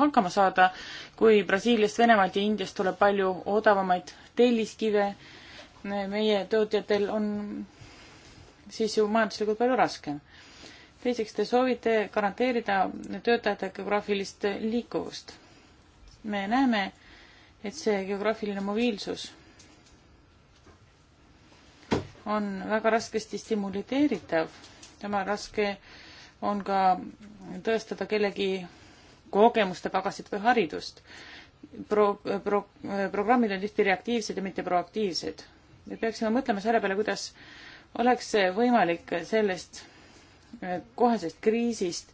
hakkama saada, kui Brasiiliast, Venemaalt ja Indiast tuleb palju odavamaid telliskive, meie tootjatel on siis ju majanduslikult palju raskem teiseks, te soovite garanteerida töötajate geograafilist liikuvust. me näeme, et see geograafiline mobiilsus on väga raskesti stimuleeritav, tema raske on ka tõestada kellegi kogemuste pagasit või haridust. Pro-, pro-, programmid on tihti reaktiivsed ja mitte proaktiivsed. me peaksime mõtlema selle peale, kuidas oleks võimalik sellest Äh, kohesest kriisist,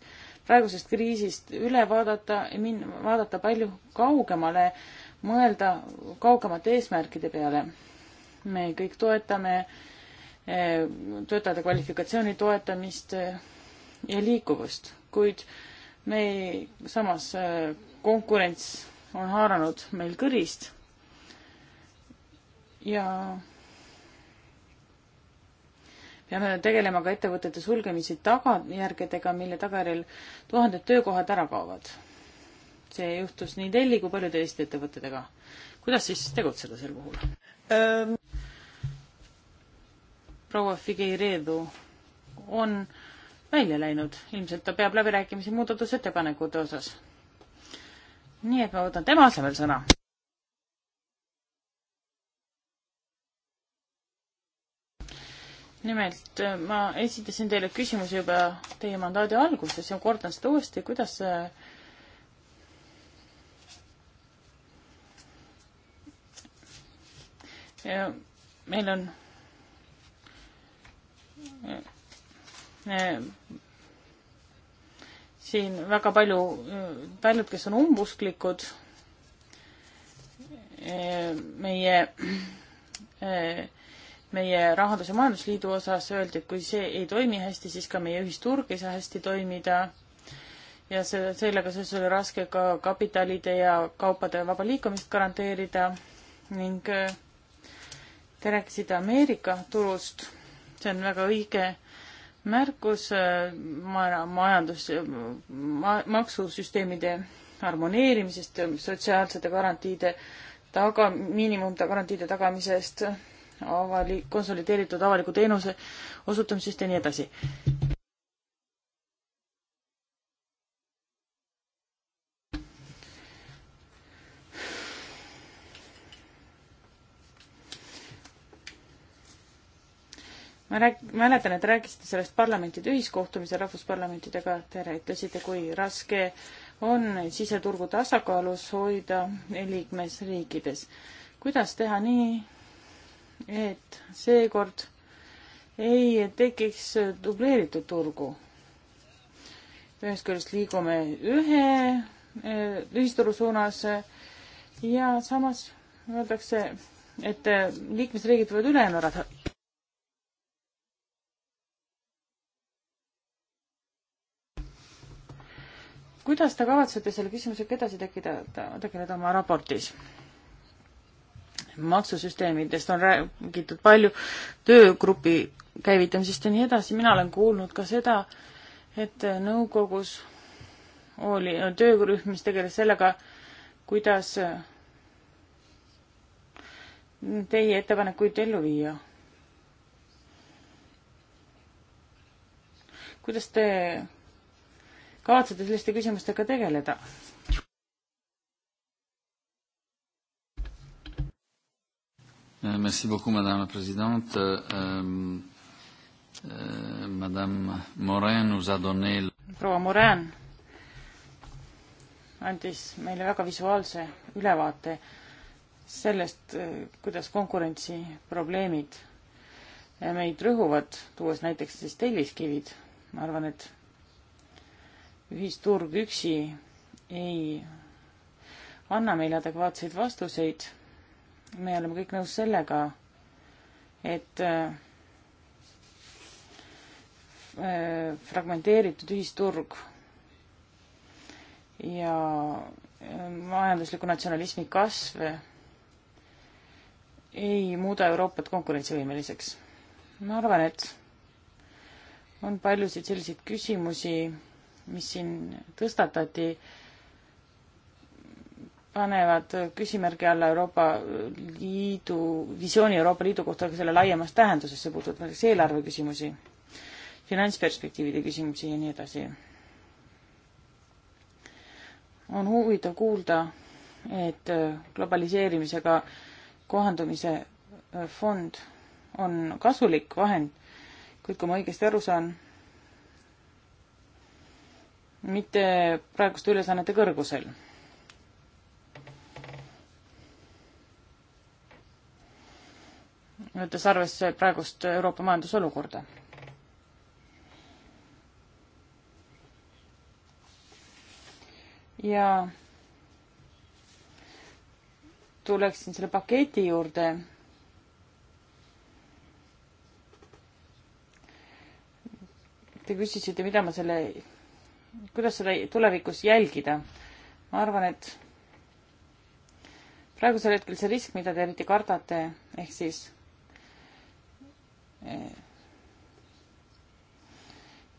praegusest kriisist üle vaadata, min-, vaadata palju kaugemale, mõelda kaugemate eesmärkide peale. me kõik toetame äh, töötajate kvalifikatsiooni toetamist äh, ja liikuvust, kuid me ei, samas konkurents on haaranud meil kõrist ja peame tegelema ka ettevõtete sulgemise tagajärgedega, mille tagajärjel tuhanded töökohad ära kaovad. see juhtus nii Telli kui paljude teiste ettevõtetega. kuidas siis tegutseda sel puhul ähm.? proua Figueiredu on välja läinud, ilmselt ta peab läbirääkimisi muudatusettepanekute osas. nii et ma võtan tema asemel sõna nimelt äh, ma esitasin teile küsimuse juba teie mandaadi alguses ja kordan seda uuesti, kuidas äh, ja meil on äh, siin väga palju, paljud, kes on umbusklikud meie meie Rahandus- ja Majandusliidu osas öeldi, et kui see ei toimi hästi, siis ka meie ühisturg ei saa hästi toimida ja see, sellega seoses oli raske ka kapitalide ja kaupade vaba liikumist garanteerida ning äh, te rääkisite Ameerika turust, see on väga õige märkus äh, ma-, majandus ma,, maksusüsteemide harmoneerimisest, sotsiaalsete garantiide taga, miinimumgarantiide tagamisest avalik, konsolideeritud avaliku teenuse osutamisest ja nii edasi. ma rääk-, mäletan, et rääkisite sellest parlamentide ühiskohtumisel rahvusparlamentidega, te ütlesite, kui raske on siseturgu tasakaalus hoida liikmesriikides. kuidas teha nii, et seekord ei tekiks dubleeritud turgu. ühest küljest liigume ühe e, ühisturu suunas ja samas öeldakse, et e, liikmesriigid võivad üle nõrada. kuidas te kavatsete selle küsimusega edasi tekkida, tegeleda oma raportis? maksusüsteemidest on räägitud palju, töögrupi käivitamisest ja nii edasi, mina olen kuulnud ka seda, et nõukogus oli töörühm, mis tegeles sellega, kuidas teie ettepanekuid ellu viia. kuidas te kavatsete selliste küsimustega tegeleda? Euh, merci beaucoup, Madame la Présidente. Euh, euh, Madame Morin nous a donné... proua Morin andis meile väga visuaalse ülevaate sellest, äh, kuidas konkurentsiprobleemid äh, meid rõhuvad, tuues näiteks siis telliskivid. ma arvan, et ühisturg üksi ei anna meile adekvaatseid vastuseid me oleme kõik nõus sellega, et äh, äh, fragmenteeritud ühisturg ja äh, majandusliku natsionalismi kasv ei muuda Euroopat konkurentsivõimeliseks. ma arvan, et on paljusid selliseid küsimusi, mis siin tõstatati äh, panevad küsimärgi alla Euroopa Liidu, visiooni Euroopa Liidu kohta ka selle laiemas tähenduses, see puudutab näiteks eelarve küsimusi, finantsperspektiivide küsimusi ja nii edasi. on huvitav kuulda, et globaliseerimisega kohandumise fond on kasulik vahend, kuid kui ma õigesti aru saan, mitte praeguste ülesannete kõrgusel võttes arvesse praegust Euroopa majandusolukorda. ja tuleksin selle paketi juurde. Te küsisite, mida ma selle, kuidas seda tulevikus jälgida. ma arvan, et praegusel hetkel see risk, mida te eriti kardate, ehk siis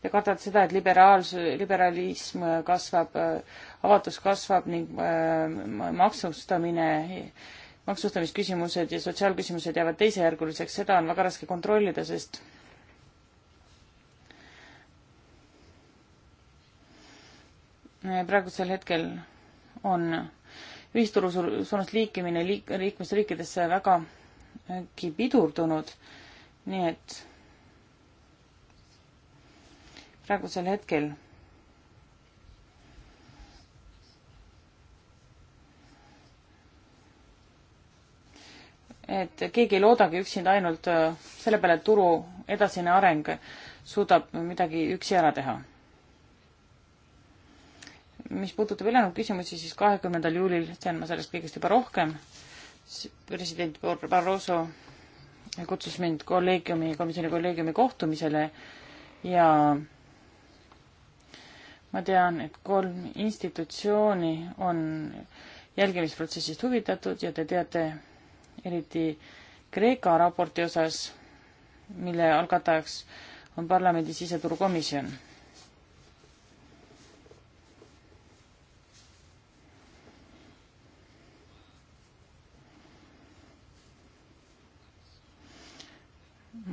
Te kardate seda, et liberaalsus, liberalism kasvab, avatus kasvab ning äh, maksustamine, maksustamisküsimused ja sotsiaalküsimused jäävad teisejärguliseks, seda on väga raske kontrollida, sest praegusel hetkel on ühisturu suunas liikimine liik-, liikmesriikidesse vägagi pidurdunud nii et praegusel hetkel et keegi ei loodagi üksinda ainult äh, selle peale, et turu edasine areng suudab midagi üksi ära teha. mis puudutab ülejäänud küsimusi, siis kahekümnendal juulil tean ma sellest kõigest juba rohkem. president Barroso Äh, kutsus mind kolleegiumi, komisjoni kolleegiumi kohtumisele ja ma tean, et kolm institutsiooni on jälgimisprotsessist huvitatud ja te teate eriti Kreeka raporti osas, mille algatajaks on parlamendi siseturukomisjon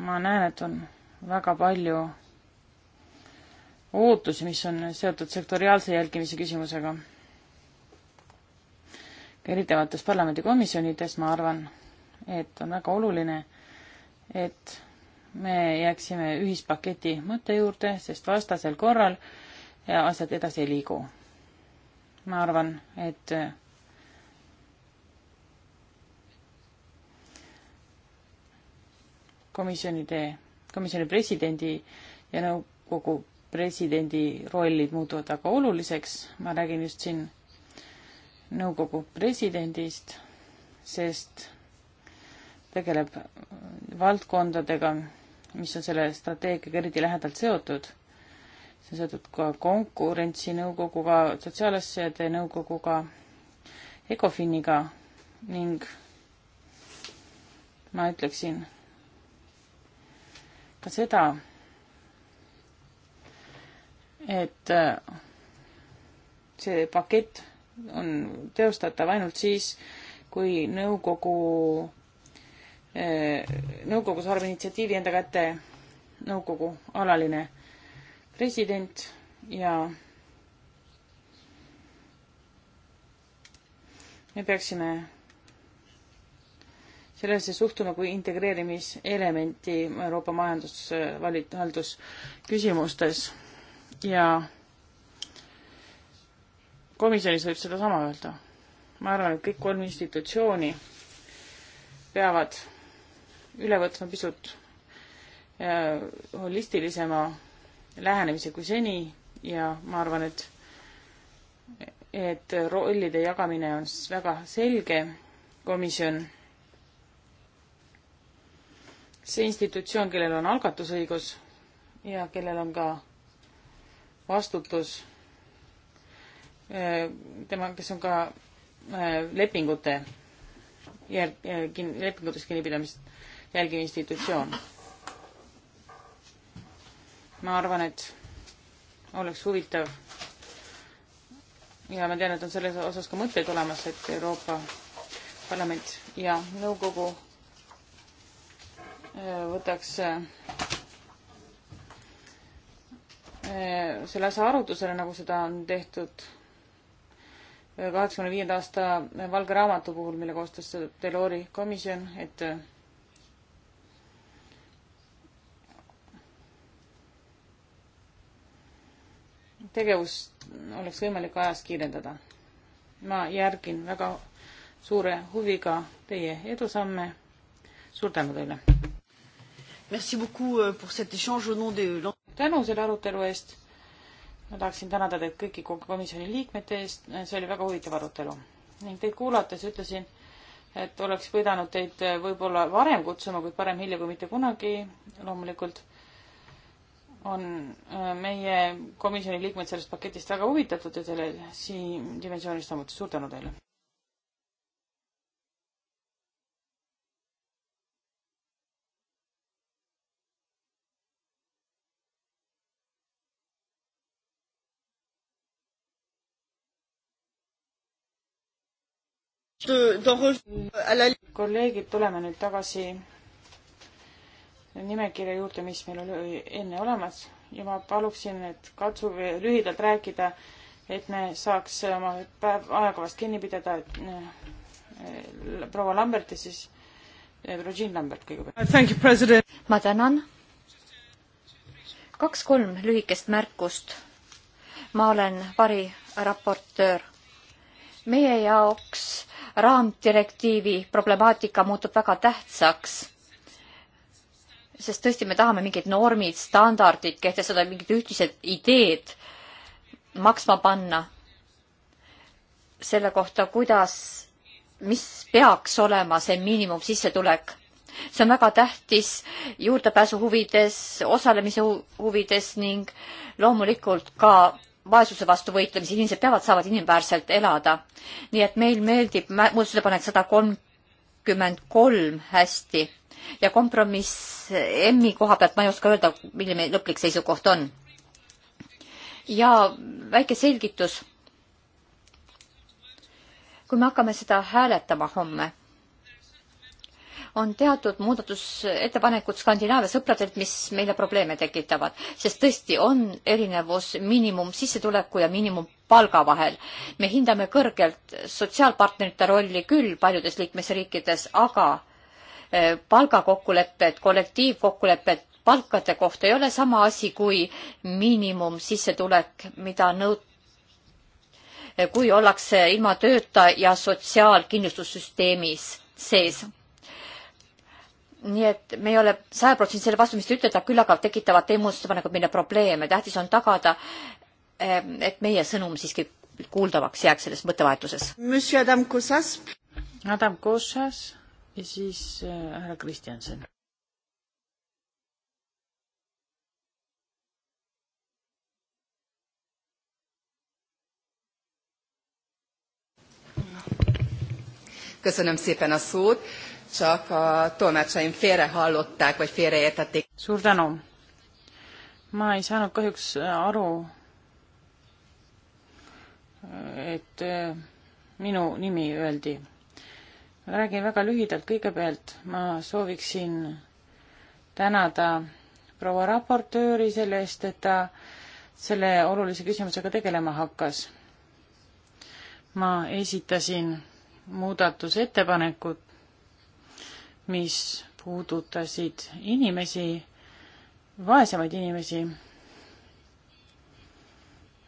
ma näen, et on väga palju ootusi, mis on seotud sektoriaalse jälgimise küsimusega. erinevates parlamendikomisjonides ma arvan, et on väga oluline, et me jääksime ühispaketi mõtte juurde, sest vastasel korral asjad edasi ei liigu. ma arvan, et komisjonide, komisjoni presidendi ja nõukogu presidendi rollid muutuvad väga oluliseks, ma räägin just siin nõukogu presidendist, sest tegeleb valdkondadega, mis on selle strateegiaga eriti lähedalt seotud. see on seotud ka konkurentsinõukoguga, sotsiaalasjade nõukoguga, ECOFIN-iga ning ma ütleksin, ka seda, et äh, see pakett on teostatav ainult siis, kui nõukogu, äh, nõukogu saab initsiatiivi enda kätte nõukogu alaline president ja me peaksime sellesse suhtuma kui integreerimiselementi Euroopa majandusvalitsus küsimustes ja komisjonis võib sedasama öelda. ma arvan, et kõik kolm institutsiooni peavad üle võtma pisut äh, holistilisema lähenemise kui seni ja ma arvan, et et rollide jagamine on väga selge, komisjon see institutsioon, kellel on algatusõigus ja kellel on ka vastutus, eh, tema, kes on ka eh, lepingute järg-, eh, lepingutest kinnipidamist jälgiv institutsioon. ma arvan, et oleks huvitav ja ma tean, et on selles osas ka mõtteid olemas, et Euroopa Parlament ja Nõukogu võtaks eh, selle asja arutusele, nagu seda on tehtud kaheksakümne viienda aasta valge raamatu puhul, mille koostas Delori komisjon, et tegevust oleks võimalik ajas kiirendada. ma järgin väga suure huviga teie edusamme. suur tänu teile! Euh, euh, tänu selle arutelu eest. ma tahaksin tänada teid kõiki komisjoni liikmete eest, see oli väga huvitav arutelu ning teid kuulates ütlesin, et oleks pidanud teid äh, võib-olla varem kutsuma, kuid parem hilja kui mitte kunagi. loomulikult on äh, meie komisjoni liikmed sellest paketist väga huvitatud ja selle siin dimensioonist samuti. suur tänu teile! kolleegid, tuleme nüüd tagasi nimekirja juurde, mis meil oli enne olemas ja ma paluksin, et katsu lühidalt rääkida, et me saaks oma päev ajakavast kinni pidada, et eh, proua Lambert ja siis eh, Regine Lambert kõigepealt. Uh, ma tänan. kaks-kolm lühikest märkust. ma olen variraportöör. meie jaoks raamdirektiivi problemaatika muutub väga tähtsaks. sest tõesti, me tahame mingid normid, standardid kehtestada, mingid ühtised ideed maksma panna selle kohta, kuidas, mis peaks olema see miinimumsissetulek see on väga tähtis juurdepääsu huvides, osalemise huvides ning loomulikult ka vaesuse vastu võitlemise, inimesed peavad, saavad inimväärselt elada. nii et meil meeldib muudatusettepanek sada kolmkümmend kolm hästi ja kompromiss M-i koha pealt ma ei oska öelda, milline meie lõplik seisukoht on. ja väike selgitus. kui me hakkame seda hääletama homme on teatud muudatusettepanekud Skandinaavia sõpradelt, mis meile probleeme tekitavad, sest tõesti on erinevus miinimumsissetuleku ja miinimumpalga vahel. me hindame kõrgelt sotsiaalpartnerite rolli küll paljudes liikmesriikides, aga eh, palgakokkulepped, kollektiivkokkulepped palkade kohta ei ole sama asi kui miinimumsissetulek, mida nõut-, kui ollakse ilma tööta ja sotsiaalkindlustussüsteemis sees nii et me ei ole sajaprotsendiliselt selle vastu, mis te ütlete, küll aga tekitavad teie muudatusettepanekud meile probleeme. tähtis on tagada, ehm, et meie sõnum siiski kuuldavaks jääks selles mõttevahetuses. Adam Kusas. Adam Kusas ja siis äh, härra Kristjanson. Köszönöm szépen a szót csak a tolmácsaim félrehallották, vagy félreértették. suur tänu! ma ei saanud kahjuks äh, aru, et äh, minu nimi öeldi. ma räägin väga lühidalt, kõigepealt ma sooviksin tänada proua raportööri selle eest, et ta selle olulise küsimusega tegelema hakkas. ma esitasin muudatusettepanekud mis puudutasid inimesi, vaesemaid inimesi.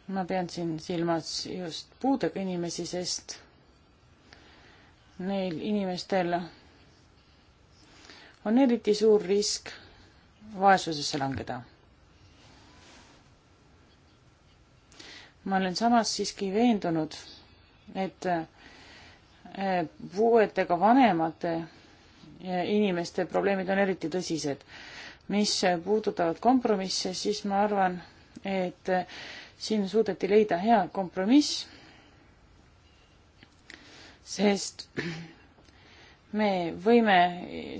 ma pean siin silmas just puudega inimesi, sest neil inimestel on eriti suur risk vaesusesse langeda. ma olen samas siiski veendunud, et eh, puuetega vanemate inimeste probleemid on eriti tõsised. mis puudutavad kompromisse, siis ma arvan, et siin suudeti leida hea kompromiss, sest me võime,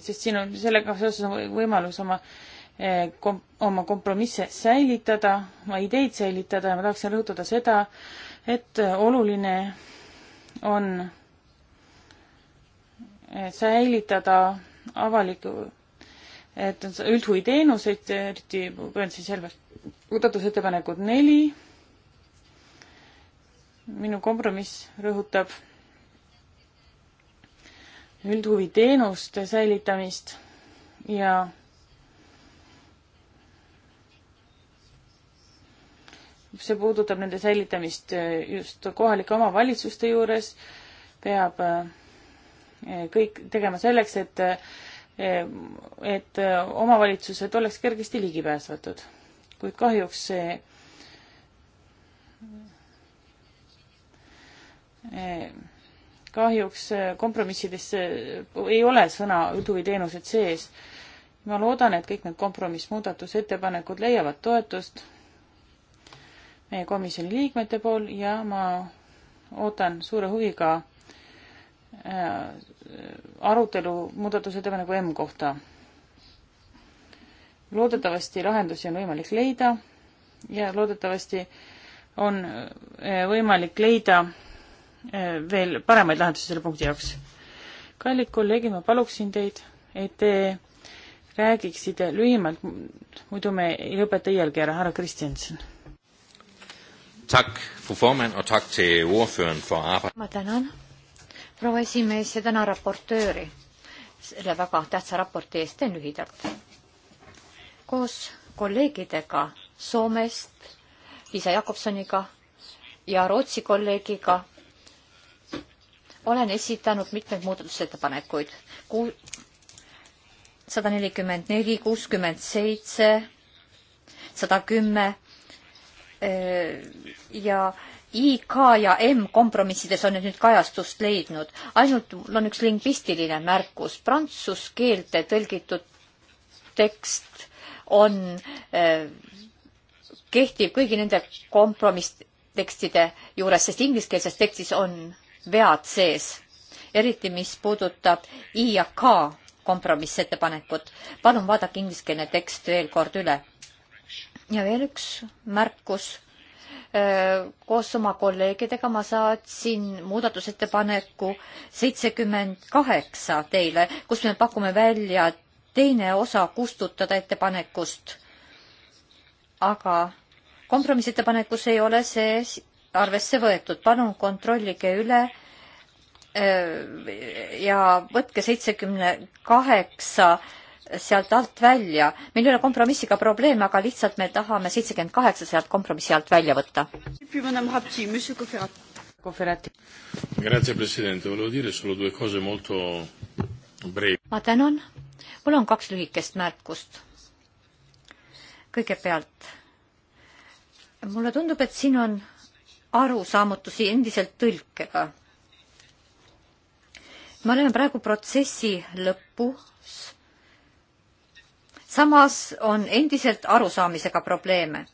sest siin on, sellega seoses on võimalus oma eh, kom-, oma kompromisse säilitada, oma ideid säilitada ja ma tahaksin rõhutada seda, et oluline on säilitada avaliku, et üldhuvi teenuseid, eriti pean siis jälle muudatusettepanekud neli. minu kompromiss rõhutab üldhuvi teenuste säilitamist ja see puudutab nende säilitamist just kohalike omavalitsuste juures, peab äh, Eh, kõik tegema selleks, et eh, et eh, omavalitsused oleks kergesti ligipääsvatud. kuid kahjuks see kahjuks kompromissides ei ole sõna tugiteenused sees. ma loodan, et kõik need kompromissmuudatusettepanekud leiavad toetust meie komisjoni liikmete pool ja ma ootan suure huviga Äh, arutelu muudatusettepaneku M kohta. loodetavasti lahendusi on võimalik leida ja loodetavasti on äh, võimalik leida äh, veel paremaid lahendusi selle punkti jaoks. kallid kolleegid, ma paluksin teid, et te räägiksite lühimalt, muidu me ei lõpeta iialgi ära, härra Kristjanson. ma tänan proua esimees ja täna raportööri selle väga tähtsa raporti eest, teen lühidalt. koos kolleegidega Soomest, Liisa Jakobsoniga ja Rootsi kolleegiga olen esitanud mitmeid muudatusettepanekuid. Ku-, sada nelikümmend neli, kuuskümmend seitse, sada kümme eh, ja IK ja M kompromissides on nüüd kajastust leidnud, ainult mul on üks lingvistiline märkus. Prantsuse keelde tõlgitud tekst on eh, kehtiv kõigi nende kompromisstekstide juures, sest ingliskeelses tekstis on vead sees, eriti mis puudutab I ja K kompromissettepanekut. palun vaadake ingliskeelne tekst veel kord üle. ja veel üks märkus Äh, koos oma kolleegidega ma saatsin muudatusettepaneku seitsekümmend kaheksa teile, kus me pakume välja teine osa kustutada ettepanekust. aga kompromissettepanekus ei ole see arvesse võetud, palun kontrollige üle äh, ja võtke seitsekümne kaheksa sealt alt välja. meil ei ole kompromissiga probleeme, aga lihtsalt me tahame seitsekümmend kaheksa sealt kompromissi alt välja võtta. ma tänan. mul on kaks lühikest märkust. kõigepealt, mulle tundub, et siin on arusaamatusi endiselt tõlkega. me oleme praegu protsessi lõpus samas on endiselt arusaamisega probleeme.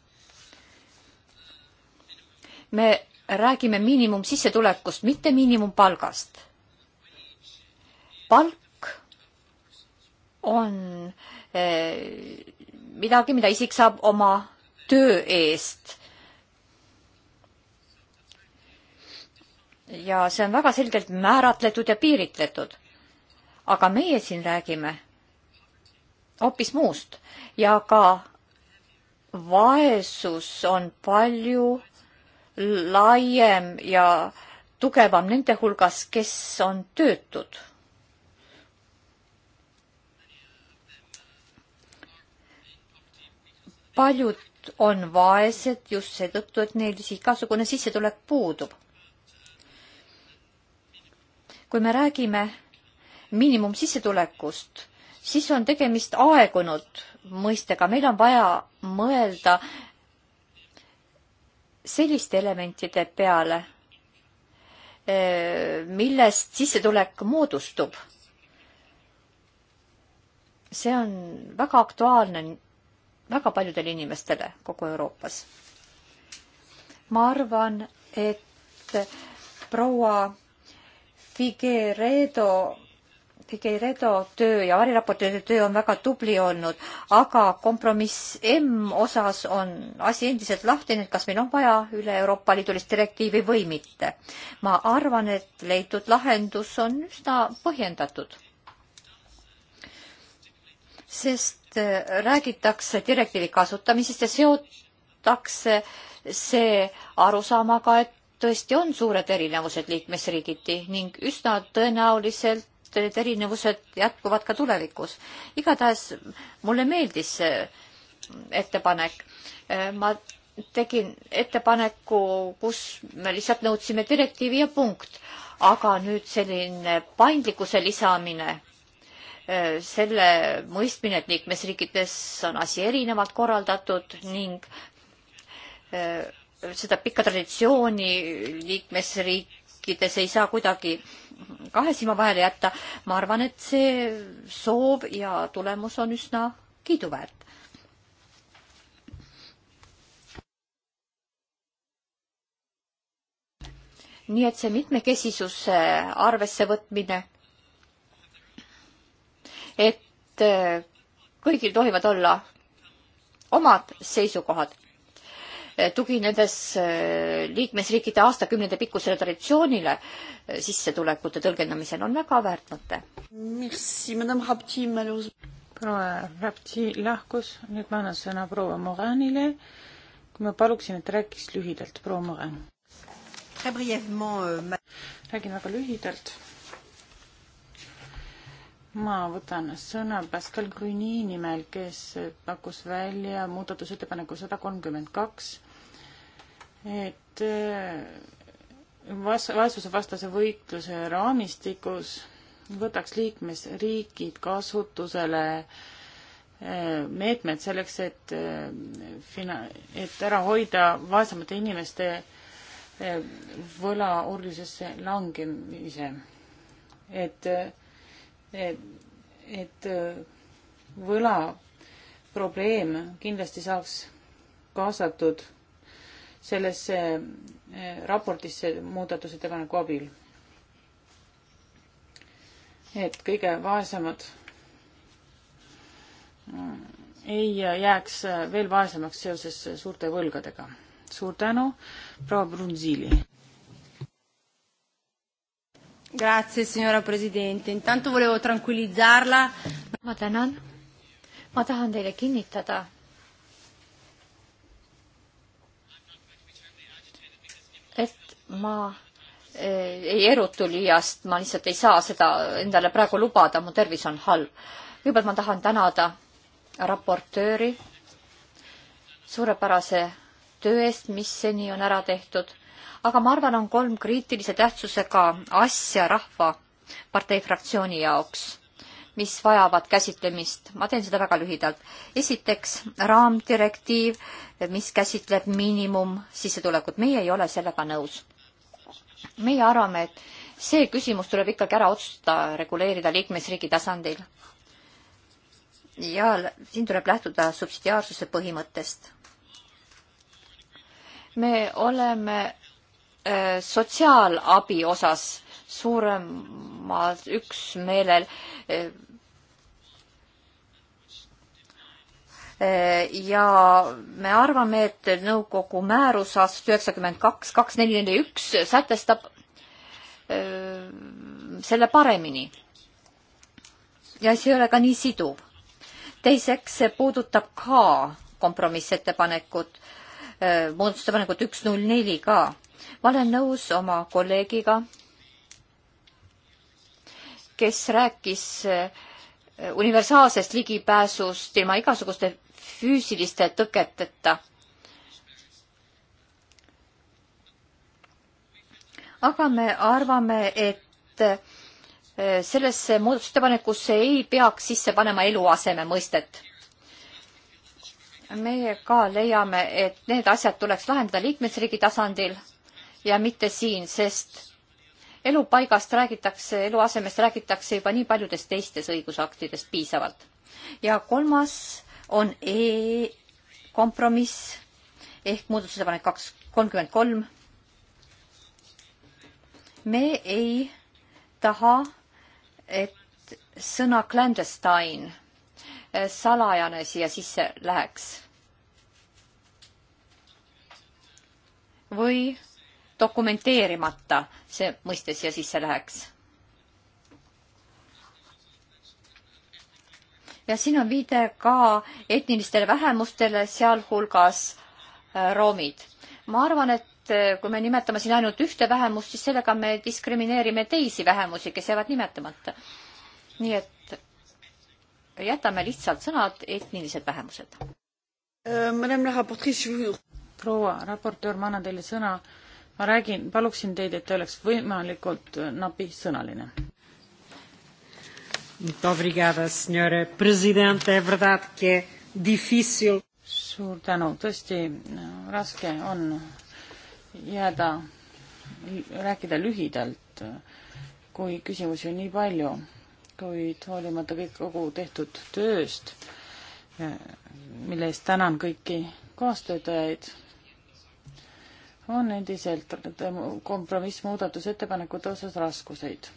me räägime miinimumsissetulekust, mitte miinimumpalgast. palk on eh, midagi, mida isik saab oma töö eest. ja see on väga selgelt määratletud ja piiritletud. aga meie siin räägime hoopis muust ja ka vaesus on palju laiem ja tugevam nende hulgas, kes on töötud. paljud on vaesed just seetõttu, et neil igasugune sissetulek puudub. kui me räägime miinimumsissetulekust siis on tegemist aegunud mõistega, meil on vaja mõelda selliste elementide peale, eh, millest sissetulek moodustub. see on väga aktuaalne väga paljudele inimestele kogu Euroopas. ma arvan, et proua Figueredo Figueredo töö ja variraportööri töö on väga tubli olnud, aga kompromiss M osas on asi endiselt lahtine, et kas meil on vaja üle Euroopa Liidulist direktiivi või mitte. ma arvan, et leitud lahendus on üsna põhjendatud. sest äh, räägitakse direktiivi kasutamisest ja seotakse see arusaamaga, et tõesti on suured erinevused liikmesriigiti ning üsna tõenäoliselt et need erinevused jätkuvad ka tulevikus. igatahes mulle meeldis see ettepanek. Äh, ma tegin ettepaneku, kus me lihtsalt nõudsime direktiivi ja punkt, aga nüüd selline paindlikkuse lisamine, äh, selle mõistmine, et liikmesriikides on asi erinevalt korraldatud ning äh, seda pikka traditsiooni liikmesriik riikides ei saa kuidagi kahe silma vahele jätta. ma arvan, et see soov ja tulemus on üsna kiiduväärt. nii et see mitmekesisuse arvesse võtmine, et kõigil tohivad olla omad seisukohad. Eh, tuginedes eh, liikmesriikide aastakümnete pikkusele traditsioonile eh, sissetulekute tõlgendamisel on väga väärt mõte. proua Rapti lahkus, nüüd ma annan sõna proua Moranile. kui ma paluksin, et räägiks lühidalt, proua Moran. Euh, räägin väga lühidalt ma võtan sõna Pascal Grüni nimel, kes pakkus välja muudatusettepaneku sada kolmkümmend kaks, et äh, vas-, vaesusevastase võitluse raamistikus võtaks liikmesriigid kasutusele äh, meetmed selleks, et äh, fina-, et ära hoida vaesemate inimeste võlaorjusesse langemise. et, et, et võla probleem kindlasti saaks kaasatud sellesse eh, raportisse muudatusettepaneku abil. et kõige vaesemad mm, ei jääks veel vaesemaks seoses suurte võlgadega. suur tänu, proua Brunzili. Grazie signora Presidente, intanto volevo tranquillizzarla. ma tänan, ma tahan teile kinnitada, ma eh, ei erutu liiast, ma lihtsalt ei saa seda endale praegu lubada, mu tervis on halb. kõigepealt ma tahan tänada raportööri suurepärase töö eest, mis seni on ära tehtud, aga ma arvan, on kolm kriitilise tähtsusega asja Rahvapartei fraktsiooni jaoks, mis vajavad käsitlemist. ma teen seda väga lühidalt. esiteks raamdirektiiv, mis käsitleb miinimumsissetulekut. meie ei ole sellega nõus meie arvame, et see küsimus tuleb ikkagi ära otsustada, reguleerida liikmesriigi tasandil. ja siin tuleb lähtuda subsidiaarsuse põhimõttest. me oleme äh, sotsiaalabi osas suuremal üksmeelel äh, ja me arvame, et nõukogu määrus aastast üheksakümmend kaks, kaks neli neli üks sätestab selle paremini. ja see ei ole ka nii siduv. teiseks, see puudutab ka kompromissettepanekut, muudatusettepanekut üks null neli ka. ma olen nõus oma kolleegiga, kes rääkis universaalsest ligipääsust ilma igasuguste füüsiliste tõketeta. aga me arvame, et e, sellesse muudatusettepanekusse ei peaks sisse panema eluaseme mõistet meie ka leiame, et need asjad tuleks lahendada liikmesriigi tasandil ja mitte siin, sest elupaigast räägitakse, eluasemest räägitakse juba nii paljudes teistes õigusaktides piisavalt. ja kolmas on E kompromiss ehk muudatusettepanek kaks, kolmkümmend kolm. me ei taha, et sõna clandestine, äh, salajane siia sisse läheks. või dokumenteerimata see mõiste siia sisse läheks ja siin on viide ka etnilistele vähemustele, sealhulgas äh, roomid. ma arvan, et äh, kui me nimetame siin ainult ühte vähemust, siis sellega me diskrimineerime teisi vähemusi, kes jäävad nimetamata. nii et jätame lihtsalt sõnad etnilised vähemused. Äh, proua raportöör, ma annan teile sõna. ma räägin, paluksin teid, et te oleks võimalikult napisõnaline Muito obrigada, senhora presidente. É verdade que é difícil. suur tänu, tõesti raske on jääda, rääkida lühidalt, kui küsimusi on nii palju, kuid hoolimata kõik kogu tehtud tööst, mille eest tänan kõiki kaastöötajaid, on endiselt kompromiss muudatusettepanekute osas raskuseid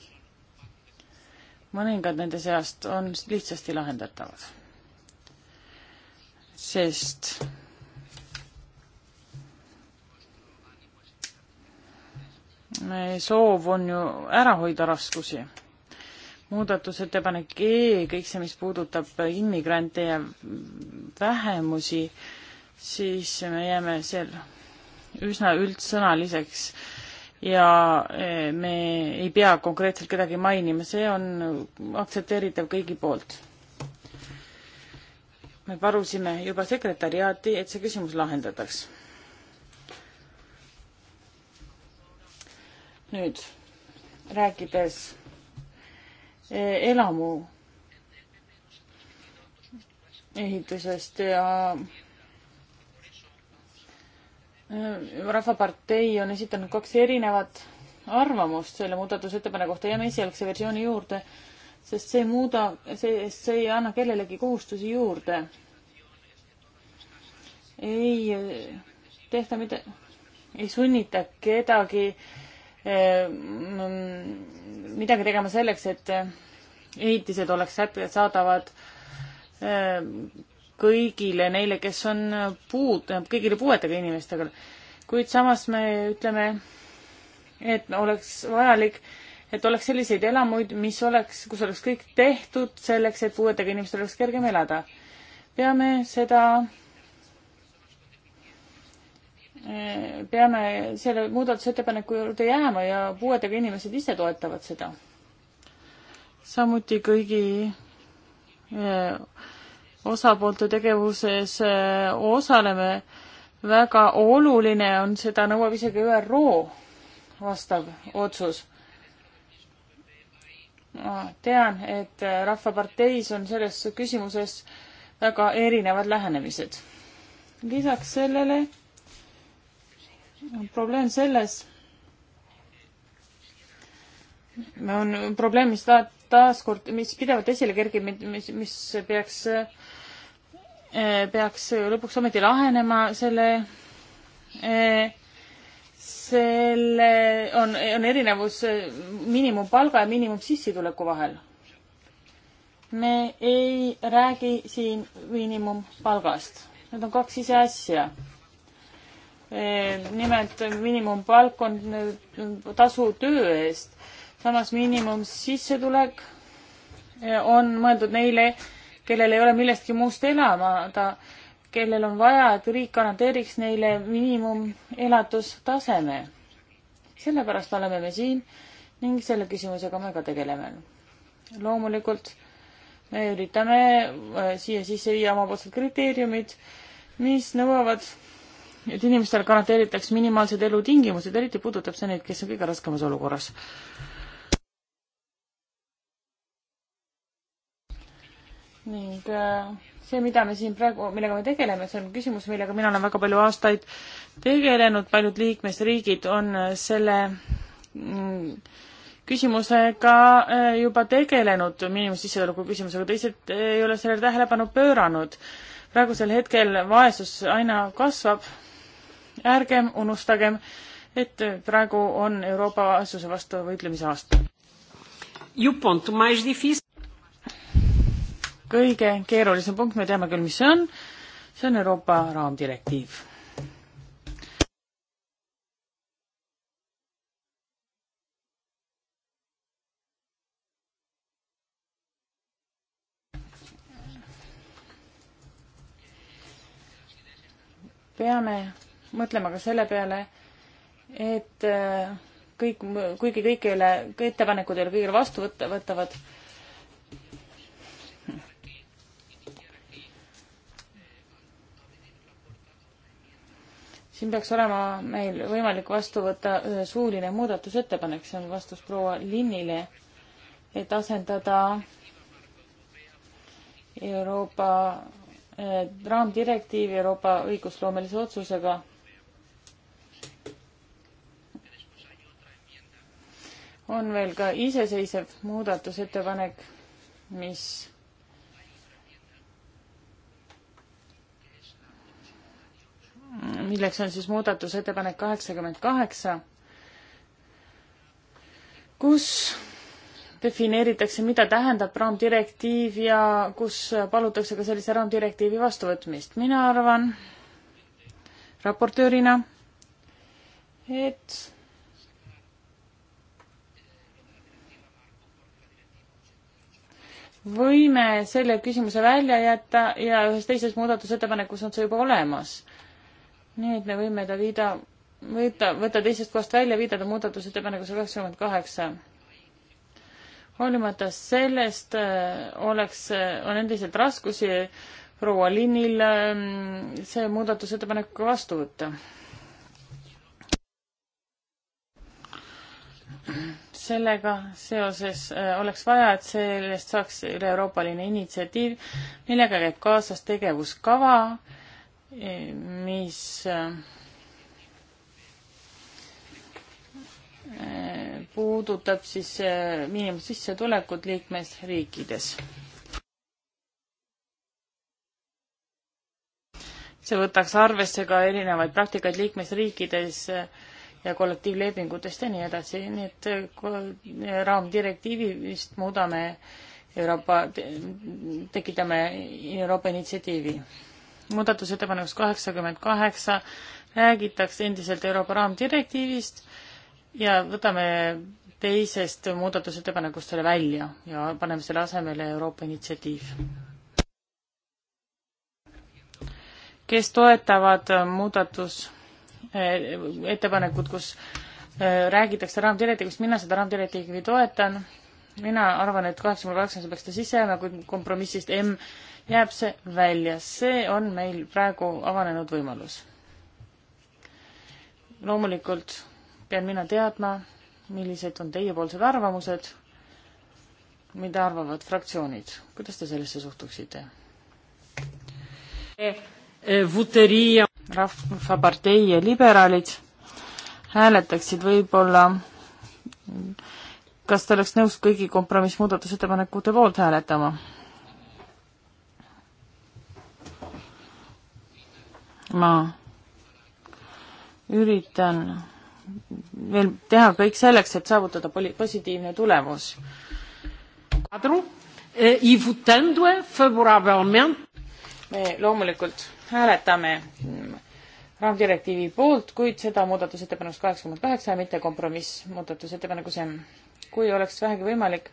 mõningad nende seast on lihtsasti lahendatavad, sest meie soov on ju ära hoida raskusi. muudatusettepanek E, kõik see, mis puudutab immigrante ja vähemusi, siis me jääme seal üsna üldsõnaliseks ja eh, me ei pea konkreetselt kedagi mainima, see on aktsepteeritav kõigi poolt. me palusime juba sekretäriaati, et see küsimus lahendataks. nüüd rääkides eh, elamu ehitusest ja Äh, rahvapartei on esitanud kaks erinevat arvamust selle muudatusettepaneku kohta, jääme esialgse versiooni juurde, sest see ei muuda, see, see ei anna kellelegi kohustusi juurde. ei äh, tehta mitte, ei sunnita kedagi äh, midagi tegema selleks, et ehitised oleks kättesaadavad kõigile neile, kes on puud, kõigile puuetega inimestega. kuid samas me ütleme, et oleks vajalik, et oleks selliseid elamuid, mis oleks, kus oleks kõik tehtud selleks, et puuetega inimestel oleks kergem elada. peame seda, eh, peame selle muudatusettepaneku juurde jääma ja puuetega inimesed ise toetavad seda. samuti kõigi äh, osapoolte tegevuses äh, osaleme, väga oluline on, seda nõuab isegi ÜRO vastav otsus. ma tean, et Rahvaparteis on selles küsimuses väga erinevad lähenemised. lisaks sellele on probleem selles, on probleem, mis ta taaskord, mis pidevalt esile kergib, mis, mis peaks äh, Eh, peaks lõpuks ometi lahenema selle eh, selle on, on erinevus eh, miinimumpalga ja miinimumsissetuleku vahel. me ei räägi siin miinimumpalgast, need on kaks ise asja. nimelt miinimumpalk on tasu töö eest, samas miinimumsissetulek on mõeldud neile, kellel ei ole millestki muust elama, ta, kellel on vaja, et riik garanteeriks neile miinimumelatustaseme. sellepärast oleme me siin ning selle küsimusega me ka tegeleme. loomulikult me üritame äh, siia sisse viia omapoolsed kriteeriumid, mis nõuavad, et inimestele garanteeritakse minimaalsed elutingimused, eriti puudutab see neid, kes on kõige raskemas olukorras ning äh, see, mida me siin praegu, millega me tegeleme, see on küsimus, millega mina olen väga palju aastaid tegelenud, paljud liikmesriigid on äh, selle mm, küsimusega äh, juba tegelenud, miinimumsissetuleku küsimusega, teised ei ole sellele tähelepanu pööranud. praegusel hetkel vaesus aina kasvab, ärgem unustagem, et praegu on Euroopa vaesuse vastu võitlemise aasta. E kõige keerulisem punkt, me teame küll, mis see on, see on Euroopa raamdirektiiv. peame mõtlema ka selle peale, et äh, kõik, kuigi kõik ei ole, ettepanekud ei ole kõigile vastuvõtavad, siin peaks olema meil võimalik vastu võtta suuline muudatusettepanek, see on vastus proua Linnile, et asendada Euroopa eh, raamdirektiiv Euroopa õigusloomelise otsusega. on veel ka iseseisev muudatusettepanek, mis milleks on siis muudatusettepanek kaheksakümmend kaheksa, kus defineeritakse, mida tähendab raamdirektiiv ja kus palutakse ka sellise raamdirektiivi vastuvõtmist. mina arvan raportöörina, et võime selle küsimuse välja jätta ja ühes teises muudatusettepanekus on see juba olemas nüüd me võime ta viida, võtta, võtta teisest kohast välja, viida ta muudatusettepanekusse kakskümmend kaheksa. hoolimata sellest äh, oleks, äh, on endiselt raskusi proua Linnil ähm, see muudatusettepanek vastu võtta. sellega seoses äh, oleks vaja, et sellest saaks üle-euroopaline initsiatiiv, millega käib kaasas tegevuskava, mis eh, puudutab siis eh, miinimumsissetulekut liikmesriikides. see võtaks arvesse ka erinevaid praktikaid liikmesriikides eh, ja kollektiivlepingutest ja nii edasi, nii et raamdirektiivi vist muudame Euroopa, tekitame Euroopa initsiatiivi muudatusettepanekus kaheksakümmend kaheksa räägitakse endiselt Euroopa raamdirektiivist ja võtame teisest muudatusettepanekust selle välja ja paneme selle asemele Euroopa initsiatiiv. kes toetavad muudatus eh, ettepanekut, kus eh, räägitakse raamdirektiivist, mina seda raamdirektiivi toetan, mina arvan, et kaheksakümne kaheksanda peaks ta sisse jääma, kui kompromissist M jääb see välja, see on meil praegu avanenud võimalus. loomulikult pean mina teadma, millised on teiepoolsed arvamused, mida arvavad fraktsioonid, kuidas te sellesse suhtuksite? Eh, eh, rahvapartei ja liberaalid hääletaksid võib-olla kas te oleks nõus kõigi kompromissmuudatusettepanekute poolt hääletama? ma üritan veel teha kõik selleks, et saavutada poli-, positiivne tulemus. Eh, me loomulikult hääletame raamdirektiivi poolt, kuid seda muudatusettepanekust kaheksakümmend kaheksa ja mitte kompromiss muudatusettepanekus M. kui oleks vähegi võimalik,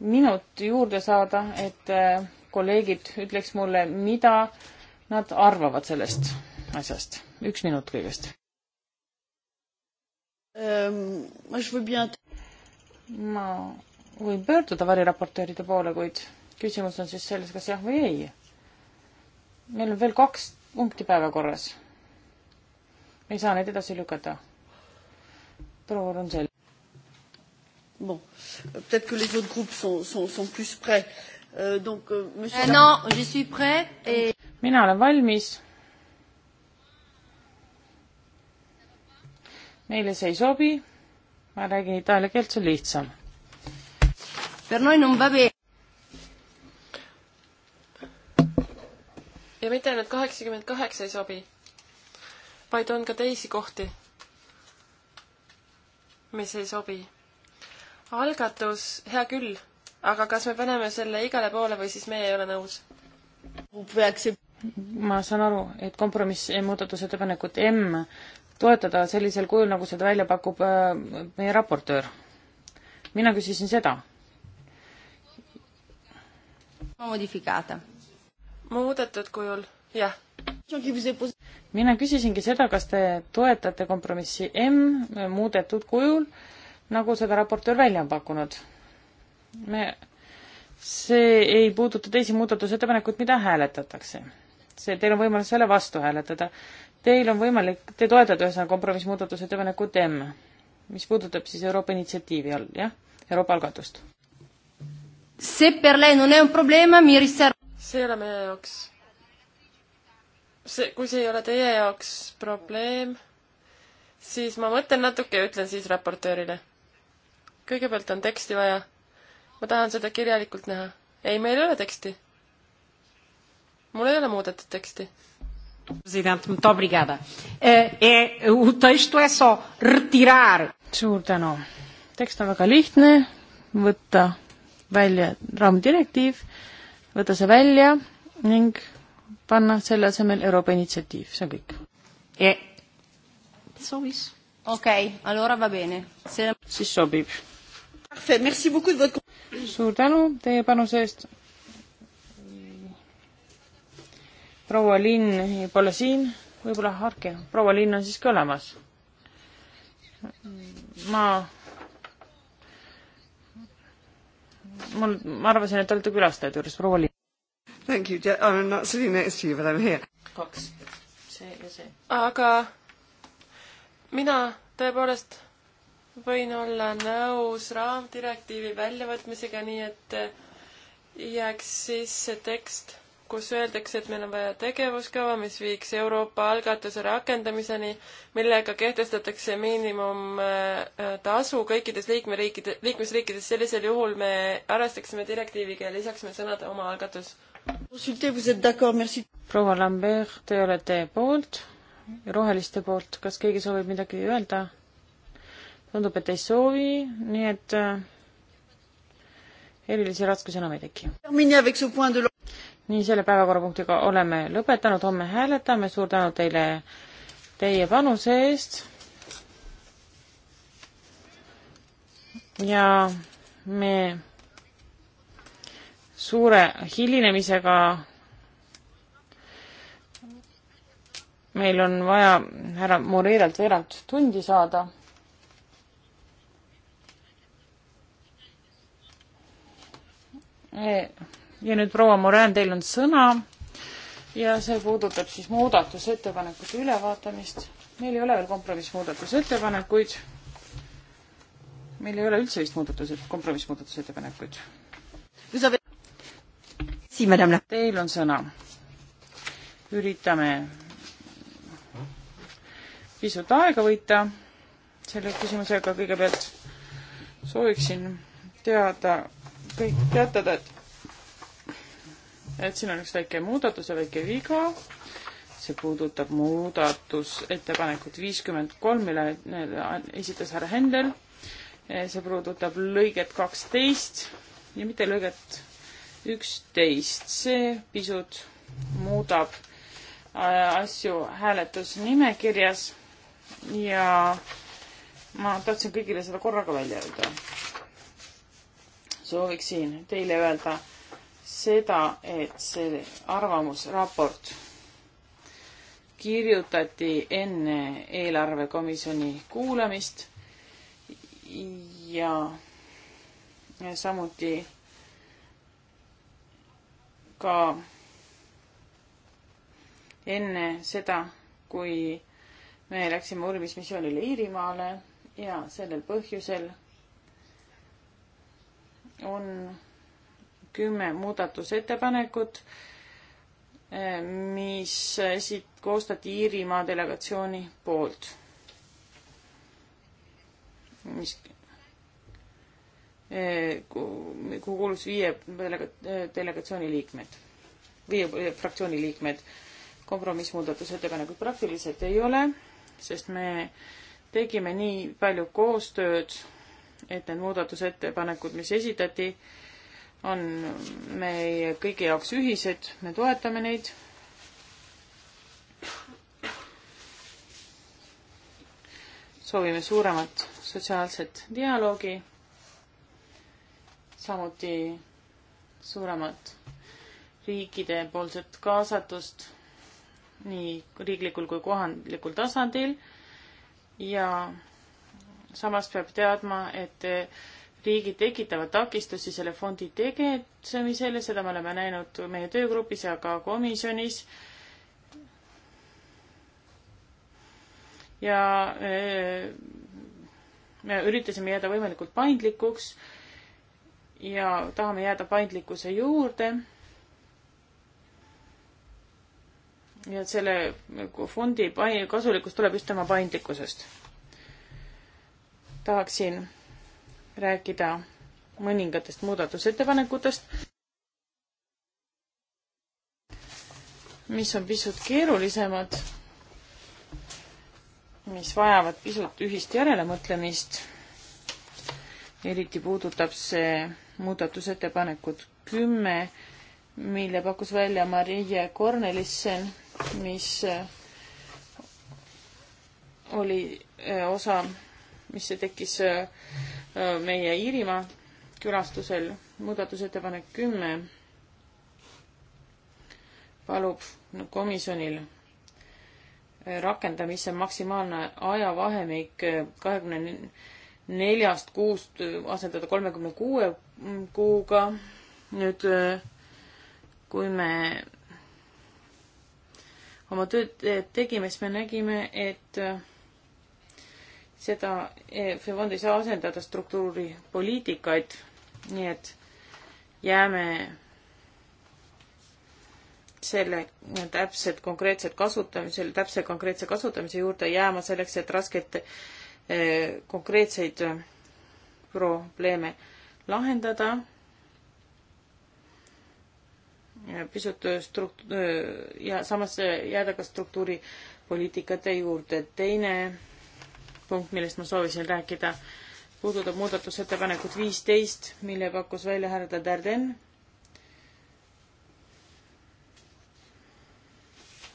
minut juurde saada, et äh, kolleegid ütleks mulle, mida nad arvavad sellest asjast. üks minut kõigest ähm,. ma võin pöörduda variraportööride poole, kuid küsimus on siis selles, kas jah või ei. meil on veel kaks punkti päevakorras. ei saa neid edasi lükata. proua Ronsel. Bon, peut-être que les autres groupes sont, sont, sont plus prêts. Euh, Euh, donc, euh, monsieur... Euh, non, je suis prêt et... mina olen valmis. meile see ei sobi. ma räägin itaalia keelt, see on lihtsam. Per noi non va bene. ja mitte ainult kaheksakümmend kaheksa ei sobi, vaid on ka teisi kohti, mis ei sobi. algatus, hea küll aga kas me paneme selle igale poole või siis meie ei ole nõus? ma saan aru, et kompromiss muudatusettepanekut M toetada sellisel kujul, nagu seda välja pakub äh, meie raportöör. mina küsisin seda. muudetud kujul, jah mina küsisingi seda, kas te toetate kompromissi M muudetud kujul, nagu seda raportöör välja on pakkunud me, see ei puuduta teisi muudatusettepanekuid, mida hääletatakse. see, teil on võimalus selle vastu hääletada. Teil on võimalik, te toetate ühesõnaga kompromissmuudatusettepanekut M, mis puudutab siis Euroopa initsiatiivi all, jah, Euroopa algatust. see ei ole meie jaoks, see, kui see ei ole teie jaoks probleem, siis ma mõtlen natuke ja ütlen siis raportöörile. kõigepealt on teksti vaja ma tahan seda kirjalikult näha. ei, meil ei ole teksti. mul ei ole muudetud teksti. president, muito obrigada. E, o texto é só retirar. suur tänu. tekst on väga lihtne, võtta välja raamdirektiiv, võtta see välja ning panna selle asemel Euroopa initsiatiiv, see on kõik e.. soovis. okei okay,, allora va bene see.... siis sobib suur tänu teie panuse eest. proua Linn pole siin, võib-olla Harke, proua Linn on siiski olemas. ma, mul, ma arvasin, et te olete külastajate juures, proua Linn. Thank you, I am not sitting next to you, but I am here. kaks, see ja see. aga mina tõepoolest võin olla nõus raamdirektiivi väljavõtmisega, nii et äh, jääks sisse tekst, kus öeldakse, et meil on vaja tegevuskava, mis viiks Euroopa algatuse rakendamiseni, millega kehtestatakse miinimumtasu äh, äh, kõikides liikmeriikide, liikmesriikides. sellisel juhul me arvestaksime direktiiviga ja lisaksime sõnade oma algatus. proua Lambert, te olete poolt, roheliste poolt, kas keegi soovib midagi öelda? tundub, et ei soovi, nii et äh, erilisi raskusi enam ei teki. nii, selle päevakorrapunktiga oleme lõpetanud, homme hääletame, suur tänu teile teie panuse eest ja me suure hilinemisega meil on vaja härra Moreeralt veerand tundi saada Eh, ja nüüd proua Morin, teil on sõna ja see puudutab siis muudatusettepanekute ülevaatamist. meil ei ole veel kompromissmuudatusettepanekuid. meil ei ole üldse vist muudatused, kompromissmuudatusettepanekuid. Teil on sõna. üritame pisut aega võita selle küsimusega kõigepealt sooviksin teada kõik teatada, et, et siin on üks väike muudatus ja väike viga. see puudutab muudatusettepanekut viiskümmend kolm, mille esitas härra Händel. see puudutab lõiget kaksteist ja mitte lõiget üksteist, see pisut muudab äh, asju hääletusnimekirjas ja ma tahtsin kõigile seda korraga välja öelda sooviksin teile öelda seda, et see arvamusraport kirjutati enne eelarvekomisjoni kuulamist ja samuti ka enne seda, kui me läksime uurimismissioonile Iirimaale ja sellel põhjusel on kümme muudatusettepanekut, eh, mis esit-, koostati Iirimaa delegatsiooni poolt. mis eh, kuhu kuulus viie delegatsiooni liikmed, viie fraktsiooni liikmed. kompromissmuudatusettepanekuid praktiliselt ei ole, sest me tegime nii palju koostööd et need muudatusettepanekud, mis esitati, on meie kõigi jaoks ühised, me toetame neid. soovime suuremat sotsiaalset dialoogi, samuti suuremat riikidepoolset kaasatust nii riiklikul kui kohandlikul tasandil ja samas peab teadma, et riigid tekitavad takistusi selle fondi tegutsemisele, seda me oleme näinud meie töögrupis ja ka komisjonis. ja eh, me üritasime jääda võimalikult paindlikuks ja tahame jääda paindlikkuse juurde. ja selle fondi kasulikkus tuleb just tema paindlikkusest tahaksin rääkida mõningatest muudatusettepanekutest, mis on pisut keerulisemad, mis vajavad pisut ühist järelemõtlemist. eriti puudutab see muudatusettepanekut kümme, mille pakkus välja Marie Kornelissen, mis oli eh, osa mis tekkis äh, äh, meie Iirimaa külastusel. muudatusettepanek kümme palub komisjonil äh, rakendamise maksimaalne ajavahemik kahekümne neljast kuust asendada kolmekümne kuue mm, kuuga. nüüd kui me oma tööd tegime, siis me nägime, et seda EFI eh, fond ei saa asendada struktuuripoliitikaid, nii et jääme selle täpset konkreetset kasutamisel, täpse konkreetse kasutamise juurde jääma selleks, et rasket eh, konkreetseid eh, probleeme lahendada. pisut struktu- ja samas jääda ka struktuuripoliitikate juurde. teine punkt, millest ma soovisin rääkida, puudutab muudatusettepanekut viisteist, mille pakkus välja härra Darden.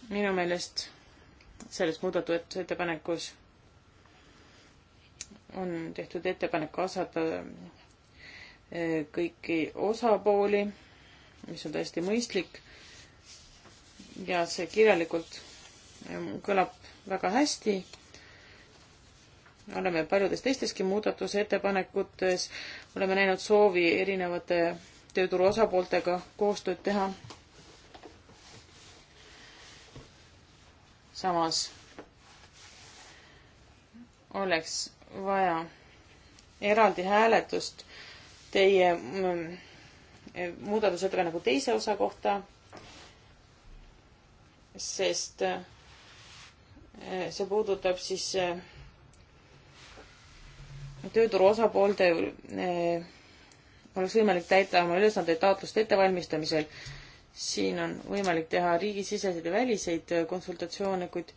minu meelest selles muudatusettepanekus on tehtud ettepanek kaasata e, kõiki osapooli, mis on täiesti mõistlik. ja see kirjalikult e, kõlab väga hästi oleme paljudes teisteski muudatusettepanekutes, oleme näinud soovi erinevate tööturu osapooltega koostööd teha. samas oleks vaja eraldi hääletust teie mm, muudatusettepaneku teise osa kohta, sest eh, see puudutab siis eh, tööturu osapoolte eh, oleks võimalik täita oma ülesandeid taotluste ettevalmistamisel. siin on võimalik teha riigisiseseid ja väliseid eh, konsultatsioone, kuid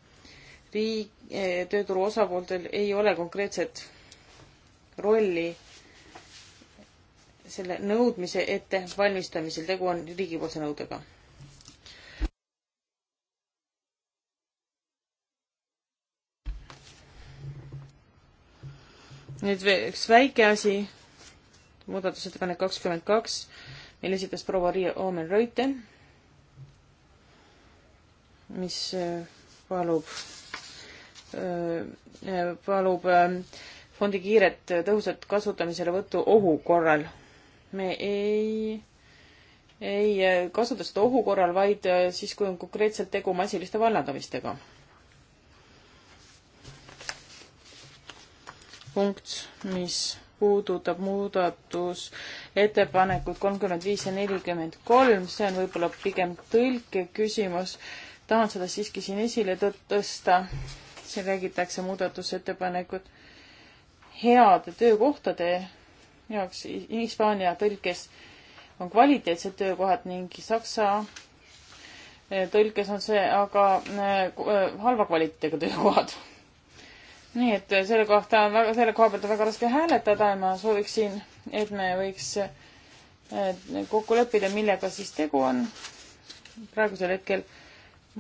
riik, eh, tööturu osapooltel ei ole konkreetset rolli selle nõudmise ettevalmistamisel, tegu on riigipoolse nõudega nüüd üks väike asi, muudatusettepanek kakskümmend kaks, mille esitas proua Riia Oomen-Reuten, mis äh, palub, äh, äh, palub ähm, fondi kiiret tõhusat kasutamiselevõttu ohu korral. me ei ei kasuta seda ohu korral, vaid siis, kui on konkreetselt tegu massiliste vallandamistega. punkt, mis puudutab muudatus ettepanekut kolmkümmend viis ja nelikümmend kolm, see on võib-olla pigem tõlke küsimus. tahan seda siiski siin esile tõsta. siin räägitakse muudatusettepanekut heade töökohtade jaoks. Hispaania tõlkes on kvaliteetsed töökohad ning Saksa eh, tõlkes on see aga eh, eh, halva kvaliteediga töökohad nii et selle kohta on väga, selle koha pealt on väga raske hääletada ja ma sooviksin, et me võiks eh, kokku leppida, millega siis tegu on. praegusel hetkel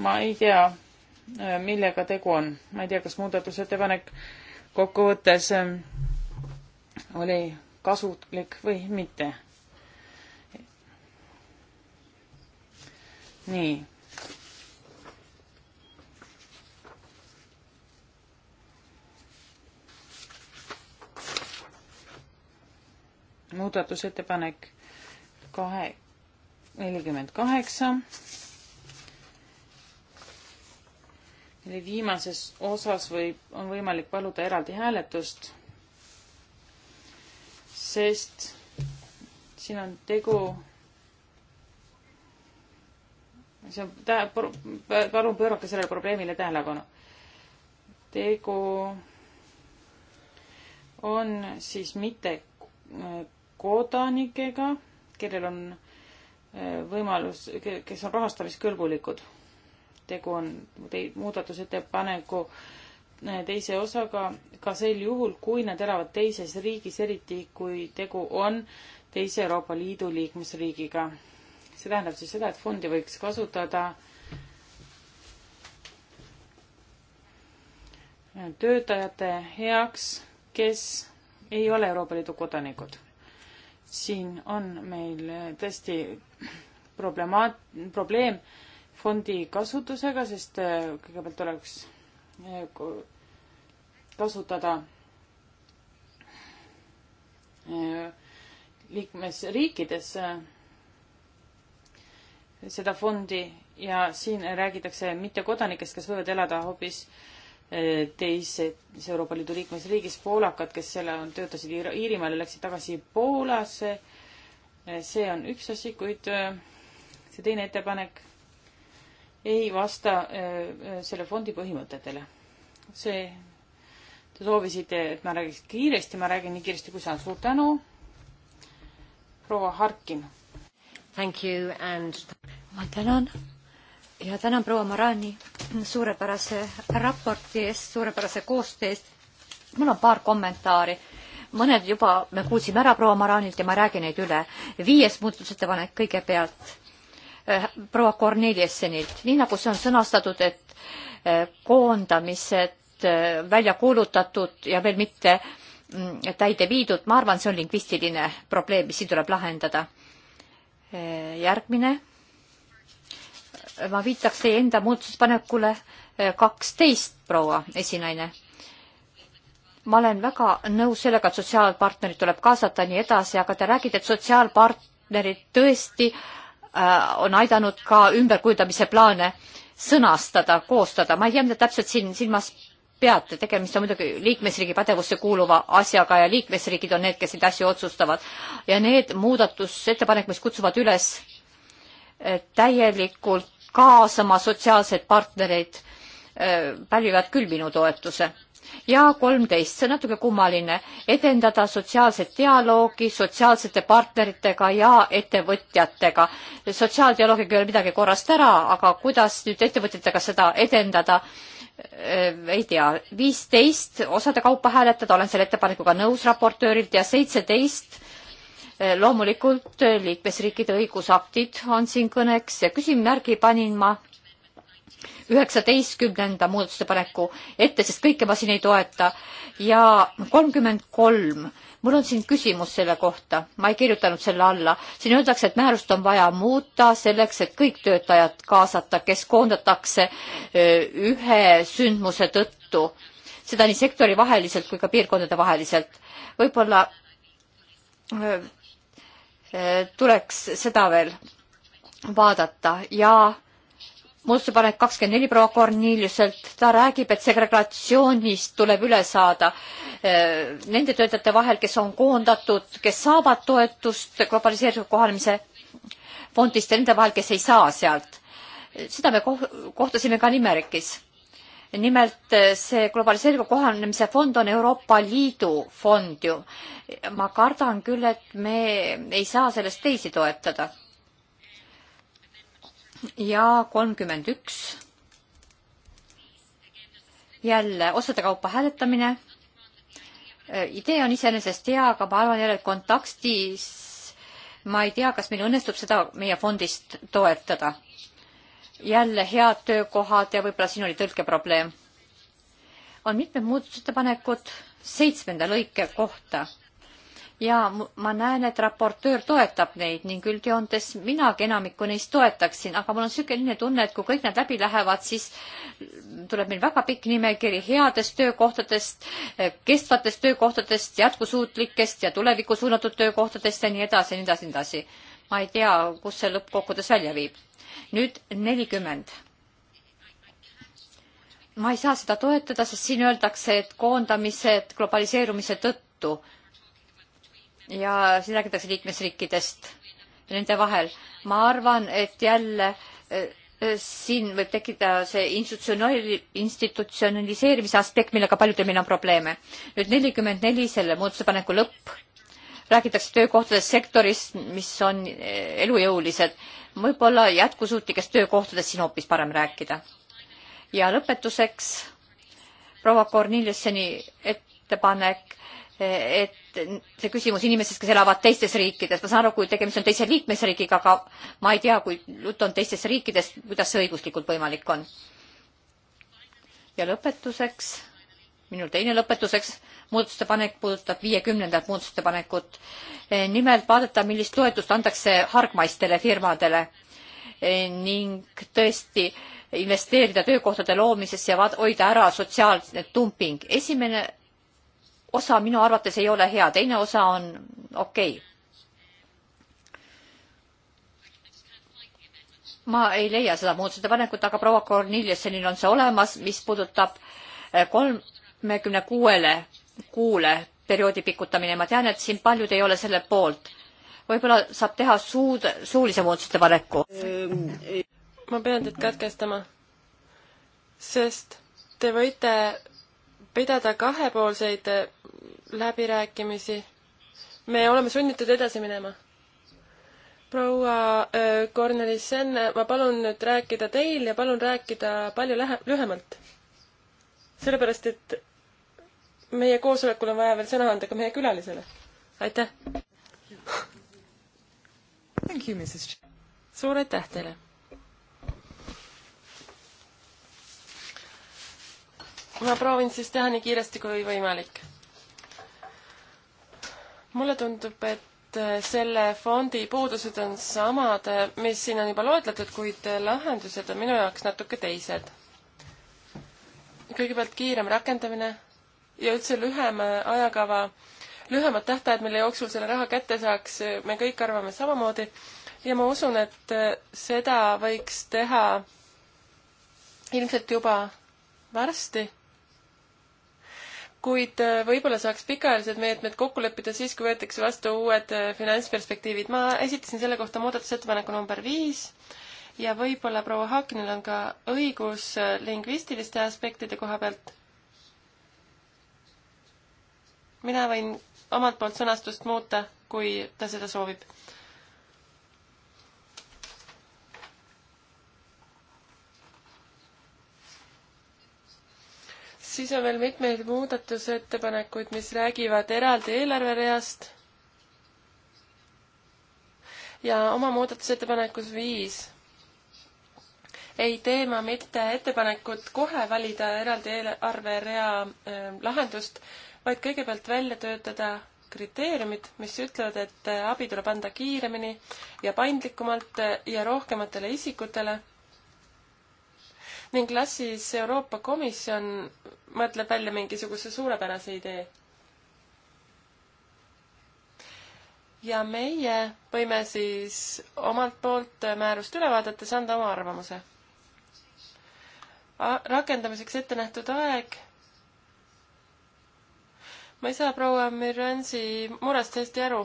ma ei tea, eh, millega tegu on, ma ei tea, kas muudatusettepanek kokkuvõttes eh, oli kasulik või mitte. nii muudatusettepanek kahe, nelikümmend kaheksa. mille viimases osas võib, on võimalik paluda eraldi hääletust, sest siin on tegu see on tä-, palun pöörake sellele probleemile tähelepanu. tegu on siis mitte äh, kodanikega, kellel on eh, võimalus, kes on rahastamiskõlbulikud. tegu on tei-, muudatusettepaneku eh, teise osaga ka sel juhul, kui nad elavad teises riigis, eriti kui tegu on teise Euroopa Liidu liikmesriigiga. see tähendab siis seda, et fondi võiks kasutada eh, töötajate heaks, kes ei ole Euroopa Liidu kodanikud siin on meil tõesti problemaat-, probleem fondi kasutusega, sest äh, kõigepealt oleks äh, kasutada äh, liikmesriikides seda fondi ja siin räägitakse mittekodanikest, kes võivad elada hoopis äh, teises Euroopa Liidu liikmesriigis, poolakad, kes selle, töötasid Iirimaal ja läksid tagasi Poolasse. see on üks asi, kuid äh, see teine ettepanek ei vasta äh, äh, selle fondi põhimõtetele. see, te soovisite, et ma räägiks kiiresti, ma räägin nii kiiresti kui saan. suur tänu, proua Harkin. Thank you and ma tänan ja tänan proua Marani suurepärase raporti eest, suurepärase koostöö eest. mul on paar kommentaari. mõned juba me kuulsime ära proua Maranilt ja ma räägin neid üle. viies muudatusettepanek kõigepealt eh, proua Korneliessenilt, nii nagu see on sõnastatud, et eh, koondamised eh, välja kuulutatud ja veel mitte mm, täide viidud, ma arvan, see on lingvistiline probleem, mis siin tuleb lahendada. järgmine ma viitaks teie enda muudatuspanekule eh, kaksteist, proua esinaine. ma olen väga nõus sellega, et sotsiaalpartnerid tuleb kaasata ja nii edasi, aga te räägite, et sotsiaalpartnerid tõesti äh, on aidanud ka ümberkujundamise plaane sõnastada, koostada, ma ei tea, mida täpselt siin silmas peate, tegemist on muidugi liikmesriigi pädevusse kuuluva asjaga ja liikmesriigid on need, kes neid asju otsustavad. ja need muudatusettepanekud, mis kutsuvad üles äh, täielikult kaasama sotsiaalseid partnereid, äh, pälvivad küll minu toetuse. ja kolmteist, see on natuke kummaline, edendada sotsiaalset dialoogi sotsiaalsete partneritega ja ettevõtjatega. sotsiaaldialoogiga ei ole midagi korrast ära, aga kuidas nüüd ettevõtjatega seda edendada? Äh, ei tea, viisteist osade kaupa hääletada, olen selle ettepanekuga nõus raportöörilt ja seitseteist Eh, loomulikult eh, liikmesriikide õigusaktid on siin kõneks ja küsimärgi panin ma üheksateistkümnenda muudatustepaneku ette, sest kõike ma siin ei toeta ja kolmkümmend kolm mul on siin küsimus selle kohta, ma ei kirjutanud selle alla. siin öeldakse, et määrust on vaja muuta selleks, et kõik töötajad kaasata, kes koondatakse eh, ühe sündmuse tõttu, seda nii sektorivaheliselt kui ka piirkondadevaheliselt. võib-olla Eh, tuleks seda veel vaadata ja muudatusepanek kakskümmend neli proua Korniliuselt, ta räägib, et segregatsioonist tuleb üle saada eh, nende töötajate vahel, kes on koondatud, kes saavad toetust globaliseeritud kohanemise fondist ja nende vahel, kes ei saa sealt. Eh, seda me kohtasime ka Nimerikis nimelt eh, see globaliseeriva kohanemise fond on Euroopa Liidu fond ju. ma kardan küll, et me ei saa sellest teisi toetada. ja kolmkümmend üks. jälle osade kaupa hääletamine. Eh, idee on iseenesest hea, aga ma arvan jälle, et kontaktis ma ei tea, kas meil õnnestub seda meie fondist toetada jälle head töökohad ja võib-olla siin oli tõlkeprobleem. on mitmed muudatusettepanekud seitsmenda lõike kohta ja ma näen, et raportöör toetab neid ning üldjoontes minagi enamikku neist toetaksin, aga mul on niisugune tunne, et kui kõik need läbi lähevad, siis tuleb meil väga pikk nimekiri headest töökohtadest, kestvatest töökohtadest, jätkusuutlikest ja tulevikku suunatud töökohtadest ja nii edasi ja nii edasi ja nii edasi. ma ei tea, kus see lõppkokkuvõttes välja viib nüüd nelikümmend. ma ei saa seda toetada, sest siin öeldakse, et koondamised globaliseerumise tõttu ja siin räägitakse liikmesriikidest nende vahel. ma arvan, et jälle eh, eh, siin võib tekkida see institutsionaliseerimise aspekt, millega paljudel meil on probleeme. nüüd nelikümmend neli, selle muudatusepaneku lõpp räägitakse töökohtadest sektoris, mis on eh, elujõulised. võib-olla jätkusuutlikest töökohtadest siin hoopis parem rääkida. ja lõpetuseks proua Korniljusseni ettepanek, eh, et see küsimus inimestest, kes elavad teistes riikides, ma saan aru, kui tegemist on teise liikmesriigiga, aga ma ei tea, kui jutt on teistest riikidest, kuidas see õiguslikult võimalik on. ja lõpetuseks minu teine lõpetuseks muudatustepanek puudutab viiekümnendat muudatustepanekut. Eh, nimelt vaadata, millist toetust antakse hargmaistele firmadele eh, ning tõesti investeerida töökohtade loomisesse ja hoida ära sotsiaalne dumping. esimene osa minu arvates ei ole hea, teine osa on okei okay. ma ei leia seda muudatusettepanekut, aga proua Korniljesenil on see olemas, mis puudutab eh, kolm, kolmekümne kuuele kuule perioodi pikutamine, ma tean, et siin paljud ei ole selle poolt. võib-olla saab teha suud, suulise muudatusettepaneku. ma pean teid katkestama, sest te võite pidada kahepoolseid läbirääkimisi. me oleme sunnitud edasi minema. proua äh, Kornelissen, ma palun nüüd rääkida teil ja palun rääkida palju lähe-, lühemalt. sellepärast, et meie koosolekul on vaja veel sõna anda ka meie külalisele. aitäh! suur aitäh teile! ma proovin siis teha nii kiiresti kui võimalik. mulle tundub, et äh, selle fondi puudused on samad, äh, mis siin on juba loetletud, kuid äh, lahendused on minu jaoks natuke teised. kõigepealt kiirem rakendamine ja üldse lühem ajakava, lühemad tähtajad, mille jooksul selle raha kätte saaks, me kõik arvame samamoodi ja ma usun, et seda võiks teha ilmselt juba varsti. kuid võib-olla saaks pikaajalised meetmed kokku leppida siis, kui võetakse vastu uued finantsperspektiivid. ma esitasin selle kohta muudatusettepaneku number viis ja võib-olla proua Haakinil on ka õigus lingvistiliste aspektide koha pealt mina võin omalt poolt sõnastust muuta, kui ta seda soovib. siis on veel mitmeid muudatusettepanekuid, mis räägivad eraldi eelarvereast. ja oma muudatusettepanekus viis ei tee ma mitte ettepanekut kohe valida eraldi eelarverea eh, lahendust, vaid kõigepealt välja töötada kriteeriumid, mis ütlevad, et abi tuleb anda kiiremini ja paindlikumalt ja rohkematele isikutele ning las siis Euroopa Komisjon mõtleb välja mingisuguse suurepärase idee. ja meie võime siis omalt poolt määrust üle vaadates anda oma arvamuse. rakendamiseks ette nähtud aeg ma ei saa proua Miransi murest hästi aru.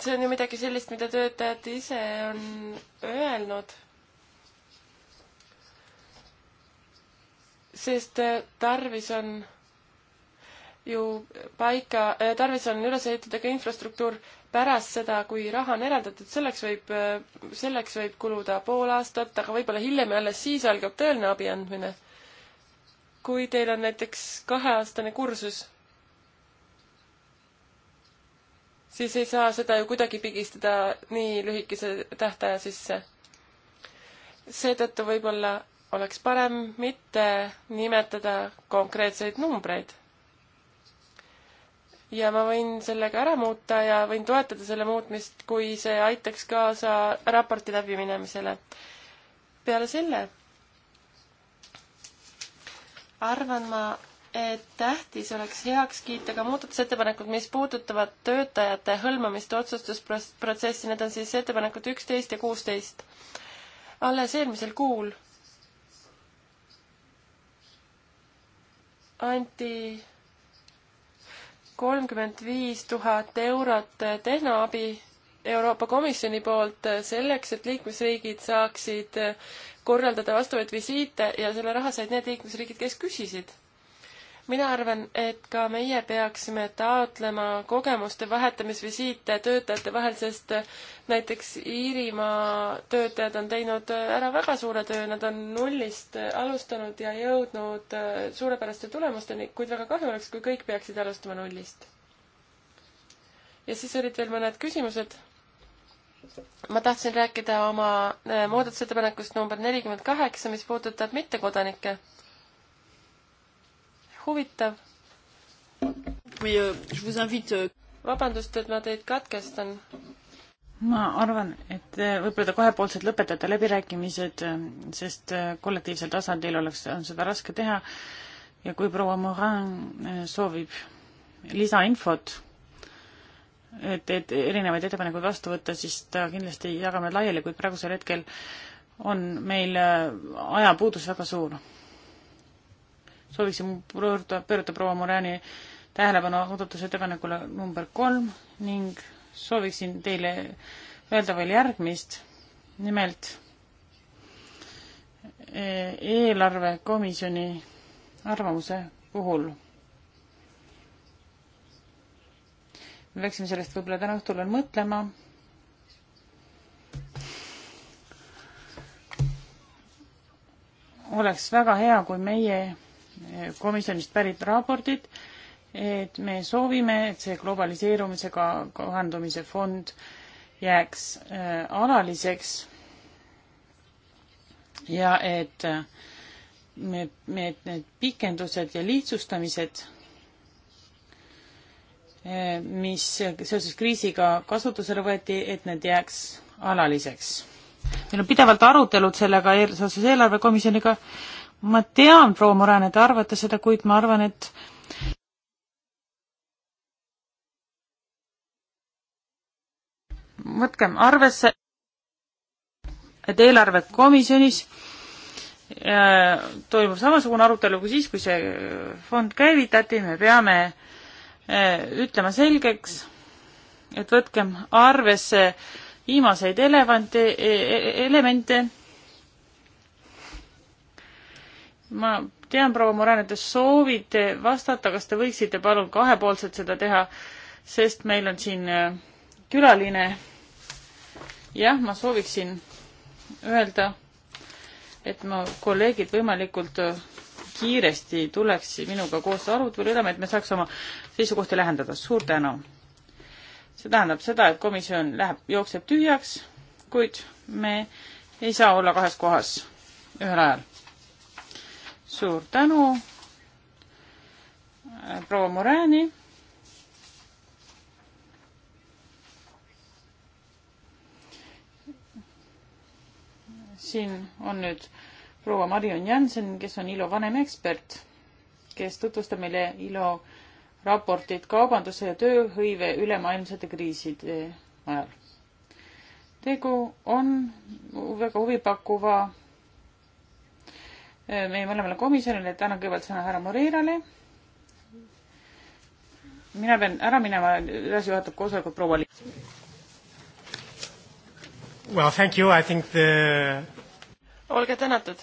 see on ju midagi sellist, mida töötajad ise on öelnud. sest äh, tarvis on ju paika, äh, tarvis on üles ehitada ka infrastruktuur pärast seda, kui raha on eraldatud, selleks võib, äh, selleks võib kuluda pool aastat, aga võib-olla hiljem ja alles siis algab tõeline abi andmine kui teil on näiteks kaheaastane kursus, siis ei saa seda ju kuidagi pigistada nii lühikese tähtaja sisse. seetõttu võib-olla oleks parem mitte nimetada konkreetseid numbreid. ja ma võin selle ka ära muuta ja võin toetada selle muutmist, kui see aitaks kaasa raporti läbiminemisele. peale selle arvan ma, et tähtis oleks heaks kiita ka muudatusettepanekud, mis puudutavad töötajate hõlmamist otsustusprotsessi, need on siis ettepanekud üksteist ja kuusteist. alles eelmisel kuul anti kolmkümmend viis tuhat eurot tehnoabi Euroopa Komisjoni poolt selleks, et liikmesriigid saaksid korraldada vastavaid visiite ja selle raha said need liikmesriigid, kes küsisid. mina arvan, et ka meie peaksime taotlema kogemuste vahetamisvisiite töötajate vahel, sest näiteks Iirimaa töötajad on teinud ära väga suure töö, nad on nullist alustanud ja jõudnud suurepäraste tulemusteni, kuid väga kahju oleks, kui kõik peaksid alustama nullist. ja siis olid veel mõned küsimused ma tahtsin rääkida oma äh, muudatusettepanekust number nelikümmend kaheksa, mis puudutab mittekodanikke. huvitav. Euh, euh, vabandust, et ma teid katkestan. ma arvan, et äh, võib-olla te kahepoolselt lõpetate läbirääkimised, äh, sest kollektiivsel tasandil oleks, on seda raske teha. ja kui proua Morin soovib lisainfot et, et erinevaid ettepanekuid vastu võtta, siis ta kindlasti jagab need laiali, kuid praegusel hetkel on meil äh, ajapuudus väga suur. sooviksin pöörduda, pöörduda proua Morani tähelepanu muudatusettepanekule number kolm ning sooviksin teile öelda veel järgmist, nimelt äh, eelarvekomisjoni arvamuse puhul me peaksime sellest võib-olla täna õhtul veel mõtlema. oleks väga hea, kui meie komisjonist pärit raportid, et me soovime, et see globaliseerumisega kohandumise fond jääks äh, alaliseks ja et me, me, need pikendused ja lihtsustamised mis seoses kriisiga kasutusele võeti, et need jääks alaliseks. meil on pidevalt arutelud sellega eel, seoses eelarvekomisjoniga. ma tean, proua Morane, te arvate seda, kuid ma arvan, et võtkem arvesse, et eelarvekomisjonis äh, toimub samasugune arutelu kui siis, kui see fond käivitati, me peame äh, Äh, ütlema selgeks, et võtkem arvesse viimaseid elevante, e, e, elemente. ma tean, proua Moran, et te soovite vastata, kas te võiksite palun kahepoolselt seda teha, sest meil on siin äh, külaline. jah, ma sooviksin öelda, et mu kolleegid võimalikult äh, kiiresti tuleks minuga koos arutelu edasi, et me saaks oma seisukohti lähendada. suur tänu! see tähendab seda, et komisjon läheb, jookseb tühjaks, kuid me ei saa olla kahes kohas ühel ajal. suur tänu äh, proua Moreni siin on nüüd proua Marion Jansen, kes on ILO vanemekspert, kes tutvustab meile ILO raportit kaubanduse ja tööhõive ülemaailmsete kriiside ajal. tegu on väga huvipakkuva äh, meie mõlemale komisjonile, tänan kõigepealt sõna härra Moreirale. mina pean ära minema, edasi juhatab koosolekut proua Li-. Well, thank you, I think the olge tänatud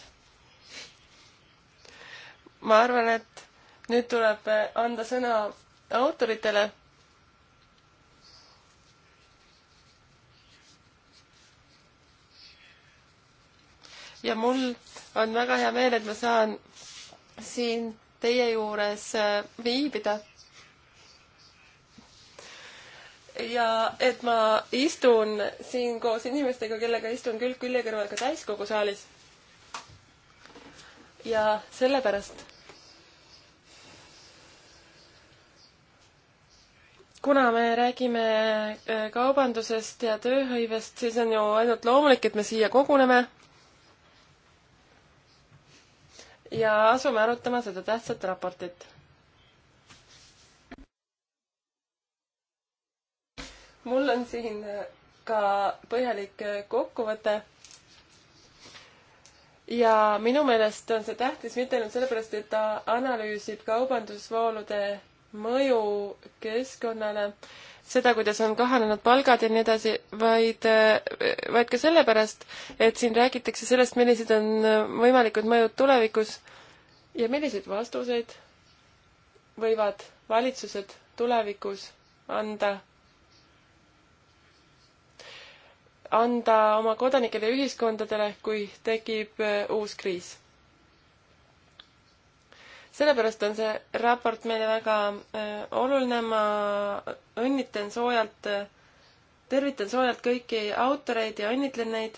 ma arvan, et nüüd tuleb eh, anda sõna autoritele. ja mul on väga hea meel, et ma saan siin teie juures eh, viibida. ja et ma istun siin koos inimestega, kellega istun külg külje kõrval ka täiskogu saalis. ja sellepärast kuna me räägime äh, kaubandusest ja tööhõivest, siis on ju ainult loomulik, et me siia koguneme ja asume arutama seda tähtsat raportit. mul on siin äh, ka põhjalik äh, kokkuvõte. ja minu meelest on see tähtis mitte ainult sellepärast, et ta analüüsib kaubandusvoolude mõju keskkonnale, seda, kuidas on kahanenud palgad ja nii edasi, vaid, vaid ka sellepärast, et siin räägitakse sellest, millised on võimalikud mõjud tulevikus ja milliseid vastuseid võivad valitsused tulevikus anda, anda oma kodanikele ja ühiskondadele, kui tekib äh, uus kriis sellepärast on see raport meile väga äh, oluline, ma õnnitan soojalt, äh, tervitan soojalt kõiki autoreid ja õnnitlen neid.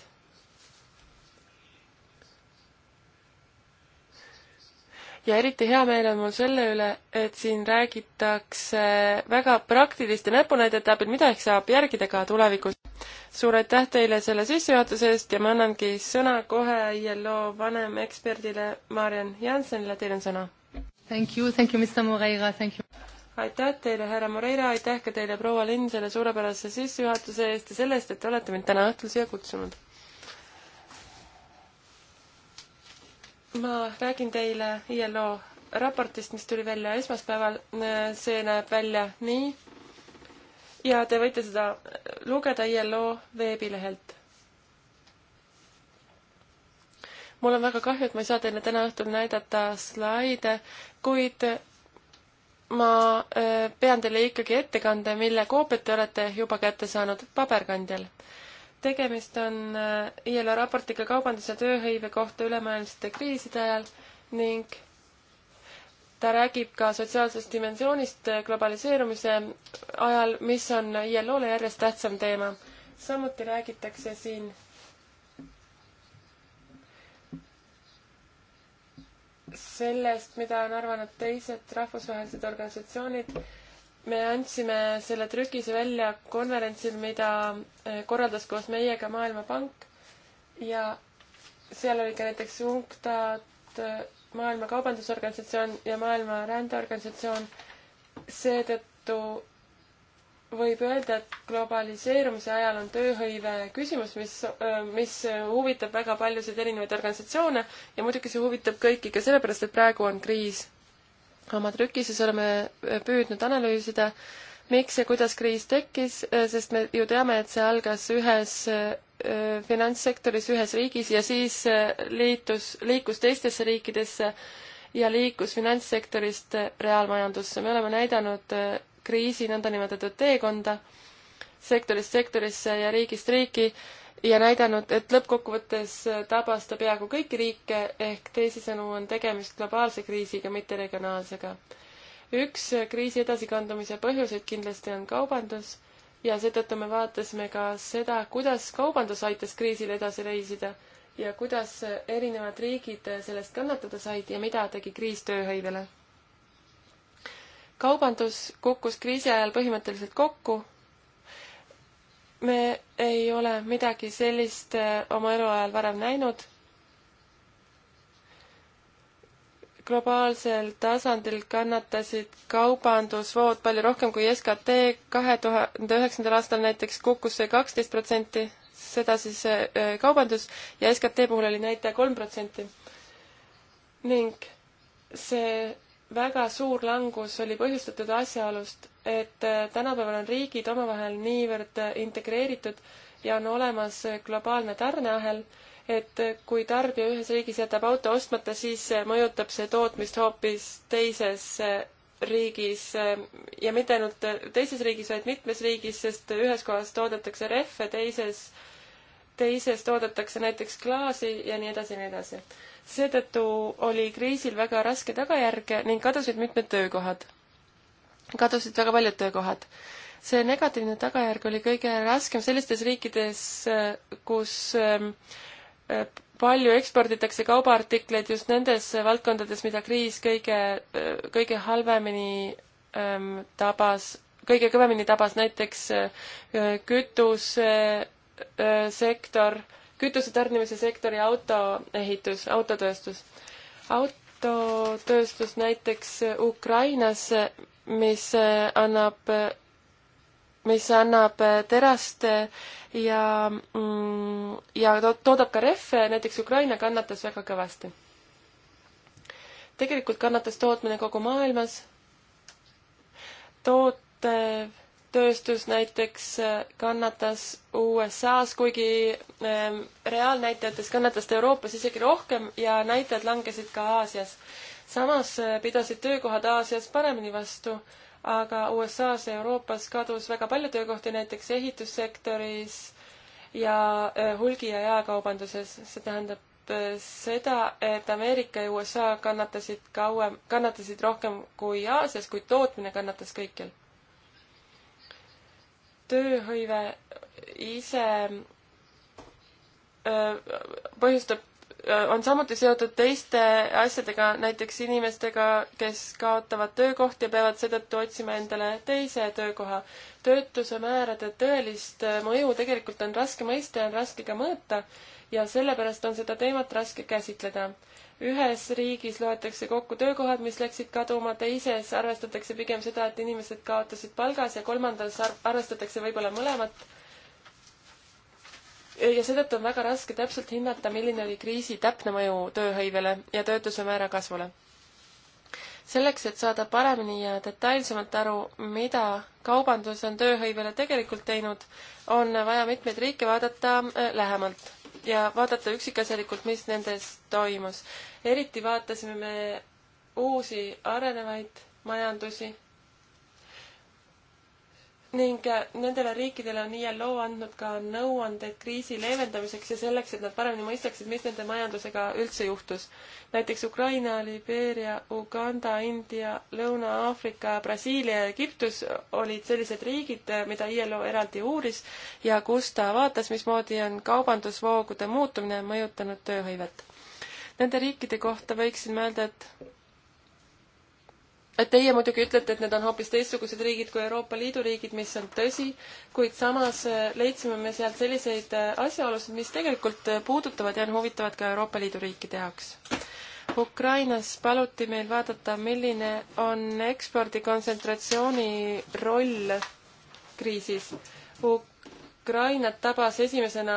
ja eriti hea meel on mul selle üle, et siin räägitakse väga praktiliste näpunäidete abil, mida ehk saab järgida ka tulevikus. suur aitäh teile selle sissejuhatuse eest ja ma annangi sõna kohe ILO vanemeksperdile Mariann Jansenile, teil on sõna Thank you, thank you, Mr Moreira, thank you. aitäh teile, härra Moreira, aitäh ka teile, proua Linn, selle suurepärase sissejuhatuse eest ja selle eest, et te olete mind täna õhtul siia kutsunud. ma räägin teile ILO raportist, mis tuli välja esmaspäeval, see näeb välja nii ja te võite seda lugeda ILO veebilehelt. mul on väga kahju, et ma ei saa teile täna õhtul näidata slaide, kuid ma äh, pean teile ikkagi ettekande, mille koopiat te olete juba kätte saanud paberkandjal. tegemist on äh, ILO raportiga kaubanduse tööhõive kohta ülemaailmsete kriiside ajal ning ta räägib ka sotsiaalsest dimensioonist äh, globaliseerumise ajal, mis on ILO-le järjest tähtsam teema. samuti räägitakse siin sellest, mida on arvanud teised rahvusvahelised organisatsioonid. me andsime selle trükise välja konverentsil, mida eh, korraldas koos meiega Maailmapank ja seal oli ka näiteks UNCTAD, eh, Maailma Kaubandusorganisatsioon ja Maailma Rändeorganisatsioon. seetõttu võib öelda, et globaliseerumise ajal on tööhõive küsimus, mis, mis huvitab väga paljusid erinevaid organisatsioone ja muidugi see huvitab kõiki ka sellepärast, et praegu on kriis. oma trükises oleme püüdnud analüüsida, miks ja kuidas kriis tekkis, sest me ju teame, et see algas ühes finantssektoris ühes riigis ja siis liitus, liikus teistesse riikidesse ja liikus finantssektorist reaalmajandusse. me oleme näidanud kriisi nõndanimetatud teekonda sektorist sektorisse ja riigist riiki ja näidanud, et lõppkokkuvõttes tabas ta peaaegu kõiki riike, ehk teisisõnu on tegemist globaalse kriisiga, mitte regionaalsega. üks kriisi edasikandumise põhjuseid kindlasti on kaubandus ja seetõttu me vaatasime ka seda, kuidas kaubandus aitas kriisil edasi reisida ja kuidas erinevad riigid sellest kannatada said ja mida tegi kriis tööhõivele kaubandus kukkus kriisi ajal põhimõtteliselt kokku. me ei ole midagi sellist äh, oma eluajal varem näinud. globaalsel tasandil kannatasid kaubandusvood palju rohkem kui SKT. kahe tuhande üheksandal aastal näiteks kukkus see kaksteist protsenti, seda siis äh, äh, kaubandus ja SKT puhul oli näitaja kolm protsenti. ning see väga suur langus oli põhjustatud asjaolust, et äh, tänapäeval on riigid omavahel niivõrd äh, integreeritud ja on olemas äh, globaalne tarneahel, et kui tarbija ühes riigis jätab auto ostmata, siis mõjutab see tootmist hoopis teises riigis ja mitte ainult teises riigis, vaid mitmes riigis, sest ühes kohas toodetakse rehve, teises, teises toodetakse näiteks klaasi ja nii edasi ja nii edasi seetõttu oli kriisil väga raske tagajärge ning kadusid mitmed töökohad. kadusid väga paljud töökohad. see negatiivne tagajärg oli kõige raskem sellistes riikides, kus ähm, äh, palju eksporditakse kaubaartikleid just nendes valdkondades, mida kriis kõige, äh, kõige halvemini ähm, tabas, kõige kõvemini tabas, näiteks kütusesektor äh,, äh kütuse tarnimise sektor ja autoehitus, autotööstus. autotööstus näiteks Ukrainas, mis annab, mis annab terast ja, mm, ja toodab ka rehve, näiteks Ukraina kannatas väga kõvasti. tegelikult kannatas tootmine kogu maailmas, tootev tööstus näiteks äh, kannatas USA-s, kuigi ähm, reaalnäitajates kannatas ta Euroopas isegi rohkem ja näitajad langesid ka Aasias. samas äh, pidasid töökohad Aasias paremini vastu, aga USA-s ja Euroopas kadus väga palju töökohti näiteks ehitussektoris ja äh, hulgi- ja jaekaubanduses, see tähendab seda, et Ameerika ja USA kannatasid kauem, kannatasid rohkem kui Aasias, kuid tootmine kannatas kõikjal tööhõive ise põhjustab, on samuti seotud teiste asjadega, näiteks inimestega, kes kaotavad töökohti ja peavad seetõttu otsima endale teise töökoha. töötuse määrade tõelist mõju tegelikult on raske mõista ja on raske ka mõõta ja sellepärast on seda teemat raske käsitleda. ühes riigis loetakse kokku töökohad, mis läksid kaduma, teises arvestatakse pigem seda, et inimesed kaotasid palgas ja kolmandas arvestatakse võib-olla mõlemat. ja seetõttu on väga raske täpselt hinnata, milline oli kriisi täpne mõju tööhõivele ja töötuse määra kasvule selleks, et saada paremini ja detailsemalt aru, mida kaubandus on tööhõivele tegelikult teinud, on vaja mitmeid riike vaadata äh, lähemalt ja vaadata üksikasjalikult, mis nendes toimus. eriti vaatasime me uusi arenevaid majandusi ning äh, nendele riikidele on ILO andnud ka nõuandeid kriisi leevendamiseks ja selleks, et nad paremini mõistaksid, mis nende majandusega üldse juhtus. näiteks Ukraina, Libeeria, Uganda, India, Lõuna-Aafrika, Brasiilia ja Egiptus olid sellised riigid, äh, mida ILO eraldi uuris ja kus ta vaatas, mismoodi on kaubandusvoogude muutumine mõjutanud tööhõivet. Nende riikide kohta võiksin öelda, et Teie muidugi ütlete, et need on hoopis teistsugused riigid kui Euroopa Liidu riigid, mis on tõsi, kuid samas äh, leidsime me sealt selliseid äh, asjaolusid, mis tegelikult äh, puudutavad ja on huvitavad ka Euroopa Liidu riikide jaoks. Ukrainas paluti meil vaadata, milline on ekspordi kontsentratsiooni roll kriisis. Ukrainat tabas esimesena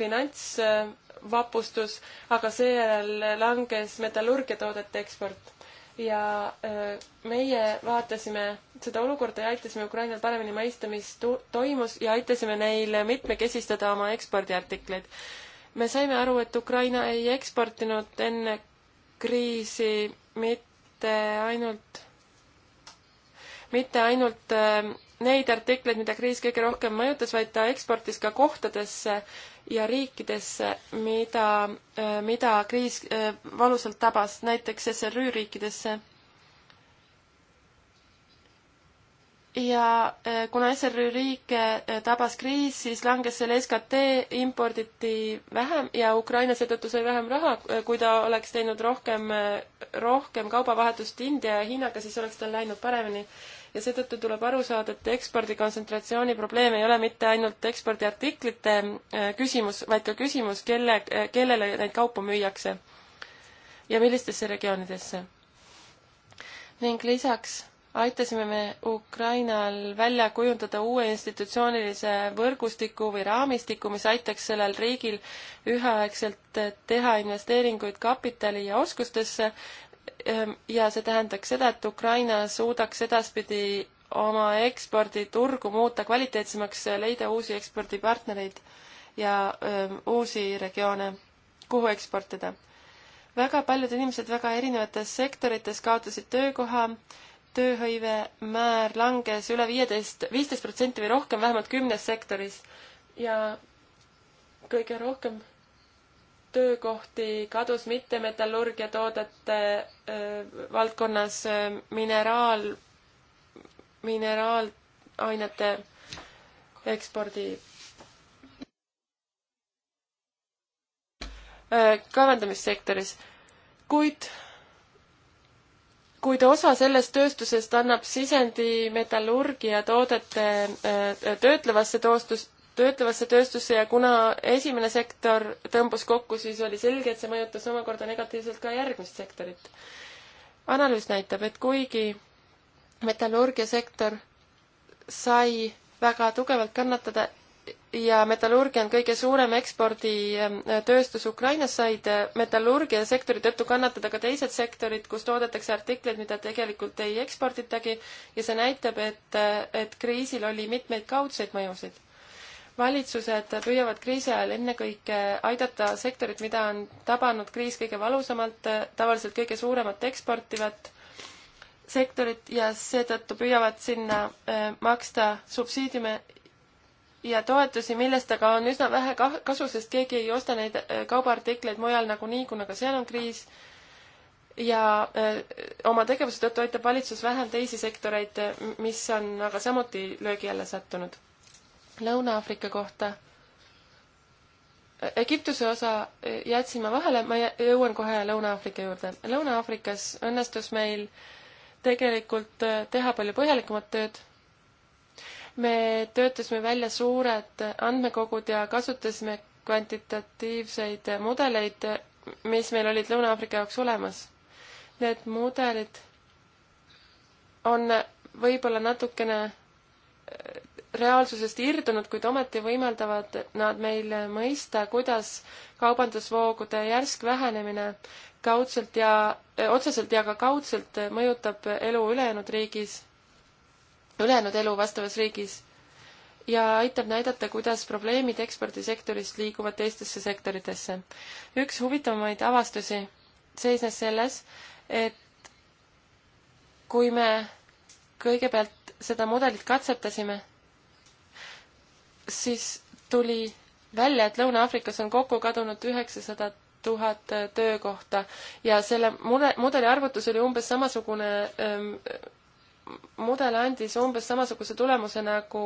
finantsvapustus, aga seejärel langes metallurgiatoodete eksport ja äh, meie vaatasime seda olukorda ja aitasime Ukrainal paremini mõista, mis toimus ja aitasime neil mitmekesistada oma ekspordiartikleid. me saime aru, et Ukraina ei eksportinud enne kriisi mitte ainult, mitte ainult äh, neid artikleid, mida kriis kõige rohkem mõjutas, vaid ta eksportis ka kohtadesse, ja riikidesse, mida, äh, mida kriis äh, valusalt tabas, näiteks SRÜ riikidesse. ja äh, kuna SRÜ riike tabas kriis, siis langes selle SKT, imporditi vähem ja Ukraina seetõttu sai vähem raha, kui ta oleks teinud rohkem, rohkem kaubavahetust India ja Hiinaga, siis oleks tal läinud paremini ja seetõttu tuleb aru saada, et ekspordi kontsentratsiooni probleem ei ole mitte ainult ekspordiartiklite äh, küsimus, vaid ka küsimus, kelle, äh, kellele neid kaupu müüakse ja millistesse regioonidesse. ning lisaks aitasime me Ukrainal välja kujundada uue institutsioonilise võrgustiku või raamistiku, mis aitaks sellel riigil üheaegselt teha investeeringuid kapitali ja oskustesse Ehm, ja see tähendaks seda, et Ukraina suudaks edaspidi oma eksporditurgu muuta kvaliteetsemaks, leida uusi ekspordipartnereid ja öö, ehm, uusi regioone, kuhu eksportida. väga paljud inimesed väga erinevates sektorites kaotasid töökoha, tööhõive määr langes üle viieteist, viisteist protsenti või rohkem vähemalt kümnes sektoris ja kõige rohkem töökohti kadus mittemetallurgiatoodete valdkonnas mineraal, mineraalainete ekspordi kaevandamissektoris, kuid, kuid osa sellest tööstusest annab sisendi metallurgia toodete töötlevasse toostus, töötlevasse tööstusse ja kuna esimene sektor tõmbus kokku, siis oli selge, et see mõjutas omakorda negatiivselt ka järgmist sektorit. analüüs näitab, et kuigi metallurgiasektor sai väga tugevalt kannatada ja metallurgia on kõige suurem eksporditööstus ähm, Ukrainas, said äh, metallurgiasektori tõttu kannatada ka teised sektorid, kus toodetakse artikleid, mida tegelikult ei eksporditagi ja see näitab, et, äh, et kriisil oli mitmeid kaudseid mõjusid valitsused püüavad kriisi ajal ennekõike aidata sektorit, mida on tabanud kriis kõige valusamalt, tavaliselt kõige suuremat eksportivat sektorit ja seetõttu püüavad sinna äh, maksta subsiidiume ja toetusi, millest aga on üsna vähe kasu, sest keegi ei osta neid äh, kaubaartikleid mujal nagunii, kuna nagu ka seal on kriis. ja öö, äh, oma tegevuse tõttu aitab valitsus vähem teisi sektoreid, mis on aga samuti löögi alla sattunud Lõuna-Aafrika kohta. Egiptuse osa jätsin ma vahele, ma jõuan kohe Lõuna-Aafrika juurde. Lõuna-Aafrikas õnnestus meil tegelikult äh, teha palju põhjalikumat tööd. me töötasime välja suured andmekogud ja kasutasime kvantitatiivseid mudeleid, mis meil olid Lõuna-Aafrika jaoks olemas. Need mudelid on võib-olla natukene äh, reaalsusest irdunud, kuid ometi võimaldavad nad meil mõista, kuidas kaubandusvoogude järsk vähenemine kaudselt ja, eh, otseselt ja ka kaudselt mõjutab elu ülejäänud riigis, ülejäänud elu vastavas riigis ja aitab näidata, kuidas probleemid ekspordisektorist liiguvad teistesse sektoritesse. üks huvitavamaid avastusi seisnes selles, et kui me kõigepealt seda mudelit katsetasime, siis tuli välja, et Lõuna-Aafrikas on kokku kadunud üheksasada tuhat äh, töökohta ja selle mure, mudeli arvutus oli umbes samasugune ähm,, mudel andis umbes samasuguse tulemuse nagu,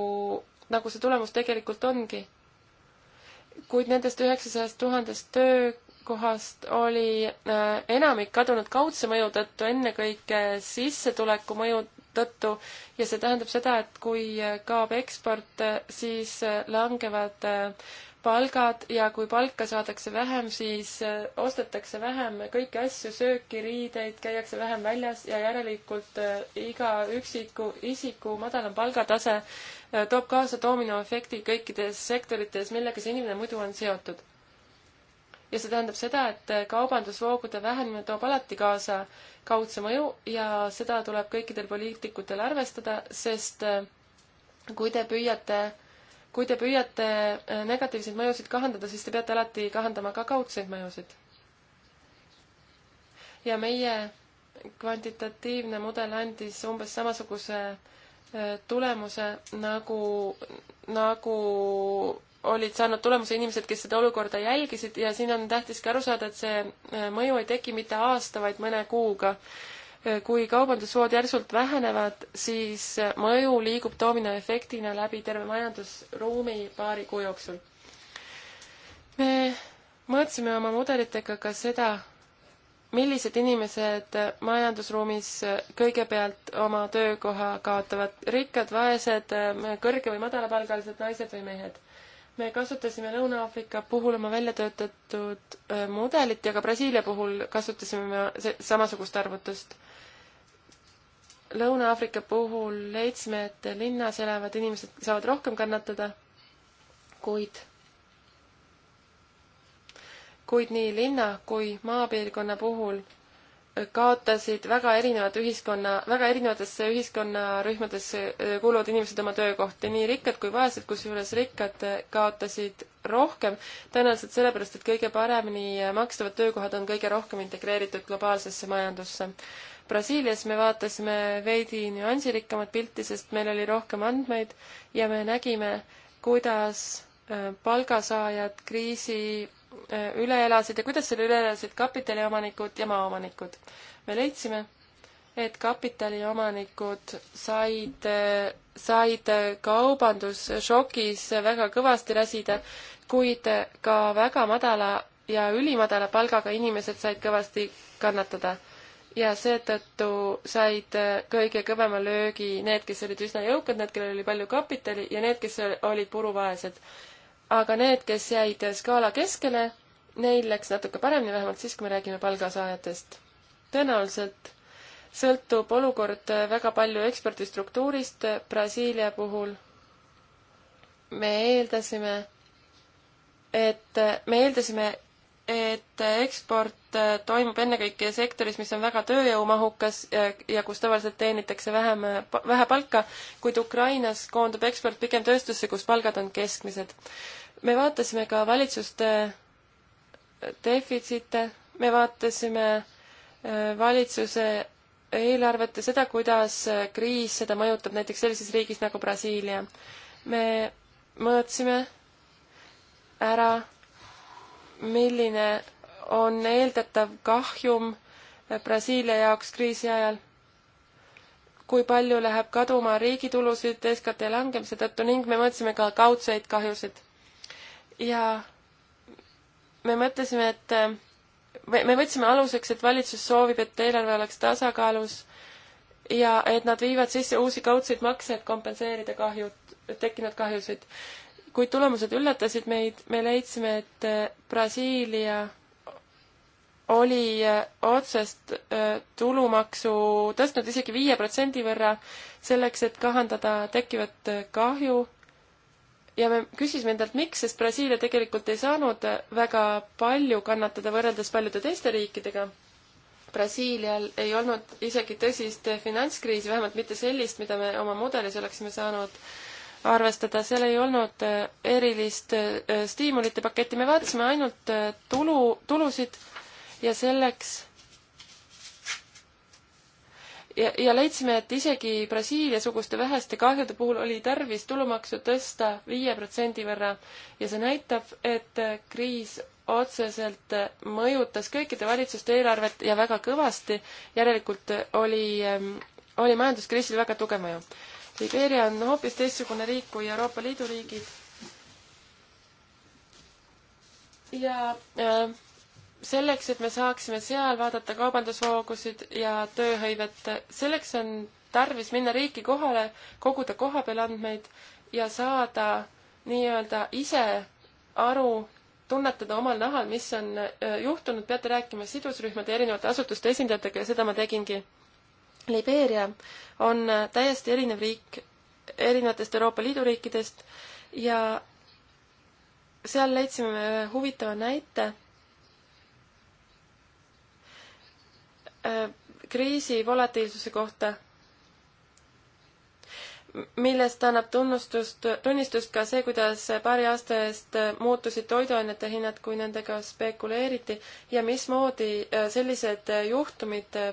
nagu see tulemus tegelikult ongi. kuid nendest üheksasajast tuhandest töökohast oli äh, enamik kadunud kaudse mõju tõttu, ennekõike sissetuleku mõju tõttu ja see tähendab seda, et kui kaob eksport, siis langevad äh, palgad ja kui palka saadakse vähem, siis äh, ostetakse vähem kõiki asju, sööki, riideid, käiakse vähem väljas ja järelikult äh, iga üksiku isiku madalam palgatase toob kaasa dominoefekti kõikides sektorites, millega see inimene muidu on seotud ja see tähendab seda, et kaubandusvoogude vähenemine toob alati kaasa kaudse mõju ja seda tuleb kõikidel poliitikutel arvestada, sest eh, kui te püüate, kui te püüate eh, negatiivseid mõjusid kahandada, siis te peate alati kahandama ka kaudseid mõjusid. ja meie kvantitatiivne mudel andis umbes samasuguse eh, tulemuse nagu, nagu olid saanud tulemuse inimesed, kes seda olukorda jälgisid ja siin on tähtis ka aru saada, et see äh, mõju ei teki mitte aasta, vaid mõne kuuga. Äh, kui kaubandusvood järsult vähenevad, siis äh, mõju liigub dominoefektina läbi terve majandusruumi paari kuu jooksul. me mõõtsime oma mudelitega ka seda, millised inimesed majandusruumis kõigepealt oma töökoha kaotavad, rikkad, vaesed, kõrge või madalapalgalised naised või mehed me kasutasime Lõuna-Aafrika puhul oma välja töötatud äh, mudelit ja ka Brasiilia puhul kasutasime me samasugust arvutust. Lõuna-Aafrika puhul leidsime, et linnas elavad inimesed saavad rohkem kannatada, kuid, kuid nii linna kui maapiirkonna puhul kaotasid väga erinevad ühiskonna, väga erinevatesse ühiskonnarühmadesse äh, kuuluvad inimesed oma töökohti, nii rikkad kui vaesed, kusjuures rikkad äh, kaotasid rohkem, tõenäoliselt sellepärast, et kõige paremini äh, makstavad töökohad on kõige rohkem integreeritud globaalsesse majandusse. Brasiilias me vaatasime veidi nüansirikkamat pilti, sest meil oli rohkem andmeid ja me nägime, kuidas palgasaajad kriisi Äh, üle elasid ja kuidas selle üle elasid kapitaliomanikud ja maaomanikud. me leidsime, et kapitaliomanikud said, äh, said kaubandusšokis väga kõvasti räsida, kuid ka väga madala ja ülimadala palgaga inimesed said kõvasti kannatada. ja seetõttu said äh, kõige kõvema löögi need, kes olid üsna jõukad, need, kellel oli palju kapitali ja need, kes olid puruvaesed aga need, kes jäid skaala keskele, neil läks natuke paremini, vähemalt siis, kui me räägime palgasaajatest. tõenäoliselt sõltub olukord väga palju ekspordistruktuurist Brasiilia puhul. me eeldasime, et, me eeldasime, et eksport toimub ennekõike sektoris, mis on väga tööjõumahukas ja, ja kus tavaliselt teenitakse vähem, vähe palka, kuid Ukrainas koondub eksport pigem tööstusse, kus palgad on keskmised me vaatasime ka valitsuste äh, defitsiite, me vaatasime äh, valitsuse eelarvet ja seda, kuidas äh, kriis seda mõjutab näiteks sellises riigis nagu Brasiilia. me mõõtsime ära, milline on eeldatav kahjum Brasiilia jaoks kriisi ajal, kui palju läheb kaduma riigi tulusid SKT langemise tõttu ning me mõõtsime ka kaudseid kahjusid ja me mõtlesime, et me, me võtsime aluseks, et valitsus soovib, et eelarve oleks tasakaalus ja et nad viivad sisse uusi kaudseid makse, et kompenseerida kahjud, tekkinud kahjusid. kuid tulemused üllatasid meid, me leidsime, et äh, Brasiilia oli äh, otsest äh, tulumaksu tõstnud isegi viie protsendi võrra, selleks et kahandada tekkivat kahju ja me küsisime endalt, miks, sest Brasiilia tegelikult ei saanud väga palju kannatada võrreldes paljude teiste riikidega. Brasiilial ei olnud isegi tõsist finantskriisi, vähemalt mitte sellist, mida me oma mudelis oleksime saanud arvestada, seal ei olnud eh, erilist eh, stiimulite paketti, me vaatasime ainult eh, tulu, tulusid ja selleks ja, ja leidsime, et isegi Brasiilia-suguste väheste kahjude puhul oli tarvis tulumaksu tõsta viie protsendi võrra ja see näitab, et kriis otseselt mõjutas kõikide valitsuste eelarvet ja väga kõvasti, järelikult oli, ähm, oli majanduskriisil väga tugev mõju. Libeeria on hoopis teistsugune riik kui Euroopa Liidu riigid ja äh, selleks, et me saaksime seal vaadata kaubandusvoogusid ja tööhõivet, selleks on tarvis minna riiki kohale, koguda kohapeal andmeid ja saada nii-öelda ise aru, tunnetada omal nahal, mis on juhtunud, peate rääkima sidusrühmade erinevate asutuste esindajatega ja seda ma tegingi. Libeeria on täiesti erinev riik erinevatest Euroopa Liidu riikidest ja seal leidsime huvitava näite Äh, kriisi volatiilsuse kohta, millest annab tunnustust, tunnistust ka see, kuidas paari aasta eest muutusid toiduainete hinnad, kui nendega spekuleeriti ja mismoodi äh, sellised juhtumid äh,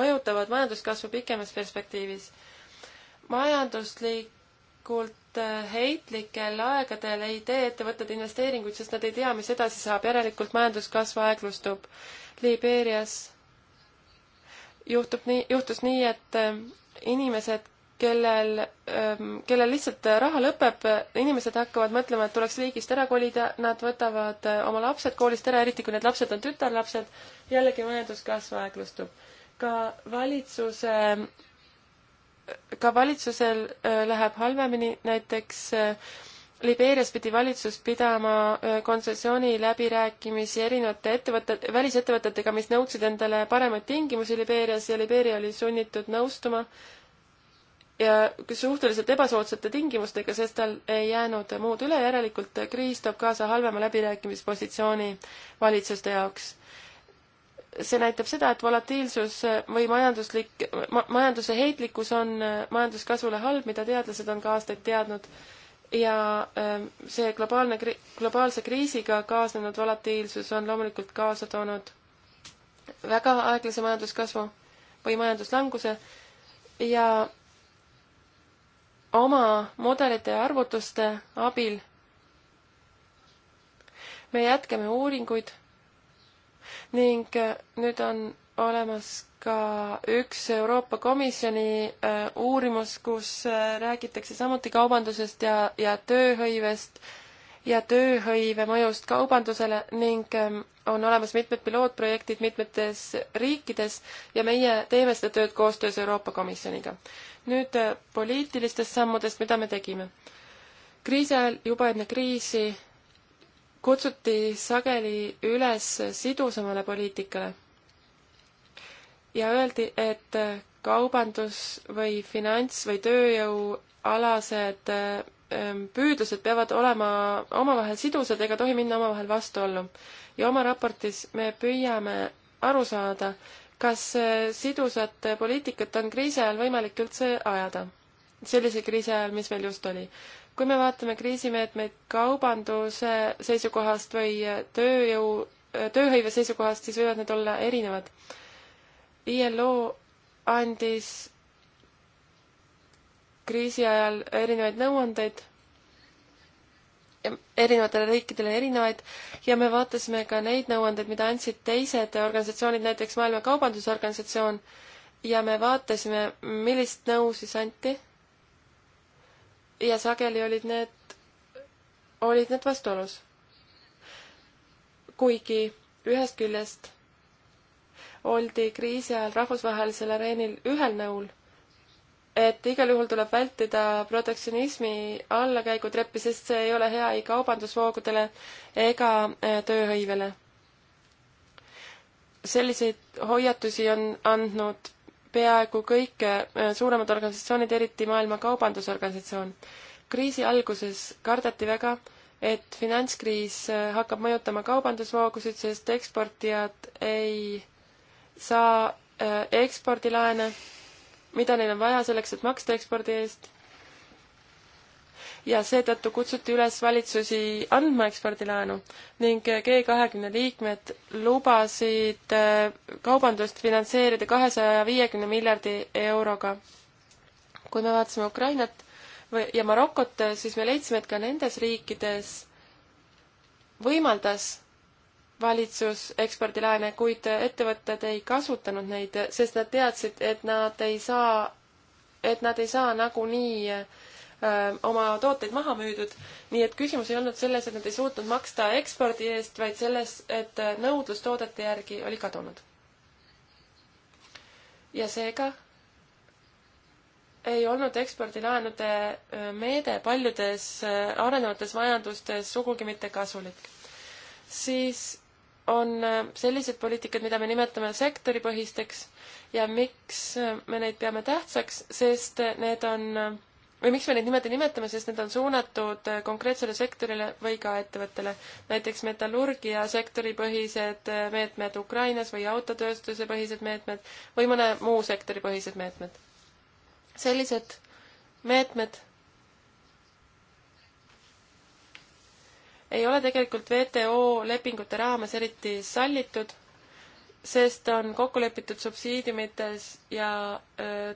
mõjutavad majanduskasvu pikemas perspektiivis. majanduslikult heitlikel aegadel ei tee ettevõtted investeeringuid, sest nad ei tea, mis edasi saab, järelikult majanduskasv aeglustub. Libeerias juhtub nii, juhtus nii, et äh, inimesed, kellel, ähm, kellel lihtsalt äh, raha lõpeb, äh, inimesed hakkavad mõtlema, et tuleks riigist ära kolida, nad võtavad oma lapsed koolist ära, eriti kui need lapsed on tütarlapsed, jällegi majanduskasv aeglustub. ka valitsuse, ka valitsusel läheb halvemini, näiteks Libeerias pidi valitsus pidama kontsessiooni läbirääkimisi erinevate ettevõtete, välisettevõtetega, mis nõudsid endale paremaid tingimusi Libeerias ja Libeeria oli sunnitud nõustuma ja suhteliselt ebasoodsate tingimustega, sest tal ei jäänud muud üle, järelikult kriis toob kaasa halvema läbirääkimispositsiooni valitsuste jaoks. see näitab seda, et volatiilsus või majanduslik ma,, majanduse heitlikkus on majanduskasvule halb, mida teadlased on ka aastaid teadnud ja ähm, see globaalne, globaalse kriisiga kaasnenud volatiilsus on loomulikult kaasa toonud väga aeglase majanduskasvu või majanduslanguse ja oma mudelite ja arvutuste abil me jätkame uuringuid ning äh, nüüd on olemas ka üks Euroopa Komisjoni äh, uurimus, kus äh, räägitakse samuti kaubandusest ja, ja tööhõivest ja tööhõive mõjust kaubandusele ning ähm, on olemas mitmed pilootprojektid mitmetes riikides ja meie teeme seda tööd koostöös Euroopa Komisjoniga. nüüd äh, poliitilistest sammudest, mida me tegime. kriisi ajal, juba enne kriisi, kutsuti sageli üles sidusamale poliitikale ja öeldi, et äh, kaubandus või finants või tööjõualased äh, ähm, püüdlused peavad olema omavahel sidusad ega tohi minna omavahel vastuollu. ja oma raportis me püüame aru saada, kas äh, sidusat poliitikat on kriisi ajal võimalik üldse ajada, sellise kriisi ajal, mis meil just oli. kui me vaatame kriisimeetmeid kaubanduse seisukohast või tööjõu, tööhõive seisukohast, siis võivad need olla erinevad ILO andis kriisi ajal erinevaid nõuandeid, erinevatele riikidele erinevaid, ja me vaatasime ka neid nõuandeid, mida andsid teised organisatsioonid, näiteks Maailma Kaubandusorganisatsioon, ja me vaatasime, millist nõu siis anti. ja sageli olid need, olid need vastuolus. kuigi ühest küljest oldi kriisi ajal rahvusvahelisel areenil ühel nõul, et igal juhul tuleb vältida protektsionismi allakäigutreppi, sest see ei ole hea ei kaubandusvoogudele ega äh, tööhõivele. selliseid hoiatusi on andnud peaaegu kõik äh, suuremad organisatsioonid, eriti Maailma Kaubandusorganisatsioon. kriisi alguses kardeti väga, et finantskriis äh, hakkab mõjutama kaubandusvoogusid, sest eksportijad ei saa äh, ekspordilaene, mida neil on vaja selleks, et maksta ekspordi eest. ja seetõttu kutsuti üles valitsusi andma ekspordilaenu ning G kahekümne liikmed lubasid äh, kaubandust finantseerida kahesaja viiekümne miljardi euroga. kui me vaatasime Ukrainat või, ja Marokot, siis me leidsime, et ka nendes riikides võimaldas valitsus ekspordilaene, kuid ettevõtted ei kasutanud neid, sest nad teadsid, et nad ei saa, et nad ei saa nagunii öö, äh, oma tooteid maha müüdud. nii et küsimus ei olnud selles, et nad ei suutnud maksta ekspordi eest, vaid selles, et nõudlus toodete järgi oli kadunud. ja seega ei olnud ekspordilaenude äh, meede paljudes äh, arenevates majandustes sugugi mitte kasulik. siis on äh, sellised poliitikad, mida me nimetame sektoripõhisteks ja miks äh, me neid peame tähtsaks, sest äh, need on, või miks me neid niimoodi nimetame, sest need on suunatud konkreetsele sektorile või ka ettevõttele. näiteks metallurgia sektoripõhised meetmed Ukrainas või autotööstuse põhised meetmed või mõne muu sektori põhised meetmed. sellised meetmed ei ole tegelikult WTO lepingute raames eriti sallitud, sest on kokku lepitud subsiidiumites ja öö,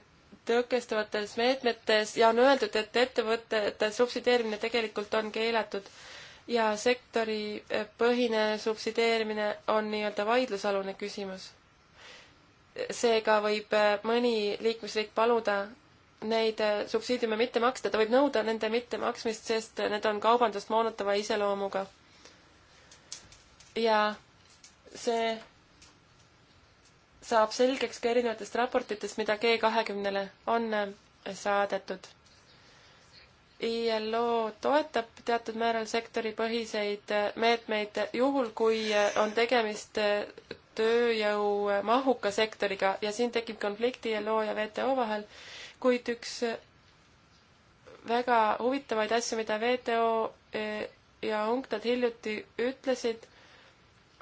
tõkestavates meetmetes ja on öeldud, et ettevõtete subsideerimine tegelikult on keelatud ja sektoripõhine subsideerimine on nii-öelda vaidlusalune küsimus. seega võib mõni liikmesriik paluda, neid äh, subsiidiume mitte maksta, ta võib nõuda nende mittemaksmist, sest need on kaubandust moonutava iseloomuga. ja see saab selgeks ka erinevatest raportitest, mida G kahekümnele on äh, saadetud. ILO toetab teatud määral sektoripõhiseid äh, meetmeid juhul, kui on tegemist tööjõumahuka sektoriga ja siin tekib konflikt ILO ja WTO vahel kuid üks äh, väga huvitavaid asju, mida WTO äh, ja UNCTAD hiljuti ütlesid,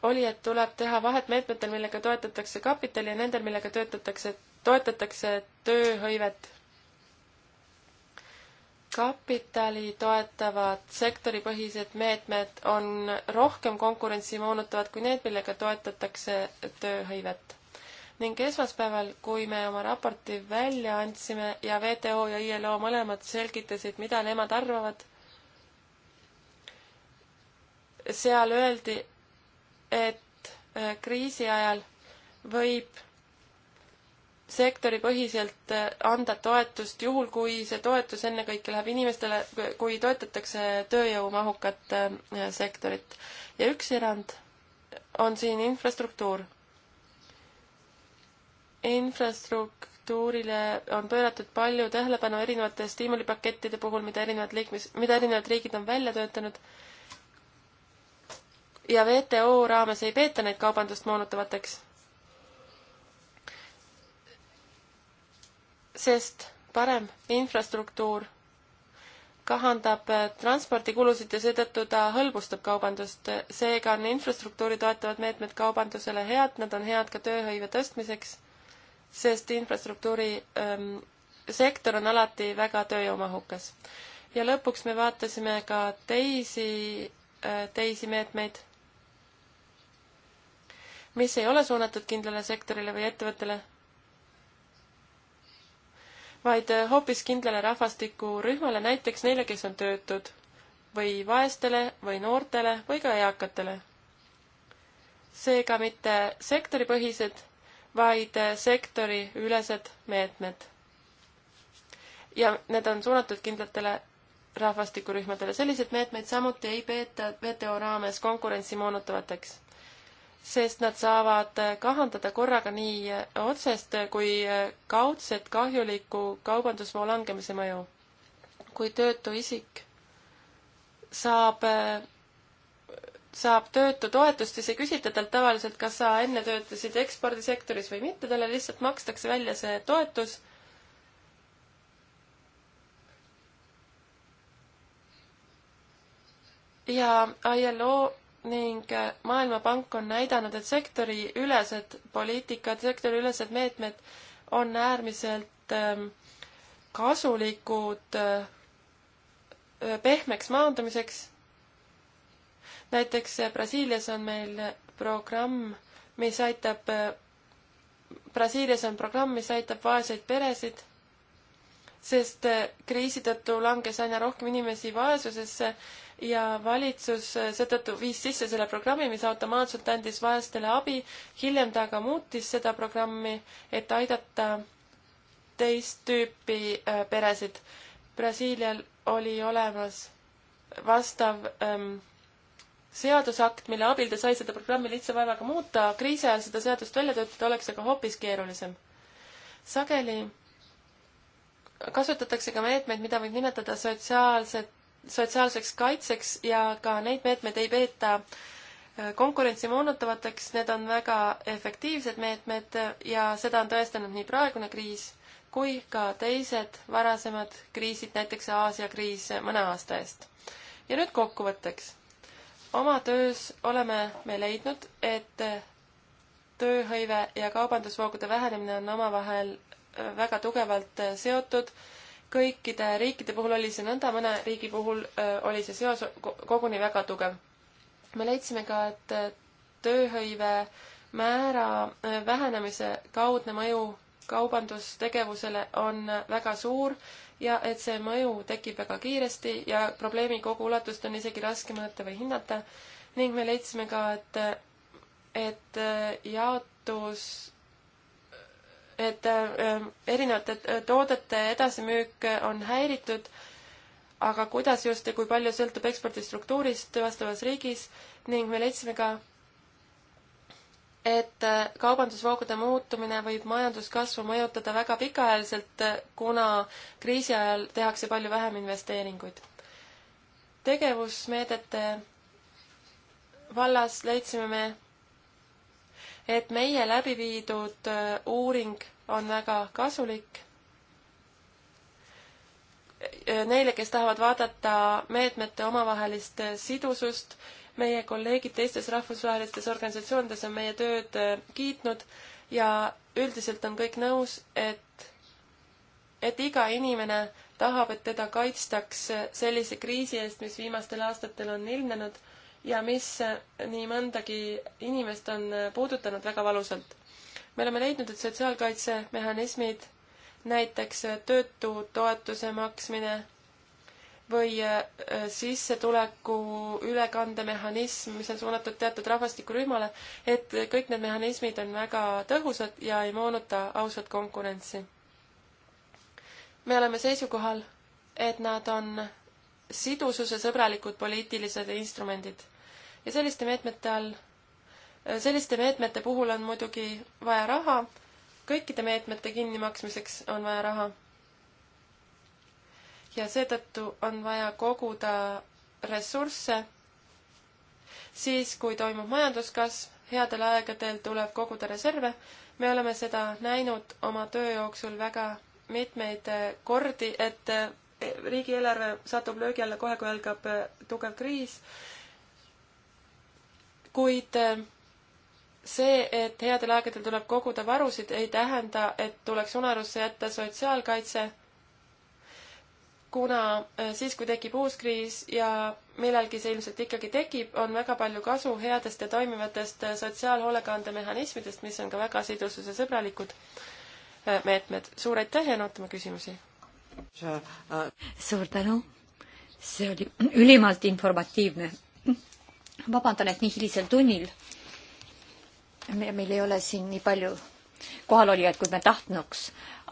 oli, et tuleb teha vahet meetmetel, millega toetatakse kapitali ja nendel, millega töötatakse, toetatakse tööhõivet. kapitali toetavad sektoripõhised meetmed on rohkem konkurentsi moonutavad kui need, millega toetatakse tööhõivet ning esmaspäeval, kui me oma raporti välja andsime ja WTO ja ILO mõlemad selgitasid, mida nemad arvavad, seal öeldi, et äh, kriisi ajal võib sektoripõhiselt äh, anda toetust, juhul kui see toetus ennekõike läheb inimestele, kui toetatakse tööjõumahukat äh, sektorit. ja üks erand on siin infrastruktuur infrastruktuurile on pööratud palju tähelepanu erinevate stiimulipakettide puhul, mida erinevad liikmes, mida erinevad riigid on välja töötanud. ja WTO raames ei peeta neid kaubandust moonutavateks. sest parem infrastruktuur kahandab transpordikulusid ja seetõttu ta hõlbustab kaubandust. seega on infrastruktuuri toetavad meetmed kaubandusele head, nad on head ka tööhõive tõstmiseks sest infrastruktuuri ähm, sektor on alati väga tööjõumahukas. ja lõpuks me vaatasime ka teisi äh,, teisi meetmeid, mis ei ole suunatud kindlale sektorile või ettevõttele, vaid äh, hoopis kindlale rahvastikurühmale, näiteks neile, kes on töötud või vaestele või noortele või ka eakatele. seega mitte sektoripõhised vaid äh, sektoriülesed meetmed. ja need on suunatud kindlatele rahvastikurühmadele. selliseid meetmeid samuti ei peeta WTO raames konkurentsi moonutavateks, sest nad saavad äh, kahandada korraga nii äh, otsest kui kaudset kahjuliku kaubandusvoo langemise mõju. kui töötu isik saab saab töötutoetust, siis ei küsita talt tavaliselt, kas sa enne töötasid ekspordisektoris või mitte, talle lihtsalt makstakse välja see toetus. ja ILO ning Maailmapank on näidanud, et sektoriülesed poliitikad, sektoriülesed meetmed on äärmiselt ähm, kasulikud äh, pehmeks maandumiseks näiteks eh, Brasiilias on meil eh, programm, mis aitab, eh, Brasiilias on programm, mis aitab vaeseid peresid, sest kriisi tõttu langes aina rohkem inimesi vaesusesse ja valitsus seetõttu viis sisse selle programmi, mis automaatselt andis vaestele abi. hiljem ta aga muutis seda programmi, et aidata teist tüüpi peresid. Brasiilial oli olemas vastav ähm, seadusakt, mille abil ta sai seda programmi lihtsa vaevaga muuta, kriisi ajal seda seadust välja töötada oleks aga hoopis keerulisem. sageli kasutatakse ka meetmeid, mida võib nimetada sotsiaalse, sotsiaalseks kaitseks ja ka neid meetmeid ei peeta äh, konkurentsi moonutavateks, need on väga efektiivsed meetmed ja seda on tõestanud nii praegune kriis kui ka teised varasemad kriisid, näiteks Aasia kriis mõne aasta eest. ja nüüd kokkuvõtteks oma töös oleme me leidnud, et tööhõive ja kaubandusvoogude vähenemine on omavahel äh, väga tugevalt äh, seotud. kõikide riikide puhul oli see nõnda, mõne riigi puhul äh, oli see seos koguni väga tugev. me leidsime ka, et tööhõive määra vähenemise kaudne mõju kaubandustegevusele on väga suur ja et see mõju tekib väga kiiresti ja probleemi kogu ulatust on isegi raske mõõta või hinnata ning me leidsime ka, et, et äh, jaotus, et äh, erinevate äh, toodete edasimüük on häiritud, aga kuidas just ja kui palju sõltub ekspordi struktuurist vastavas riigis ning me leidsime ka, et äh, kaubandusvoogude muutumine võib majanduskasvu mõjutada väga pikaajaliselt, äh, kuna kriisi ajal tehakse palju vähem investeeringuid. tegevusmeedete vallas leidsime me, et meie läbi viidud äh, uuring on väga kasulik neile, kes tahavad vaadata meetmete omavahelist sidusust meie kolleegid teistes rahvusvahelistes organisatsioonides on meie tööd äh, kiitnud ja üldiselt on kõik nõus, et, et iga inimene tahab, et teda kaitstaks äh, sellise kriisi eest, mis viimastel aastatel on ilmnenud ja mis äh, nii mõndagi inimest on puudutanud väga valusalt. me oleme leidnud, et sotsiaalkaitsemehhanismid, näiteks töötutoetuse maksmine või äh, sissetuleku ülekandemehhanism, mis on suunatud teatud rahvastikurühmale, et kõik need mehhanismid on väga tõhusad ja ei moonuta ausat konkurentsi. me oleme seisukohal, et nad on sidususe sõbralikud poliitilised instrumendid ja selliste meetmete all, äh, selliste meetmete puhul on muidugi vaja raha, kõikide meetmete kinnimaksmiseks on vaja raha ja seetõttu on vaja koguda ressursse. siis, kui toimub majanduskasv, headel aegadel tuleb koguda reserve. me oleme seda näinud oma töö jooksul väga mitmeid kordi, et riigieelarve satub löögi alla kohe, kui algab tugev kriis. kuid see, et headel aegadel tuleb koguda varusid, ei tähenda, et tuleks unarusse jätta sotsiaalkaitse kuna äh, siis, kui tekib uus kriis ja millalgi see ilmselt ikkagi tekib, on väga palju kasu headest ja toimivatest äh, sotsiaalhoolekandemehhanismidest, mis on ka väga sidususe sõbralikud äh, meetmed. suur aitäh ja ootame küsimusi! suur tänu! see oli ülimalt informatiivne. vabandan, et nii hilisel tunnil meil ei ole siin nii palju kohalolijaid, kui me tahtnuks,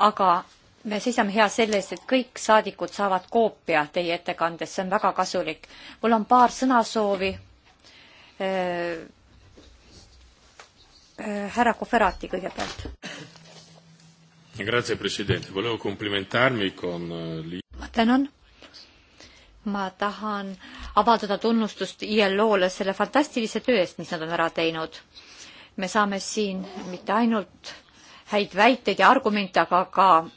aga me seisame hea selle eest, et kõik saadikud saavad koopia teie ettekandest, see on väga kasulik. mul on paar sõnasoovi äh,. äh härra Koferati kõigepealt. Grazie president, volevo complimentarmi con eh, ma tänan. ma tahan avaldada tunnustust ILO-le selle fantastilise töö eest, mis nad on ära teinud. me saame siin mitte ainult häid väiteid ja argumente, aga ka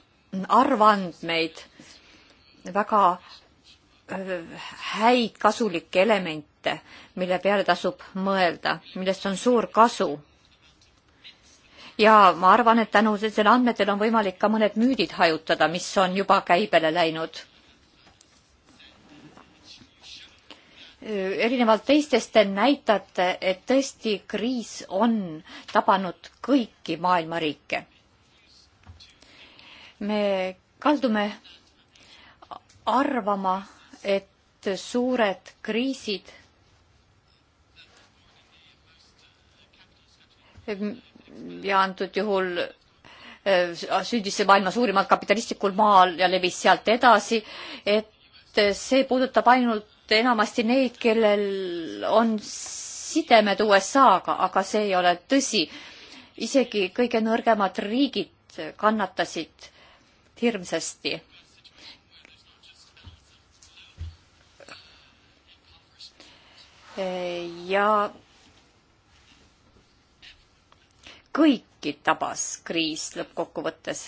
arvandmeid, väga häid kasulikke elemente, mille peale tasub mõelda, millest on suur kasu. ja ma arvan, et tänu sellisele andmetele on võimalik ka mõned müüdid hajutada, mis on juba käibele läinud. erinevalt teistest te näitate, et tõesti kriis on tabanud kõiki maailma riike me kaldume arvama, et suured kriisid, ja antud juhul äh, sündis see maailma suurimal kapitalistlikul maal ja levis sealt edasi, et see puudutab ainult enamasti neid, kellel on sidemed USA-ga, aga see ei ole tõsi. isegi kõige nõrgemad riigid kannatasid hirmsasti. ja kõiki tabas kriis lõppkokkuvõttes.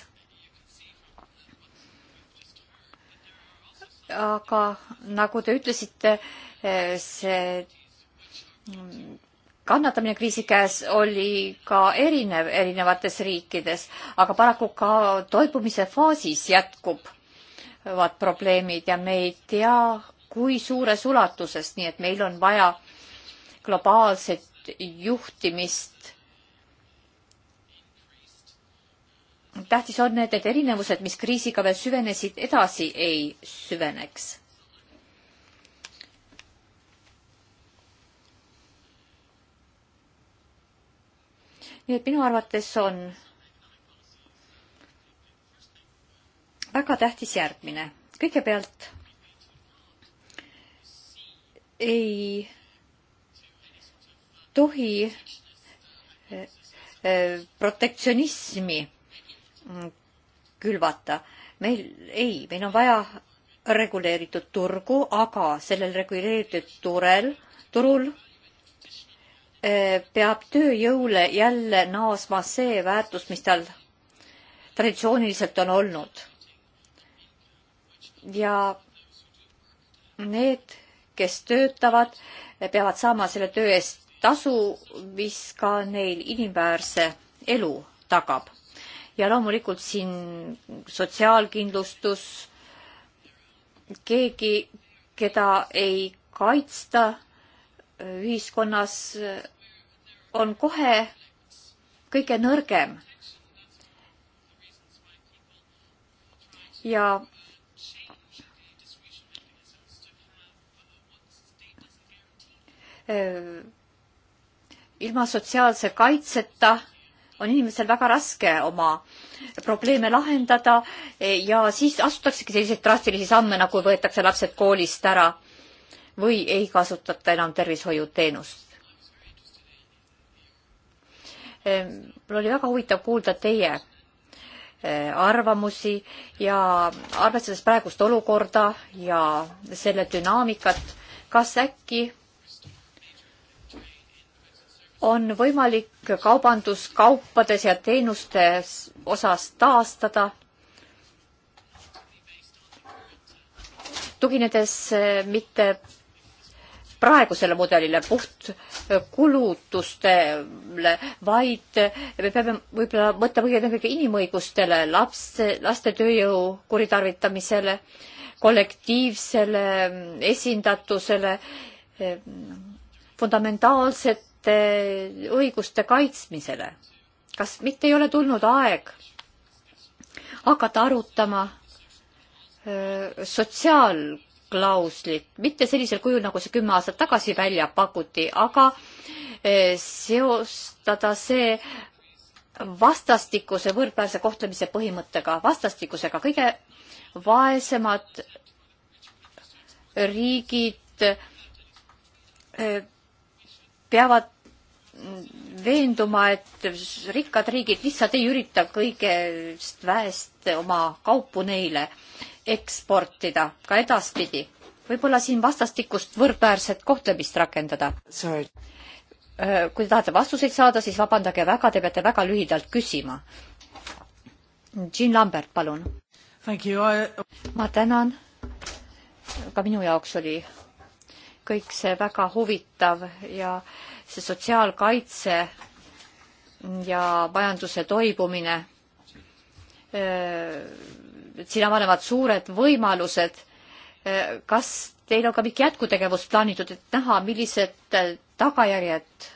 aga nagu te ütlesite, see kannatamine kriisi käes oli ka erinev erinevates riikides, aga paraku ka toibumise faasis jätkuvad probleemid ja me ei tea, kui suures ulatuses, nii et meil on vaja globaalset juhtimist. tähtis on need, et erinevused, mis kriisiga veel süvenesid, edasi ei süveneks nii et minu arvates on väga tähtis järgmine. kõigepealt ei tohi eh, eh, protektsionismi külvata. meil ei, meil on vaja reguleeritud turgu, aga sellel reguleeritud turel, turul Eh, peab tööjõule jälle naasma see väärtus, mis tal traditsiooniliselt on olnud. ja need, kes töötavad, eh, peavad saama selle töö eest tasu, mis ka neil inimväärse elu tagab. ja loomulikult siin sotsiaalkindlustus, keegi, keda ei kaitsta ühiskonnas eh, on kohe kõige nõrgem. ja eh, ilma sotsiaalse kaitseta on inimesel väga raske oma probleeme lahendada eh, ja siis astutaksegi selliseid drastilisi samme, nagu võetakse lapsed koolist ära või ei kasutata enam tervishoiuteenust. Ehm, mul oli väga huvitav kuulda teie eh, arvamusi ja arvestades praegust olukorda ja selle dünaamikat, kas äkki on võimalik kaubandus kaupades ja teenustes osas taastada, tuginedes eh, mitte praegusele mudelile, puhtkulutustele, vaid me peame võib-olla mõtlema kõige inimõigustele, lapse, laste tööjõu kuritarvitamisele, kollektiivsele esindatusele, fundamentaalsete õiguste kaitsmisele. kas mitte ei ole tulnud aeg hakata arutama sotsiaal- klauslit, mitte sellisel kujul, nagu see kümme aastat tagasi välja pakuti, aga eh, seostada see vastastikuse võrdväärse kohtlemise põhimõttega, vastastikusega kõige vaesemad riigid eh, peavad veenduma, et rikkad riigid lihtsalt ei ürita kõigest väest oma kaupu neile eksportida ka edaspidi. võib-olla siin vastastikust võrdväärset kohtlemist rakendada. kui te tahate vastuseid saada, siis vabandage väga, te peate väga lühidalt küsima. Jean Lambert, palun. ma tänan. ka minu jaoks oli kõik see väga huvitav ja see sotsiaalkaitse ja majanduse toibumine siin avanevad suured võimalused. kas teil on ka mingi jätkutegevus plaanitud, et näha, millised tagajärjed,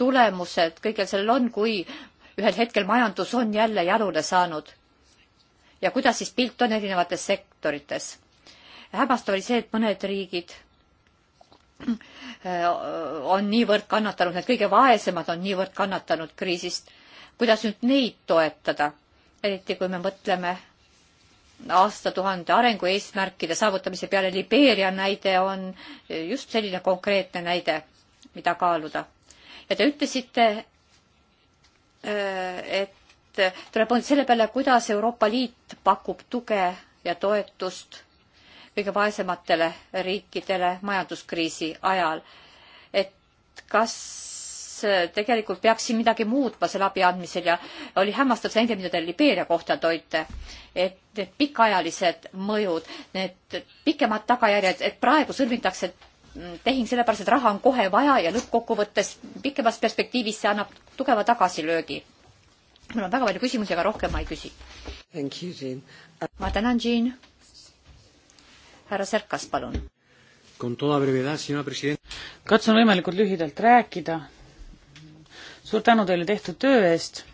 tulemused kõigel sellel on, kui ühel hetkel majandus on jälle jalule saanud? ja kuidas siis pilt on erinevates sektorites? hämmastav oli see, et mõned riigid on niivõrd kannatanud, need kõige vaesemad on niivõrd kannatanud kriisist. kuidas nüüd neid toetada? eriti kui me mõtleme aastatuhande arengu eesmärkide saavutamise peale. Libeeria näide on just selline konkreetne näide, mida kaaluda. ja te ütlesite, et tuleb mõelda selle peale, kuidas Euroopa Liit pakub tuge ja toetust kõige vaesematele riikidele majanduskriisi ajal. et kas tegelikult peaks siin midagi muutma selle abi andmisel ja oli hämmastav see näide, mida te Libeeria kohta toite. et need pikaajalised mõjud, need pikemad tagajärjed, et praegu sõlmitakse mm, tehing sellepärast, et raha on kohe vaja ja lõppkokkuvõttes pikemas perspektiivis see annab tugeva tagasilöögi. mul on väga palju küsimusi, aga rohkem ma ei küsi. ma tänan, Jean. härra Serkas, palun. katsun võimalikult lühidalt rääkida suur tänu teile tehtud töö eest.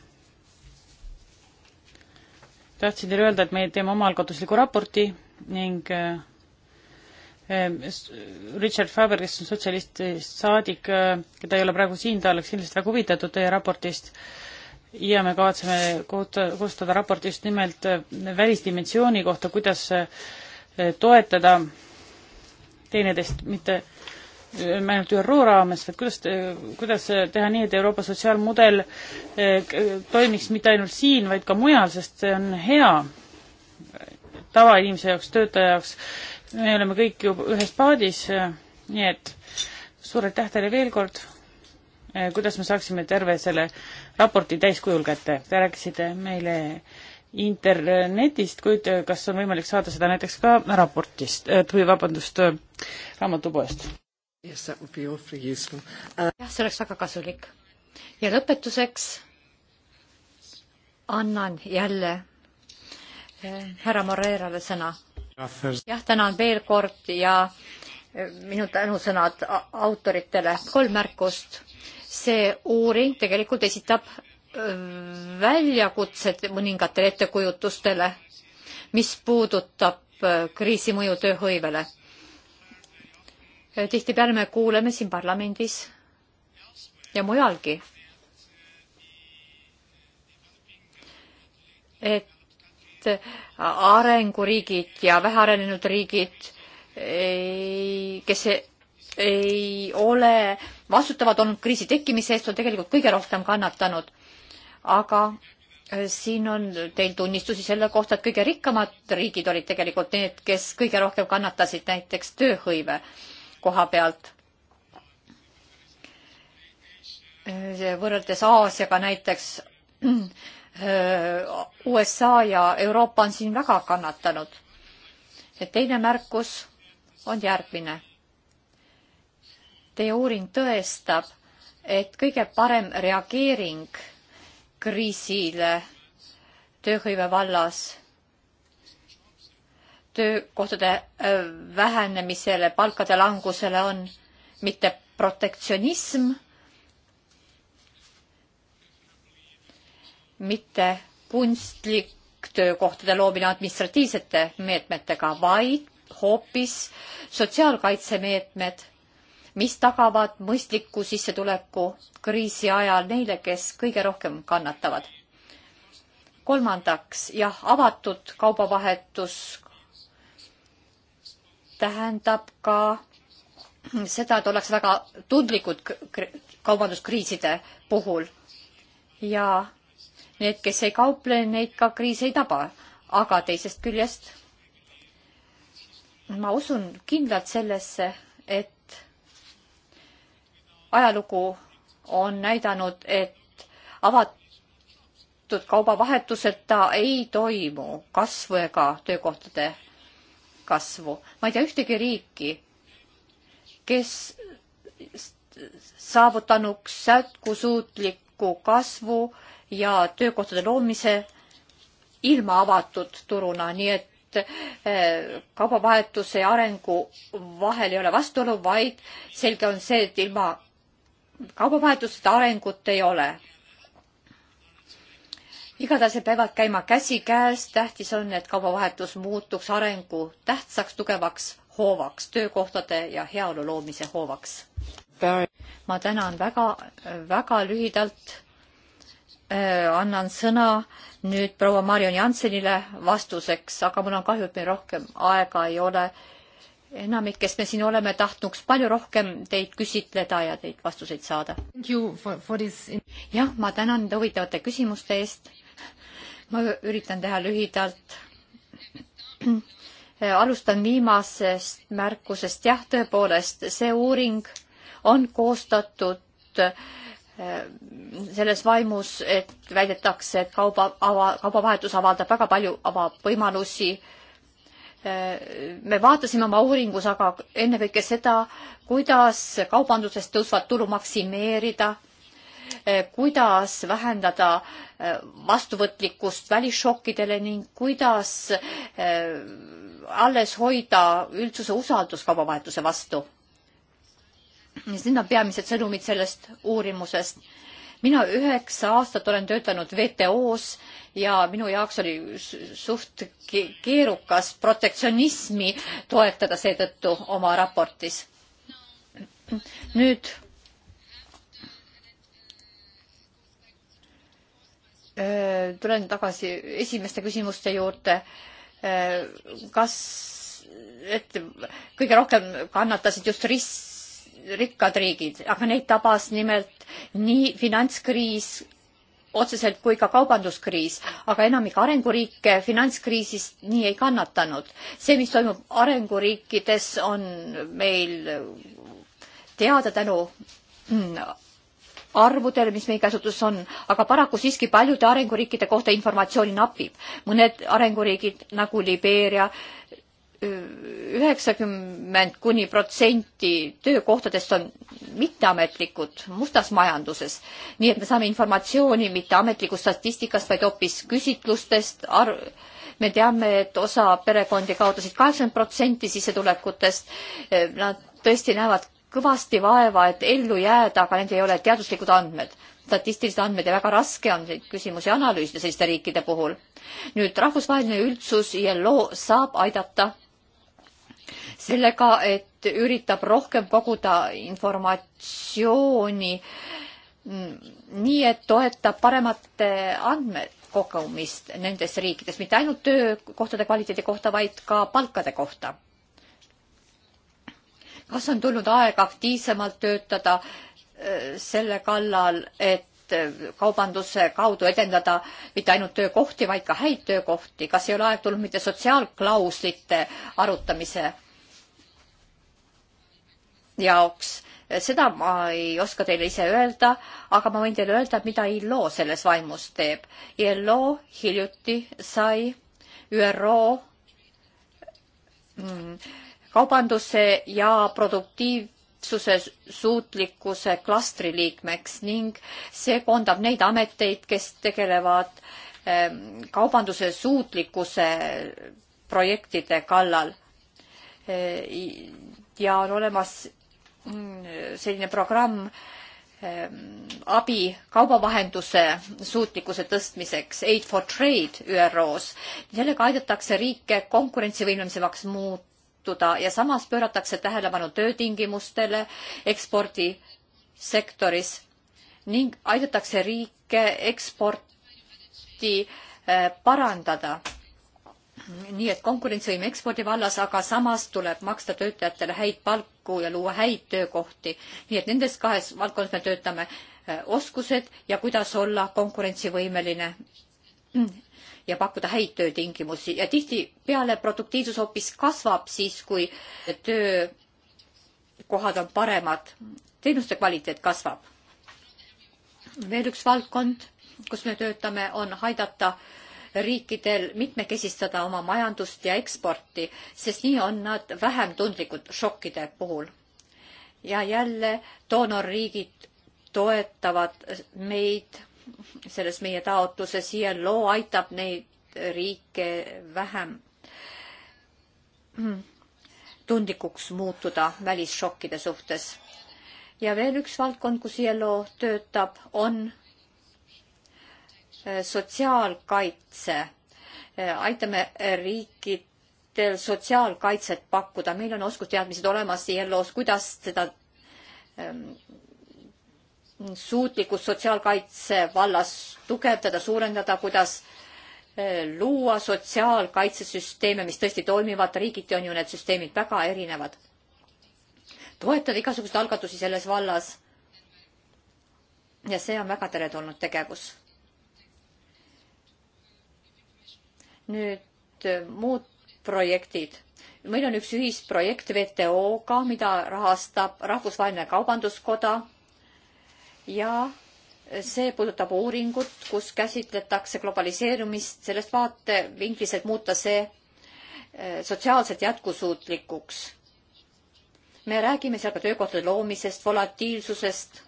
tahtsin teile öelda, et me teeme omaalgatusliku raporti ning äh, äh, Richard Faber, kes on sotsialistist saadik, äh, keda ei ole praegu siin, ta oleks kindlasti väga huvitatud teie raportist ja me kavatseme koostada raporti just nimelt välisdimensiooni kohta, kuidas toetada teineteist mitte ainult ÜRO raames, vaid kuidas, kuidas teha nii, et Euroopa sotsiaalmudel eh, toimiks mitte ainult siin, vaid ka mujal, sest see on hea tavainimese jaoks, töötaja jaoks. me oleme kõik ju ühes paadis, eh, nii et suur aitäh teile veel kord. Eh, kuidas me saaksime terve selle raporti täiskujul kätte? Te rääkisite meile internetist, kuid kas on võimalik saada seda näiteks ka raportist või vabandust, raamatupoest? Yes, that would be awfully useful uh.... jah, see oleks väga kasulik. ja lõpetuseks annan jälle eh, härra Moreerale sõna. jah, tänan veel kord ja eh, minu tänusõnad autoritele. kolm märkust. see uuring tegelikult esitab eh, väljakutsed mõningatele ettekujutustele, mis puudutab kriisi mõju tööhõivele tihtipeale me kuuleme siin parlamendis ja mujalgi, et arenguriigid ja vähearenenud riigid, kes ei ole vastutavad olnud kriisi tekkimise eest, on tegelikult kõige rohkem kannatanud. aga äh, siin on teil tunnistusi selle kohta, et kõige rikkamad riigid olid tegelikult need, kes kõige rohkem kannatasid, näiteks tööhõive koha pealt. võrreldes Aasiaga näiteks äh, USA ja Euroopa on siin väga kannatanud. ja teine märkus on järgmine. Teie uuring tõestab, et kõige parem reageering kriisile tööhõive vallas töökohtade vähenemisele, palkade langusele on mitte protektsionism, mitte kunstlik töökohtade loomine administratiivsete meetmetega, vaid hoopis sotsiaalkaitsemeetmed, mis tagavad mõistliku sissetuleku kriisi ajal neile, kes kõige rohkem kannatavad. kolmandaks, jah, avatud kaubavahetus tähendab ka seda, et ollakse väga tundlikud kaubanduskriiside puhul ja need, kes ei kauple, neid ka kriis ei taba. aga teisest küljest ma usun kindlalt sellesse, et ajalugu on näidanud, et avatud kaubavahetuseta ei toimu kasvu ega töökohtade majanduskasvu. ma ei tea ühtegi riiki, kes saavutanuks jätkusuutliku kasvu ja töökohtade loomise ilma avatud turuna, nii et eh, kaubavahetuse ja arengu vahel ei ole vastuolu, vaid selge on see, et ilma kaubavahetuseta arengut ei ole igatahes need peavad käima käsikäes, tähtis on, et kaubavahetus muutuks arengu tähtsaks tugevaks hoovaks, töökohtade ja heaolu loomise hoovaks. ma tänan väga, väga lühidalt äh, annan sõna nüüd proua Marion Jansenile vastuseks, aga mul on kahju, et meil rohkem aega ei ole. enamik, kes me siin oleme, tahtnuks palju rohkem teid küsitleda ja teilt vastuseid saada. jah, ma tänan nende huvitavate küsimuste eest ma üritan teha lühidalt. Eh, alustan viimasest märkusest. jah, tõepoolest, see uuring on koostatud eh, selles vaimus, et väidetakse, et kauba, ava, kaubavahetus avaldab väga palju, avab võimalusi. Eh, me vaatasime oma uuringus aga ennekõike seda, kuidas kaubanduses tõusvat tulu maksimeerida Eh, kuidas vähendada eh, vastuvõtlikkust välisšokkidele ning kuidas eh, alles hoida üldsuse usaldus kaubavahetuse vastu. Need on peamised sõnumid sellest uurimusest. mina üheksa aastat olen töötanud WTO-s ja minu jaoks oli suht keerukas protektsionismi toetada seetõttu oma raportis. nüüd Äh, tulen tagasi esimeste küsimuste juurde. Äh, kas, et kõige rohkem kannatasid just ris-, rikkad riigid, aga neid tabas nimelt nii finantskriis otseselt kui ka kaubanduskriis, aga enamik arenguriike finantskriisist nii ei kannatanud. see, mis toimub arenguriikides, on meil teada tänu mm, arvudele, mis meie käsutuses on, aga paraku siiski paljude arenguriikide kohta informatsiooni napib. mõned arenguriigid nagu Libeeria, üheksakümmend kuni protsenti töökohtadest on mitteametlikud mustas majanduses. nii et me saame informatsiooni mitte ametlikust statistikast, vaid hoopis küsitlustest, arv, me teame, et osa perekondi kaotasid kaheksakümmend protsenti sissetulekutest, nad tõesti näevad kõvasti vaeva, et ellu jääda, aga need ei ole teaduslikud andmed, statistilised andmed ja väga raske on neid küsimusi analüüsida selliste riikide puhul. nüüd rahvusvaheline üldsus, ILO saab aidata sellega, et üritab rohkem koguda informatsiooni mm, nii, et toetab paremate andmed kogumist nendes riikides, mitte ainult töökohtade kvaliteedi kohta, vaid ka palkade kohta kas on tulnud aeg aktiivsemalt töötada äh, selle kallal, et äh, kaubanduse kaudu edendada mitte ainult töökohti, vaid ka häid töökohti, kas ei ole aeg tulnud mitte sotsiaalklauslite arutamise jaoks? Äh, seda ma ei oska teile ise öelda, aga ma võin teile öelda, mida ILO selles vaimus teeb. ILO hiljuti sai ÜRO mm, kaubanduse ja produktiivsuse suutlikkuse klastri liikmeks ning see koondab neid ameteid, kes tegelevad ähm, kaubanduse suutlikkuse projektide kallal. Äh, ja on olemas mm, selline programm ähm, abi kaubavahenduse suutlikkuse tõstmiseks, Aid for Trade ÜRO-s. sellega aidatakse riike konkurentsivõimelisemaks muuta muutuda ja samas pööratakse tähelepanu töötingimustele ekspordisektoris ning aidatakse riike eksporti äh, parandada. nii et konkurentsivõime ekspordi vallas, aga samas tuleb maksta töötajatele häid palku ja luua häid töökohti. nii et nendes kahes valdkonnas me töötame äh, oskused ja kuidas olla konkurentsivõimeline ja pakkuda häid töötingimusi ja tihtipeale produktiivsus hoopis kasvab siis, kui töökohad on paremad, teenuste kvaliteet kasvab. veel üks valdkond, kus me töötame, on aidata riikidel mitmekesistada oma majandust ja eksporti, sest nii on nad vähem tundlikud šokkide puhul. ja jälle doonorriigid toetavad meid selles meie taotluses ILO aitab neid riike vähem tundlikuks muutuda välisšokkide suhtes. ja veel üks valdkond, kus ILO töötab, on äh, sotsiaalkaitse. Äh, aitame riikidel sotsiaalkaitset pakkuda, meil on oskusteadmised olemas ILO-s, kuidas seda ähm, suutlikkust sotsiaalkaitse vallas tugevdada, suurendada, kuidas eh, luua sotsiaalkaitsesüsteeme, mis tõesti toimivad, riigiti on ju need süsteemid väga erinevad. toetada igasuguseid algatusi selles vallas. ja see on väga teretulnud tegevus. nüüd eh, muud projektid. meil on üks ühisprojekt WTO-ga, mida rahastab Rahvusvaheline Kaubanduskoda ja see puudutab uuringut, kus käsitletakse globaliseerumist sellest vaatevinklist, et muuta see eh, sotsiaalselt jätkusuutlikuks. me räägime seal ka töökohtade loomisest, volatiilsusest,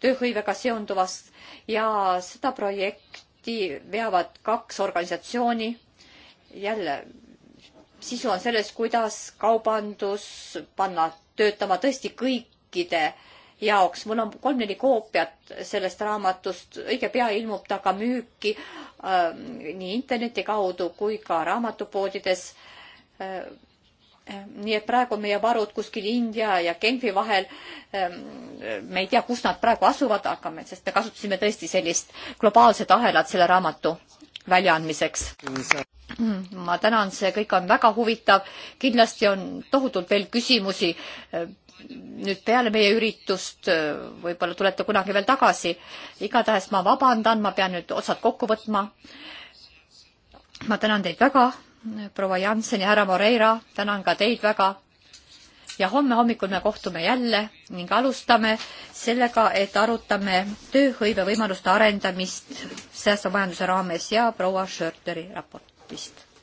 tööhõivega seonduvast ja seda projekti veavad kaks organisatsiooni. jälle, sisu on selles, kuidas kaubandus panna töötama tõesti kõikide äh, jaoks. mul on kolm-neli koopiat sellest raamatust, õige pea ilmub ta ka müüki äh, nii interneti kaudu kui ka raamatupoodides äh,. nii et praegu meie varud kuskil India ja Genfi vahel äh,, me ei tea, kus nad praegu asuvad, aga me, sest me kasutasime tõesti sellist globaalset ahelat selle raamatu väljaandmiseks mm, ma tänan, see kõik on väga huvitav. kindlasti on tohutult veel küsimusi äh, nüüd peale meie üritust, võib-olla tulete kunagi veel tagasi. igatahes ma vabandan, ma pean nüüd otsad kokku võtma. ma tänan teid väga, proua Jansen ja härra Moreira, tänan ka teid väga. ja homme hommikul me kohtume jälle ning alustame sellega, et arutame tööhõive võimaluste arendamist säästva majanduse raames ja proua Schörteri raportist.